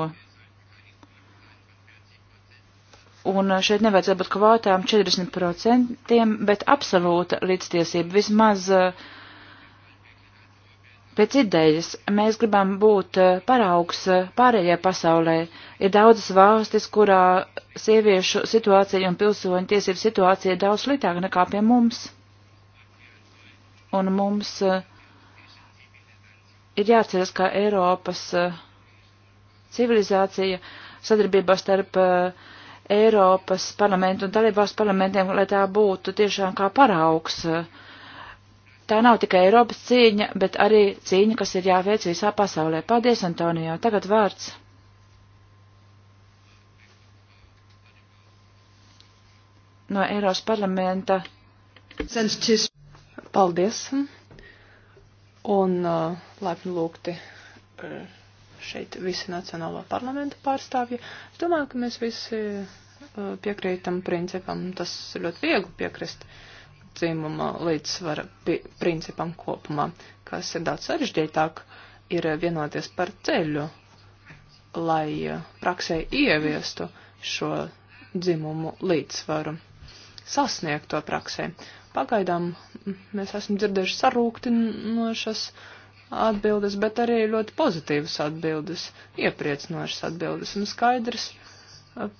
Un šeit nevajadzētu būt kvotām 40%, bet absolūta līdztiesība vismaz eh, pēc idejas. Mēs gribam būt eh, paraugs eh, pārējai pasaulē. Ir daudzas valstis, kurā sieviešu situācija un pilsoņu tiesību situācija ir daudz sliktāka nekā pie mums. Un mums uh, ir jāatceras, ka Eiropas eh, civilizācija sadarbībā starp eh, Eiropas parlamentu un dalībās parlamentiem, lai tā būtu tiešām kā paraugs. Eh, tā nav tikai Eiropas cīņa, bet arī cīņa, kas ir jāveic visā pasaulē. Paldies, Antonijo. Tagad vārds. No Eiropas parlamenta. Paldies. Un uh, laipni lūgti uh, šeit visi Nacionālo parlamentu pārstāvji. Es domāju, ka mēs visi uh, piekrītam principam. Tas ir ļoti viegli piekrist dzimuma līdzsvara principam kopumā, kas ir daudz sarežģītāk, ir vienoties par ceļu, lai uh, praksē ieviestu šo dzimumu līdzsvaru, sasniegt to praksē. Pagaidām mēs esam dzirdējuši sarūktinošas atbildes, bet arī ļoti pozitīvas atbildes, iepriecinošas atbildes un skaidrs.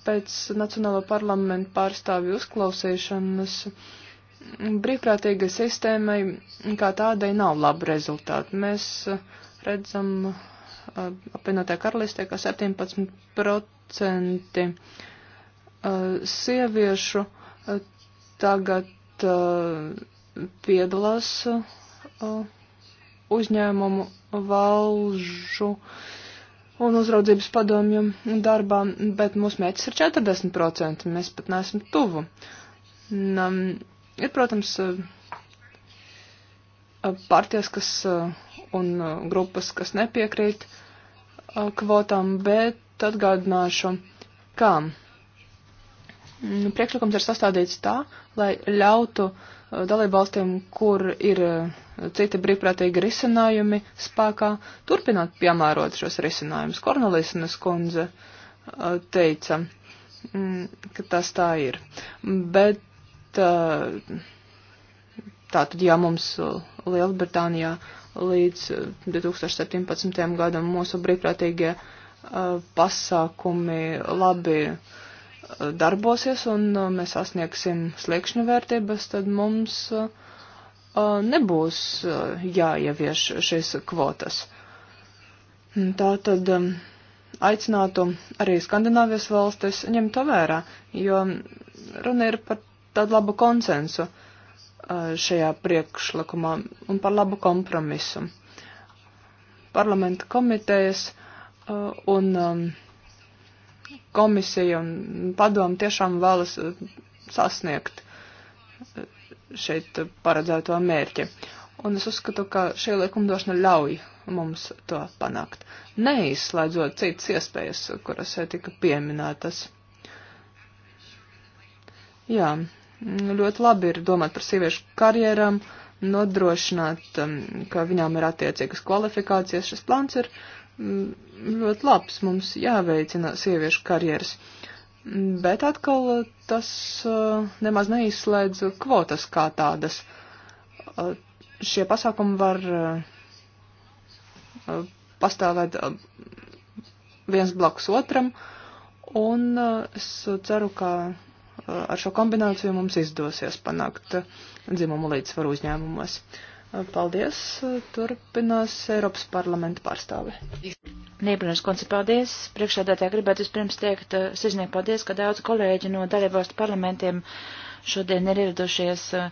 Pēc Nacionālo parlamentu pārstāvju uzklausīšanas brīvprātīgai sistēmai kā tādai nav laba rezultāta. Mēs uh, redzam uh, apvienotā karalistē, ka 17% uh, sieviešu tagad šeit eh, piedalās eh, uzņēmumu valžu un uzraudzības padomju darbā, bet mūsu mērķis ir 40%, mēs pat neesam tuvu. Un, ir, protams, eh, partijas, kas un grupas, kas nepiekrīt kvotām, bet atgādināšu, kam Mm, priekšlikums ir sastādīts tā, lai ļautu uh, dalībvalstīm, kur ir uh, citi brīvprātīgi risinājumi spēkā, turpināt piemērot šos risinājumus. Kornelīsnes kundze uh, teica, mm, ka tas tā ir. Bet tātad, ja mums Lielbritānijā līdz 2017. gadam mūsu brīvprātīgie pasākumi labi darbosies un uh, mēs sasniegsim sliekšņu vērtības, tad mums uh, uh, nebūs jāievieš šīs kvotas. Tā tad um, aicinātu arī Skandināvijas valstis ņemt to vērā, jo runa ir par tādu labu konsensu šajā priekšlikumā un par labu kompromisu. Parlamenta komitejas un um, komisija un padomu tiešām vēlas eh, sasniegt eh, šeit paredzēto mērķi. Un es uzskatu, ka šī likumdošana ļauj mums to panākt, neizslēdzot citas iespējas, kuras jau tika pieminētas. Jā, ļoti labi ir domāt par sieviešu karjerām, nodrošināt, eh, ka viņām ir attiecīgas kvalifikācijas. Šis plāns ir uh, Mm, ļoti labs. Mums jāveicina sieviešu karjeras. Bet atkal tas uh, nemaz neizslēdz kvotas kā tādas. Uh, šie pasākumi var uh, pastāvēt viens blakus otram, un es ceru, ka ar šo kombināciju mums izdosies panākt dzimumu līdzsvaru uzņēmumos. Uh, Paldies. Turpinās Eiropas parlamenta pārstāve. Niebrunās konci, paldies. Priekšādātā gribētu vispirms teikt, eh, sižnieku paldies, ka daudz kolēģi no dalībvalstu parlamentiem šodien ir ieradušies eh,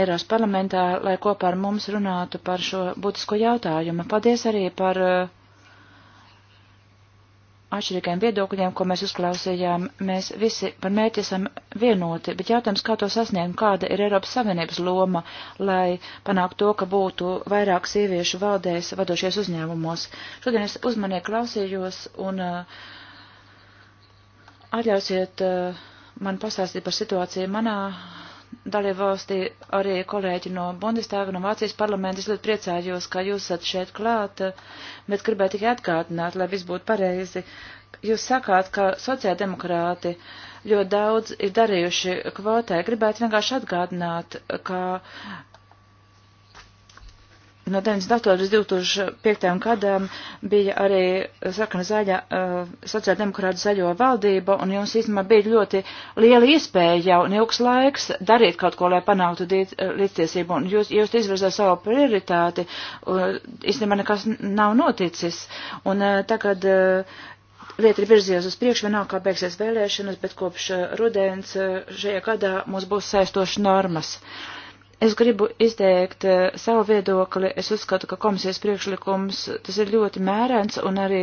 Eiropas parlamentā, lai kopā ar mums runātu par šo būtisko jautājumu. Paldies arī par eh, atšķirīgiem viedokļiem, ko mēs uzklausījām, mēs visi par mērķi esam vienoti, bet jautājums, kā to sasniegt, kāda ir Eiropas Savienības loma, lai panāktu to, ka būtu vairāk sieviešu valdēs vadošies uzņēmumos. Šodien es uzmanīgi klausījos un uh, atļausiet uh, man pastāstīt par situāciju manā dalībvalstī arī kolēģi no Bundestāga, no Vācijas parlamenta. Es ļoti priecājos, ka jūs esat šeit klāt, bet gribēju tikai atgādināt, lai viss būtu pareizi. Jūs sakāt, ka sociāldemokrāti ļoti daudz ir darījuši kvotē. Gribētu vienkārši atgādināt, ka No 92. līdz 2005. gadam bija arī sarkana zaļa, uh, sociāldemokrāta zaļo valdība, un jums īstenībā bija ļoti liela iespēja jau un ilgs laiks darīt kaut ko, lai panāktu diet, uh, līdztiesību, un jūs, jūs izvirzāt savu prioritāti, uh, īstenībā nekas nav noticis, un uh, tagad uh, lieta ir virzījusies uz priekšu, vienalga, kā beigsies vēlēšanas, bet kopš uh, rudens uh, šajā gadā mums būs saistošas normas. Uh, Es gribu izteikt uh, savu viedokli. Es uzskatu, ka komisijas priekšlikums tas ir ļoti mērens un arī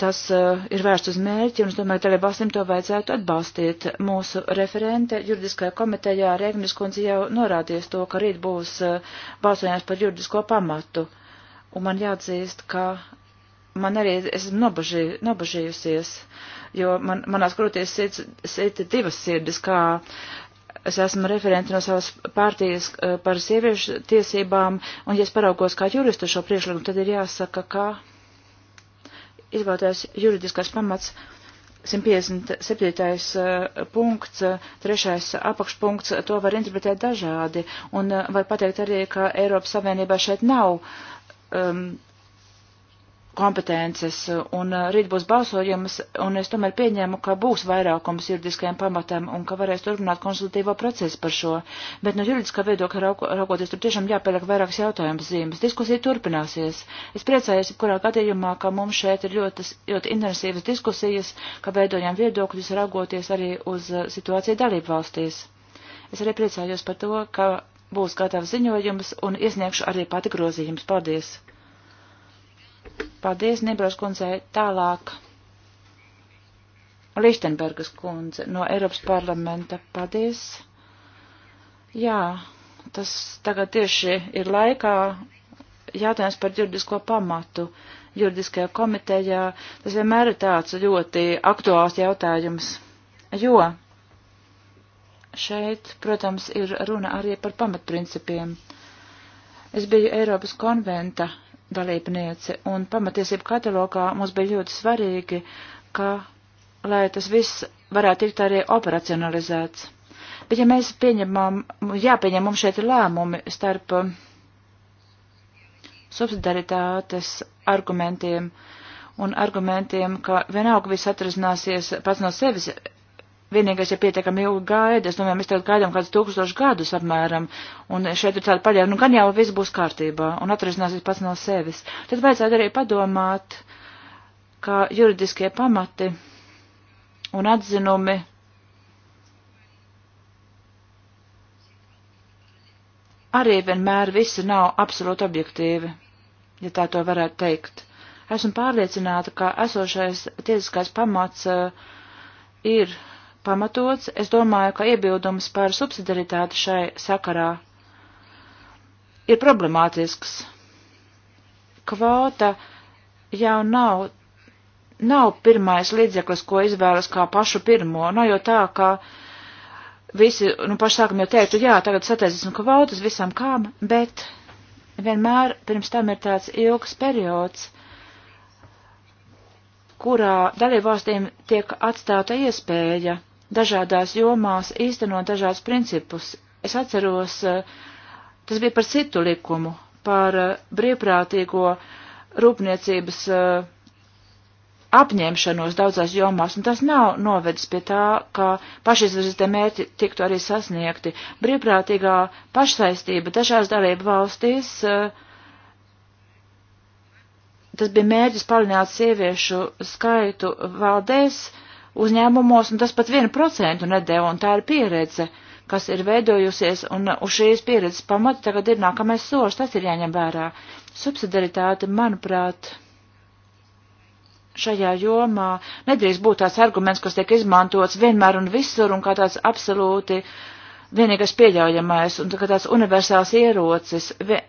tas uh, ir vērsts uz mērķi, un es domāju, dalībvalstīm to vajadzētu atbalstīt. Mūsu referente juridiskajā komitejā Rēgnis kundze jau norādījis to, ka rīt būs uh, balsojums par juridisko pamatu. Un man jāatzīst, ka man arī esmu nobažī, nobažījusies, jo man, manās grūties sirds, sirds divas sirds, kā uh, es esmu referenti no savas pārtījas eh, par sieviešu tiesībām, un ja es paraugos kā juristu šo priekšlikumu, tad ir jāsaka, ka izvēlētais juridiskais pamats 157. Eh, punkts, trešais apakšpunkts, to var interpretēt dažādi, un eh, var pateikt arī, ka Eiropas Savienībā šeit nav um, kompetences, un uh, rīt būs balsojums, un es tomēr pieņēmu, ka būs vairākums juridiskajiem pamatam, un ka varēs turpināt konsultīvo procesu par šo. Bet no juridiskā viedokļa raugoties, tur tiešām jāpieliek vairākas jautājumas zīmes. Diskusija turpināsies. Es priecājos, kurā gadījumā, ka mums šeit ir ļoti, ļoti intensīvas diskusijas, ka veidojam viedokļus raugoties arī uz uh, situāciju dalību valstīs. Es arī priecājos par to, ka būs gatavs ziņojums un iesniegšu arī pati grozījums. Paldies! Paldies, Nebros kundzei. Tālāk. Lichtenbergas kundze no Eiropas parlamenta. Paldies. Jā, tas tagad tieši ir laikā jautājums par juridisko pamatu. Juridiskajā komitejā tas vienmēr ir tāds ļoti aktuāls jautājums, jo šeit, protams, ir runa arī par pamatprincipiem. Es biju Eiropas konventa dalībniece. Un pamatiesību katalogā mums bija ļoti svarīgi, ka, lai tas viss varētu tikt arī operacionalizēts. Bet ja mēs pieņemam, jāpieņem mums šeit ir lēmumi starp um, subsidaritātes argumentiem un argumentiem, ka vienalga viss atrisināsies pats no sevis vienīgais ir pietiekami ilgi gaida. Es domāju, mēs tagad gaidām kādus tūkstošus gadus apmēram. Un šeit ir tāda paļauja, nu gan jau viss būs kārtībā un atrisināsies pats no sevis. Tad vajadzētu arī padomāt, kā juridiskie pamati un atzinumi. Arī vienmēr visi nav absolūti objektīvi, ja tā to varētu teikt. Esmu pārliecināta, ka esošais tiesiskais pamats uh, ir pamatots. Es domāju, ka iebildums par subsidiaritāti šai sakarā ir problemātisks. Kvota jau nav, nav pirmais līdzeklis, ko izvēlas kā pašu pirmo. Nav nu, jau tā, ka visi, nu, pašsākam jau teiktu, jā, tagad sataisīsim kvotas visam kam, bet vienmēr pirms tam ir tāds ilgs periods, kurā dalībvalstīm tiek atstāta iespēja dažādās jomās īstenot dažādus principus. Es atceros, eh, tas bija par citu likumu, par eh, brīvprātīgo rūpniecības eh, apņemšanos daudzās jomās, un tas nav novedis pie tā, ka pašizvirzītie mērķi tiktu arī sasniegti. Brīvprātīgā pašsaistība dažās dalību valstīs, tas bija mērķis palielināt sieviešu skaitu valdēs, uh, uzņēmumos, un tas pat 1% nedēva, un tā ir pieredze, kas ir veidojusies, un uz šīs pieredzes pamata tagad ir nākamais solis, tas ir jāņem vērā. Subsidaritāte, manuprāt, šajā jomā nedrīkst būt tāds arguments, kas tiek izmantots vienmēr un visur, un kā tāds absolūti vienīgais pieļaujamais, un tā kā tāds universāls ierocis. Vi,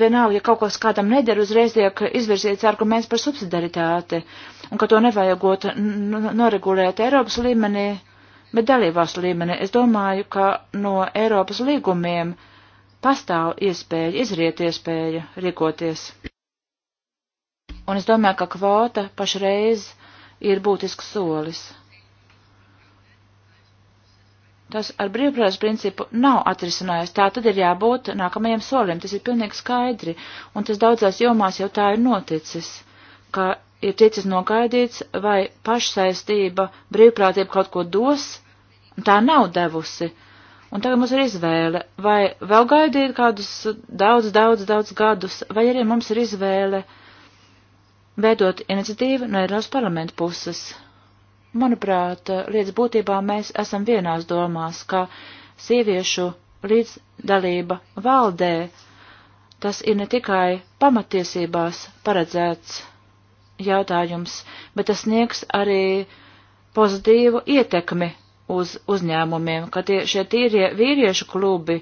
vienalga, ja kaut kas kādam neder, uzreiz tiek izvirzīts arguments par subsidaritāti un ka to nevajagot noregulēt Eiropas līmenī, bet dalībās līmenī. Es domāju, ka no Eiropas līgumiem pastāv iespēja, izriet iespēja rīkoties. Un es domāju, ka kvota pašreiz ir būtisks solis tas ar brīvprātas principu nav atrisinājis. Tā tad ir jābūt nākamajiem solim, tas ir pilnīgi skaidri, un tas daudzās jomās jau tā ir noticis, ka ir ticis nogaidīts, vai pašsaistība brīvprātība kaut ko dos, un tā nav devusi. Un tagad mums ir izvēle, vai vēl gaidīt kādus daudz, daudz, daudz gadus, vai arī mums ir izvēle veidot iniciatīvu no Eiropas parlamenta puses. Manuprāt, lietas būtībā mēs esam vienās domās, ka sieviešu līdzdalība valdē tas ir ne tikai pamatiesībās paredzēts jautājums, bet tas sniegs arī pozitīvu ietekmi uz uzņēmumiem, ka tie, šie tīrie vīriešu klubi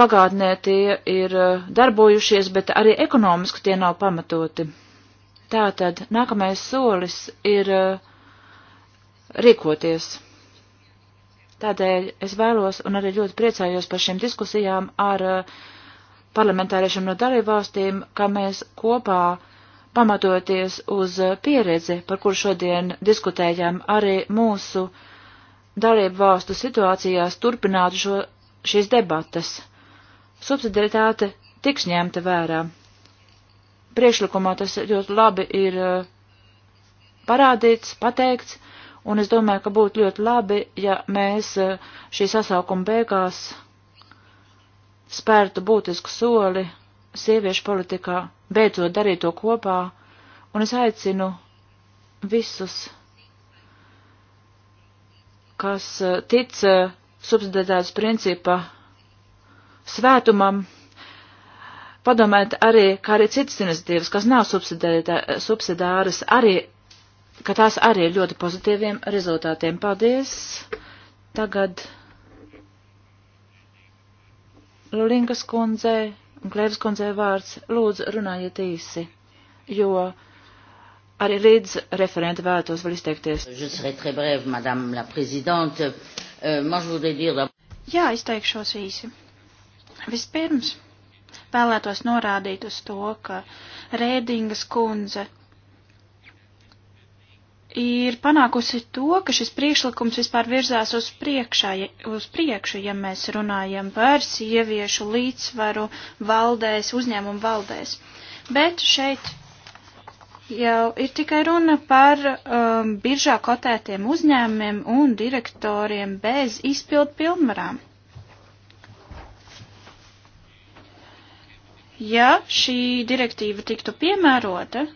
pagātnē tie ir eh, darbojušies, bet arī ekonomiski tie nav pamatoti. Tātad nākamais solis ir uh, rīkoties. Tādēļ es vēlos un arī ļoti priecājos par šīm diskusijām ar uh, parlamentāriešiem no dalībvalstīm, kā mēs kopā, pamatoties uz pieredzi, par kur šodien diskutējām, arī mūsu dalībvalstu situācijās turpinātu šo, šīs debatas. Subsidiaritāte tiks ņemta vērā. Priekšlikumā tas ļoti labi ir uh, parādīts, pateikts Un es domāju, ka būtu ļoti labi, ja mēs e, šī sasaukuma beigās spērtu būtisku soli sieviešu politikā, beidzot darīt to kopā, un es aicinu visus, kas e, tic e, subsidētājas principa svētumam, padomēt arī, kā arī citas iniciatīvas, kas nav subsidētas, arī ka tās arī ir ļoti pozitīviem rezultātiem. Paldies! Tagad Lulinkas kundzei un Klēvas kundzei vārds. Lūdzu, runājiet īsi, jo arī līdz referenta vēlētos vēl izteikties. Euh, Jā, izteikšos īsi. Vispirms vēlētos norādīt uz to, ka Rēdingas kundze ir panākusi to, ka šis priekšlikums vispār virzās uz, priekšā, uz priekšu, ja mēs runājam par sieviešu līdzsvaru valdēs, uzņēmumu valdēs. Bet šeit jau ir tikai runa par um, biržā kotētiem uzņēmumiem un direktoriem bez izpildu pilnvarām. Ja šī direktīva tiktu piemērota,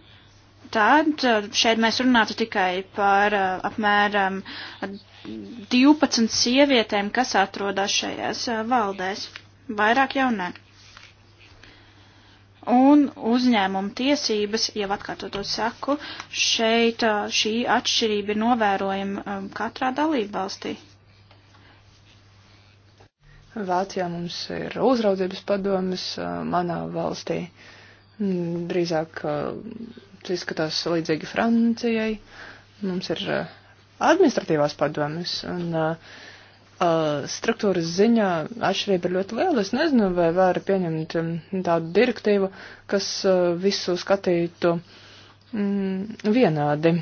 tad uh, šeit mēs runātu tikai par uh, apmēram 12 sievietēm, kas atrodas šajās uh, valdēs. Vairāk jau ne. Un uzņēmuma tiesības, jau atkārtot to saku, šeit šī atšķirība ir novērojama um, katrā dalībvalstī. Vācijā mums ir uzraudzības padomas, manā valstī mm, drīzāk Tas izskatās līdzīgi Francijai. Mums ir eh, administratīvās padomes un uh, struktūras ziņā atšķirība ir ļoti liela. Es nezinu, vai var pieņemt mm, tādu direktīvu, kas visu skatītu mm, vienādi.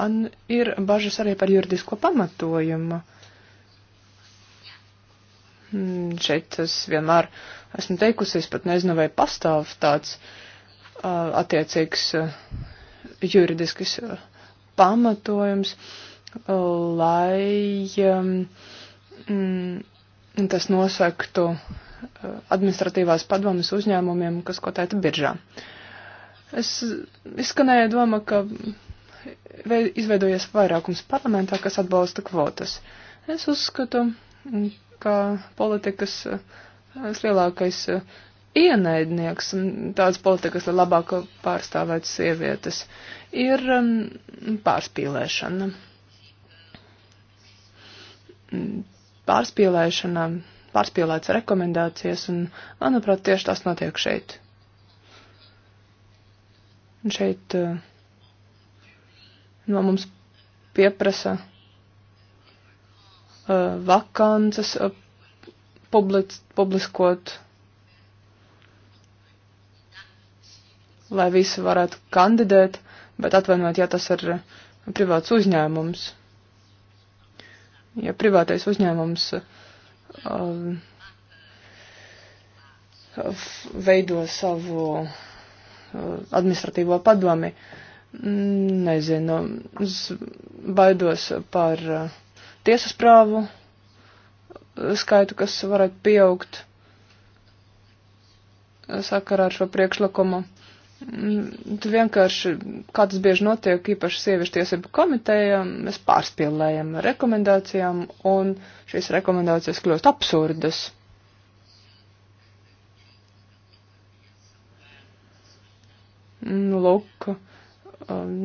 Man ir bažas arī par juridisko pamatojumu. Mm, šeit es vienmēr esmu teikusi, es pat nezinu, vai pastāv tāds uh, Uh, attiecīgs uh, juridisks uh, pamatojums, lai um, mm, tas nosaktu administratīvās padomas uzņēmumiem, kas kotēta biržā. Es izskanēja doma, ka izveidojies vairākums parlamentā, kas atbalsta kvotas. Es uzskatu, ka politikas lielākais uh, ienaidnieks tāds politikas, lai labāk pārstāvētu sievietes, ir um, pārspīlēšana. Mm, pārspīlēšana, pārspīlēts rekomendācijas, un, manuprāt, tieši tas notiek šeit. Un šeit uh, no mums pieprasa uh, vakances uh, public, publiskot lai visi varētu kandidēt, bet atvainojiet, ja tas ir privāts uzņēmums. Ja privātais uzņēmums um, veido savu uh, administratīvo padomi, mm, nezinu, baidos par uh, tiesas prāvu uh, skaitu, kas varētu pieaugt uh, sakarā ar šo priekšlikumu. Mm, tu vienkārši, kā tas bieži notiek, īpaši sieviešu tiesību komiteja, mēs pārspīlējam rekomendācijām, un šīs rekomendācijas kļūst absurdas. Nu, lūk, um,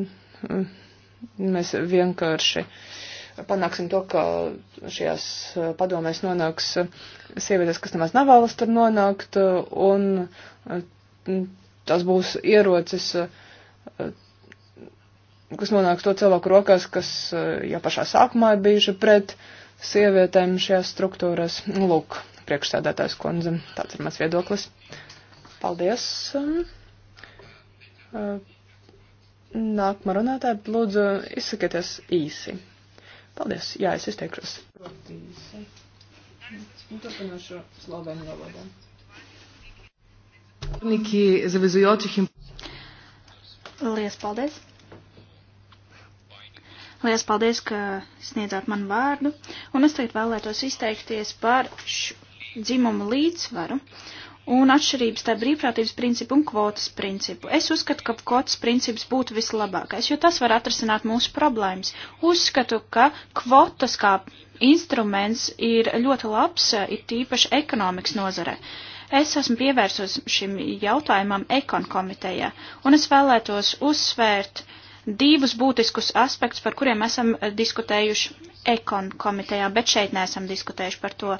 mēs vienkārši panāksim to, ka šajās padomēs nonāks sievietes, kas nemaz nav vēlas tur nonākt, un tas būs ierocis, eh, kas nonāks to cilvēku rokās, kas eh, jau pašā sākumā ir bijuši pret sievietēm šajās struktūrās. Nu, lūk, priekšsēdētājs kundze, tāds ir mans viedoklis. Paldies. Eh, nākamā runātāja, lūdzu, izsakieties īsi. Paldies, jā, es izteikšos. Protams. Turpināšu slovenu valodā. Lielas paldies! Lielas paldies, ka sniedzāt man vārdu, un es tagad vēlētos izteikties par dzimumu līdzsvaru un atšķirības starp brīvprātības principu un kvotas principu. Es uzskatu, ka kvotas princips būtu vislabākais, jo tas var atrisināt mūsu problēmas. Uzskatu, ka kvotas kā instruments ir ļoti labs, ir tīpaši ekonomikas nozarē. Uh, Es esmu pievērsus šim jautājumam ekon komitejā, un es vēlētos uzsvērt divus būtiskus aspektus, par kuriem esam diskutējuši ekon komitejā, bet šeit neesam diskutējuši par to.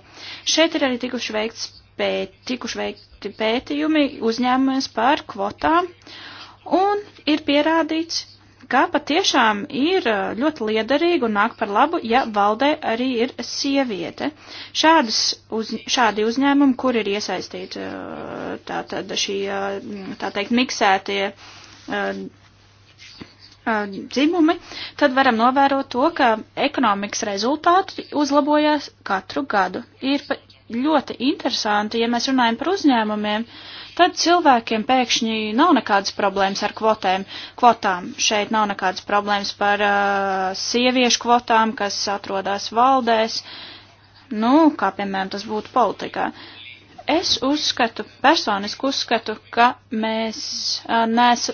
Šeit ir arī tikuši veikts pēt, tikuši veikti pētījumi uzņēmumies par kvotām, un ir pierādīts, kā patiešām ir eh, ļoti liederīga un nāk par labu, ja valdē arī ir sieviete. Šādas uz, šādi uzņēmumi, kur ir iesaistīti eh, tā, tā, šī, eh, tā teikt, miksētie dzimumi, tad varam novērot to, ka ekonomikas rezultāti uzlabojās katru gadu. Ir ļoti interesanti, ja mēs runājam par uzņēmumiem, uh, tad cilvēkiem pēkšņi nav nekādas problēmas ar kvotēm, kvotām. Šeit nav nekādas problēmas par uh, sieviešu kvotām, kas atrodas valdēs, nu, kā piemēram tas būtu politikā. Es uzskatu, personiski uzskatu, ka mēs, uh, nes,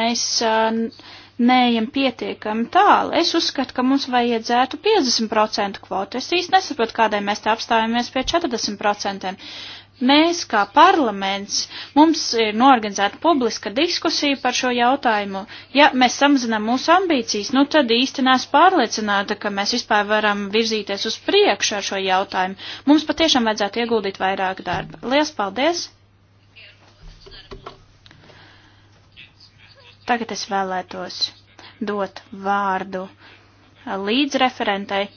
mēs uh, neejam pietiekami tālu. Es uzskatu, ka mums vajadzētu 50% kvotu. Es īsti nesaprotu, kādēļ mēs te apstājamies pie 40%. Mēs, kā parlaments, mums ir norganizēta publiska diskusija par šo jautājumu. Ja mēs samazinām mūsu ambīcijas, nu tad īsti neesmu pārliecināta, ka mēs vispār varam virzīties uz priekšu ar šo jautājumu. Mums patiešām vajadzētu ieguldīt vairāk darba. Lielas paldies! Tagad es vēlētos dot vārdu līdzreferentei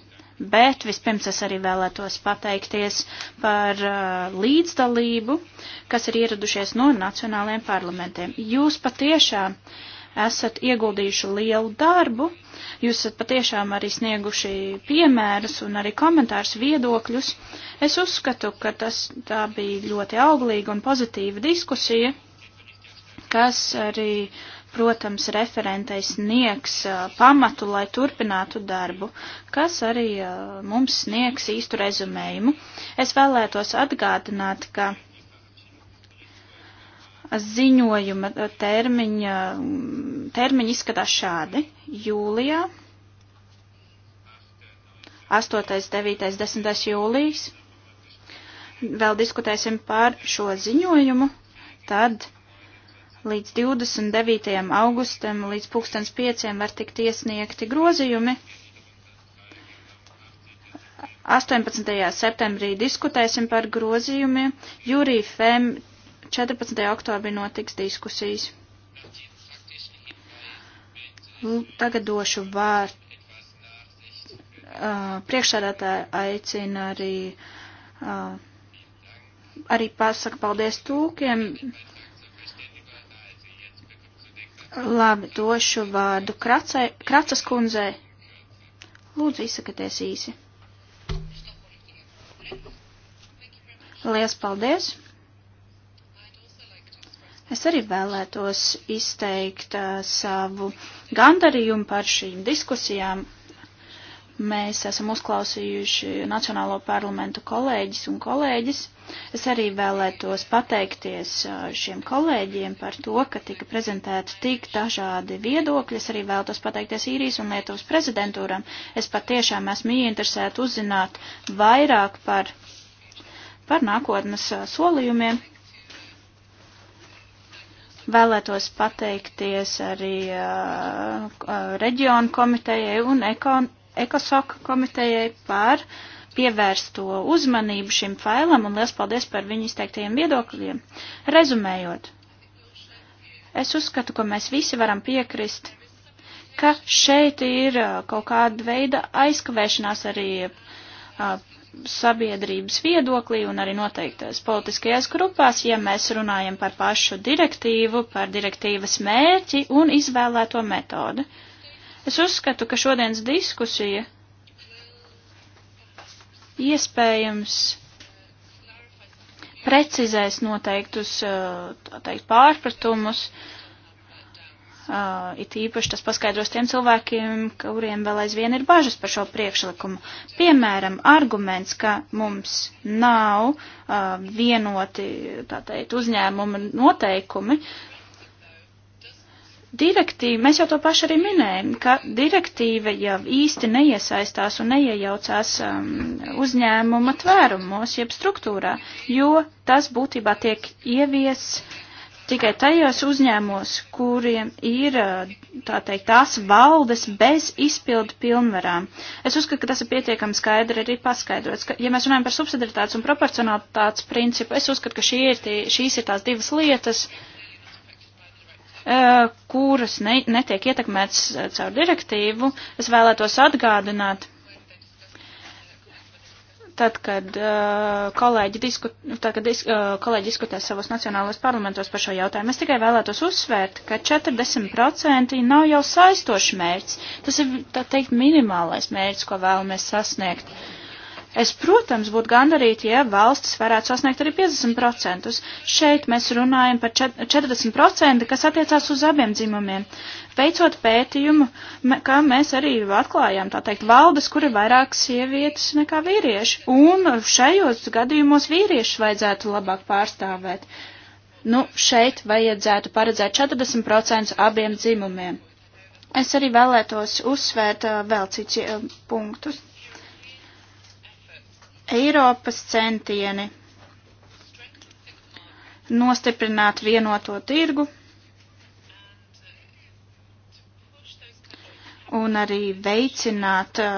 bet vispirms es arī vēlētos pateikties par uh, līdzdalību, kas ir ieradušies no nacionālajiem parlamentiem. Jūs patiešām esat ieguldījuši lielu darbu, jūs esat patiešām arī snieguši piemērus un arī komentārus viedokļus. Es uzskatu, ka tas tā bija ļoti auglīga un pozitīva diskusija, kas arī uh, protams, referentais sniegs pamatu, lai turpinātu darbu, kas arī mums sniegs īstu rezumējumu. Es vēlētos atgādināt, ka ziņojuma termiņa, termiņa izskatās šādi. Jūlijā, 8., 9., 10. jūlijas. Vēl diskutēsim par šo ziņojumu. Tad līdz 29. augustam līdz 2005. var tikt iesniegti grozījumi. 18. septembrī diskutēsim par grozījumiem. Jūrī FEM 14. oktobrī notiks diskusijas. Tagad došu vārdu. Uh, priekšsēdētāji aicina arī, uh, arī pasaka paldies tūkiem. Uh, Labi, došu vārdu Kracai, Kracas kundzei. Lūdzu, izsakaties īsi. Lielas paldies! Es arī vēlētos izteikt uh, savu gandarījumu par šīm diskusijām Mēs esam uzklausījuši Nacionālo parlamentu kolēģis un kolēģis. Es arī vēlētos pateikties šiem kolēģiem par to, ka tika prezentēti tik dažādi viedokļi. Es arī vēlētos pateikties īrijas un Lietuvas prezidentūram. Es patiešām esmu ieinteresēta uzzināt vairāk par, par nākotnes solījumiem. Vēlētos pateikties arī uh, reģionu komitejai un ekon Ekosoka komitejai par pievērsto uzmanību šim failam un liels paldies par viņu izteiktajiem viedokļiem. Rezumējot, es uzskatu, ka mēs visi varam piekrist, ka šeit ir uh, kaut kāda veida aizkavēšanās arī a, uh, sabiedrības viedoklī un arī noteiktais politiskajās grupās, ja mēs runājam par pašu direktīvu, par direktīvas mērķi un izvēlēto metodi. Uh, Es uzskatu, ka šodienas diskusija iespējams precizēs noteiktus eh, teikt, pārpratumus, Uh, it īpaši tas paskaidros tiem cilvēkiem, kuriem vēl aizvien ir bažas par šo priekšlikumu. Piemēram, arguments, ka mums nav uh, vienoti, tā teikt, uzņēmuma noteikumi, direktīva, mēs jau to pašu arī minējam, ka direktīva jau īsti neiesaistās un neiejaucās um, uzņēmuma tvērumos, jeb struktūrā, jo tas būtībā tiek ievies tikai tajos uzņēmumos, kuriem ir, uh, tā teikt, tās valdes bez izpildu pilnvarām. Es uzskatu, ka tas ir pietiekami skaidri arī paskaidrots, ka, ja mēs runājam par subsidaritātes un proporcionalitātes principu, es uzskatu, ka šī ir tie, šīs ir tās divas lietas, uh, Eh, kuras ne, netiek ietekmētas eh, caur direktīvu, es vēlētos atgādināt, tad, kad eh, kolēģi, disku, tad, kad disk, kolēģi diskutē savos nacionālos parlamentos par šo jautājumu, es tikai vēlētos uzsvērt, ka 40% nav jau saistošs mērķis. Tas ir, tā teikt, minimālais mērķis, ko vēlamies sasniegt. Uh, Es, protams, būtu gandarīti, ja valstis varētu sasniegt arī 50%. Šeit mēs runājam par 40%, kas attiecās uz abiem dzimumiem. Veicot pētījumu, kā mēs arī atklājām, tā teikt, valdes, kur ir vairāk sievietes nekā vīrieši. Un šajos gadījumos vīriešus vajadzētu labāk pārstāvēt. Nu, šeit vajadzētu paredzēt 40% abiem dzimumiem. Es arī vēlētos uzsvērt uh, vēl cits uh, punktus. Eiropas centieni nostiprināt vienoto tirgu un arī veicināt uh,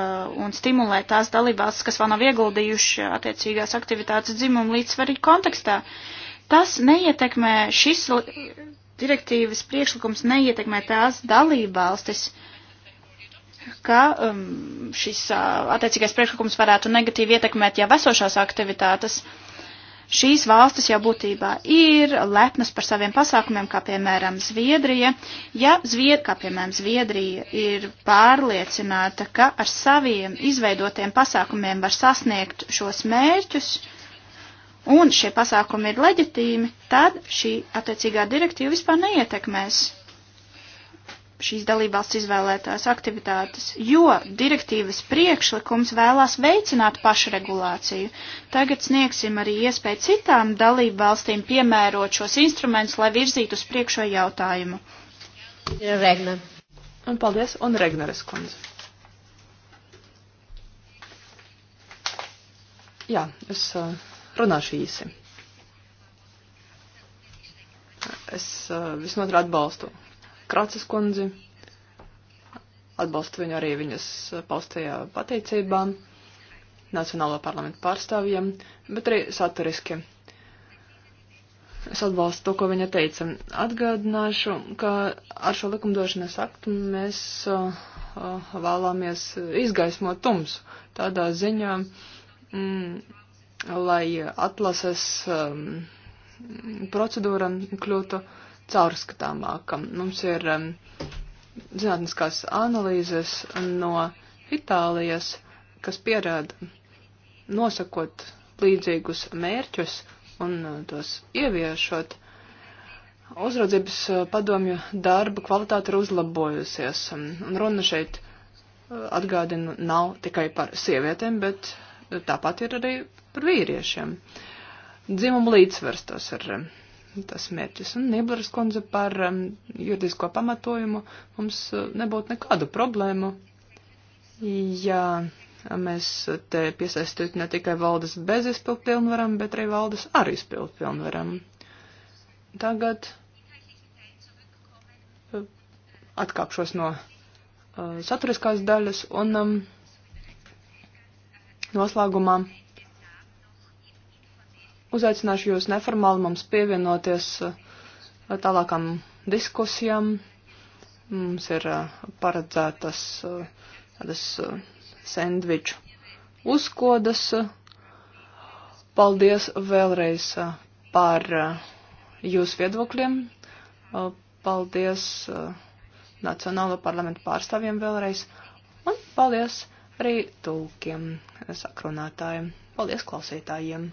un stimulēt tās dalībvalstis, kas vēl nav ieguldījuši attiecīgās aktivitātes dzimumu līdzsvarī kontekstā. Tas neietekmē, šis direktīvas priekšlikums neietekmē tās dalībvalstis, uh, ka um, šis uh, attiecīgais priekšlikums varētu negatīvi ietekmēt jau esošās aktivitātes. Šīs valstis jau būtībā ir lepnas par saviem pasākumiem, kā piemēram Zviedrija. Ja Zvied, kā piemēram Zviedrija ir pārliecināta, ka ar saviem izveidotiem pasākumiem var sasniegt šos mērķus, un šie pasākumi ir leģitīmi, tad šī attiecīgā direktīva vispār neietekmēs šīs dalībvalsts izvēlētās aktivitātes, jo direktīvas priekšlikums vēlās veicināt pašregulāciju. Tagad sniegsim arī iespēju citām dalībvalstīm piemērot šos instrumentus, lai virzītu uz priekšo jautājumu. Regna. Un paldies, un Regneres kundze. Jā, es uh, runāšu īsi. Es uh, visnotaļ atbalstu Kracas kundzi. Atbalstu viņu arī viņas paustajā pateicībā Nacionālo parlamentu pārstāvjiem, bet arī saturiski. Es atbalstu to, ko viņa teica. Atgādināšu, ka ar šo likumdošanas aktu mēs uh, vēlamies izgaismot tums tādā ziņā, mm, lai atlases um, procedūra kļūtu uh, caurskatāmākam. Mums ir um, zinātniskās analīzes no Itālijas, kas pierāda nosakot līdzīgus mērķus un uh, tos ieviešot. Uzraudzības uh, padomju darba kvalitāte ir uzlabojusies. Um, un runa šeit uh, atgādinu nav tikai par sievietēm, bet tāpat ir arī par vīriešiem. Dzimumu līdzsvars tas ir um, tas mērķis. Un Nibleris kundze par um, juridisko pamatojumu mums uh, nebūtu nekādu problēmu, ja mēs te piesaistītu ne tikai valdes bez izpildu pilnvaram, bet arī valdes ar izpildu pilnvaram. Tagad uh, atkāpšos no uh, saturiskās daļas un um, noslēgumā Uzaicināšu jūs neformāli mums pievienoties eh, tālākam diskusijām. Mums ir eh, paredzētas eh, tādas sendviču uzkodas. Paldies vēlreiz par jūsu viedokļiem. Paldies Nacionālo parlamentu pārstāvjiem vēlreiz. Un paldies arī tūkiem, sakrunātājiem. Paldies klausītājiem!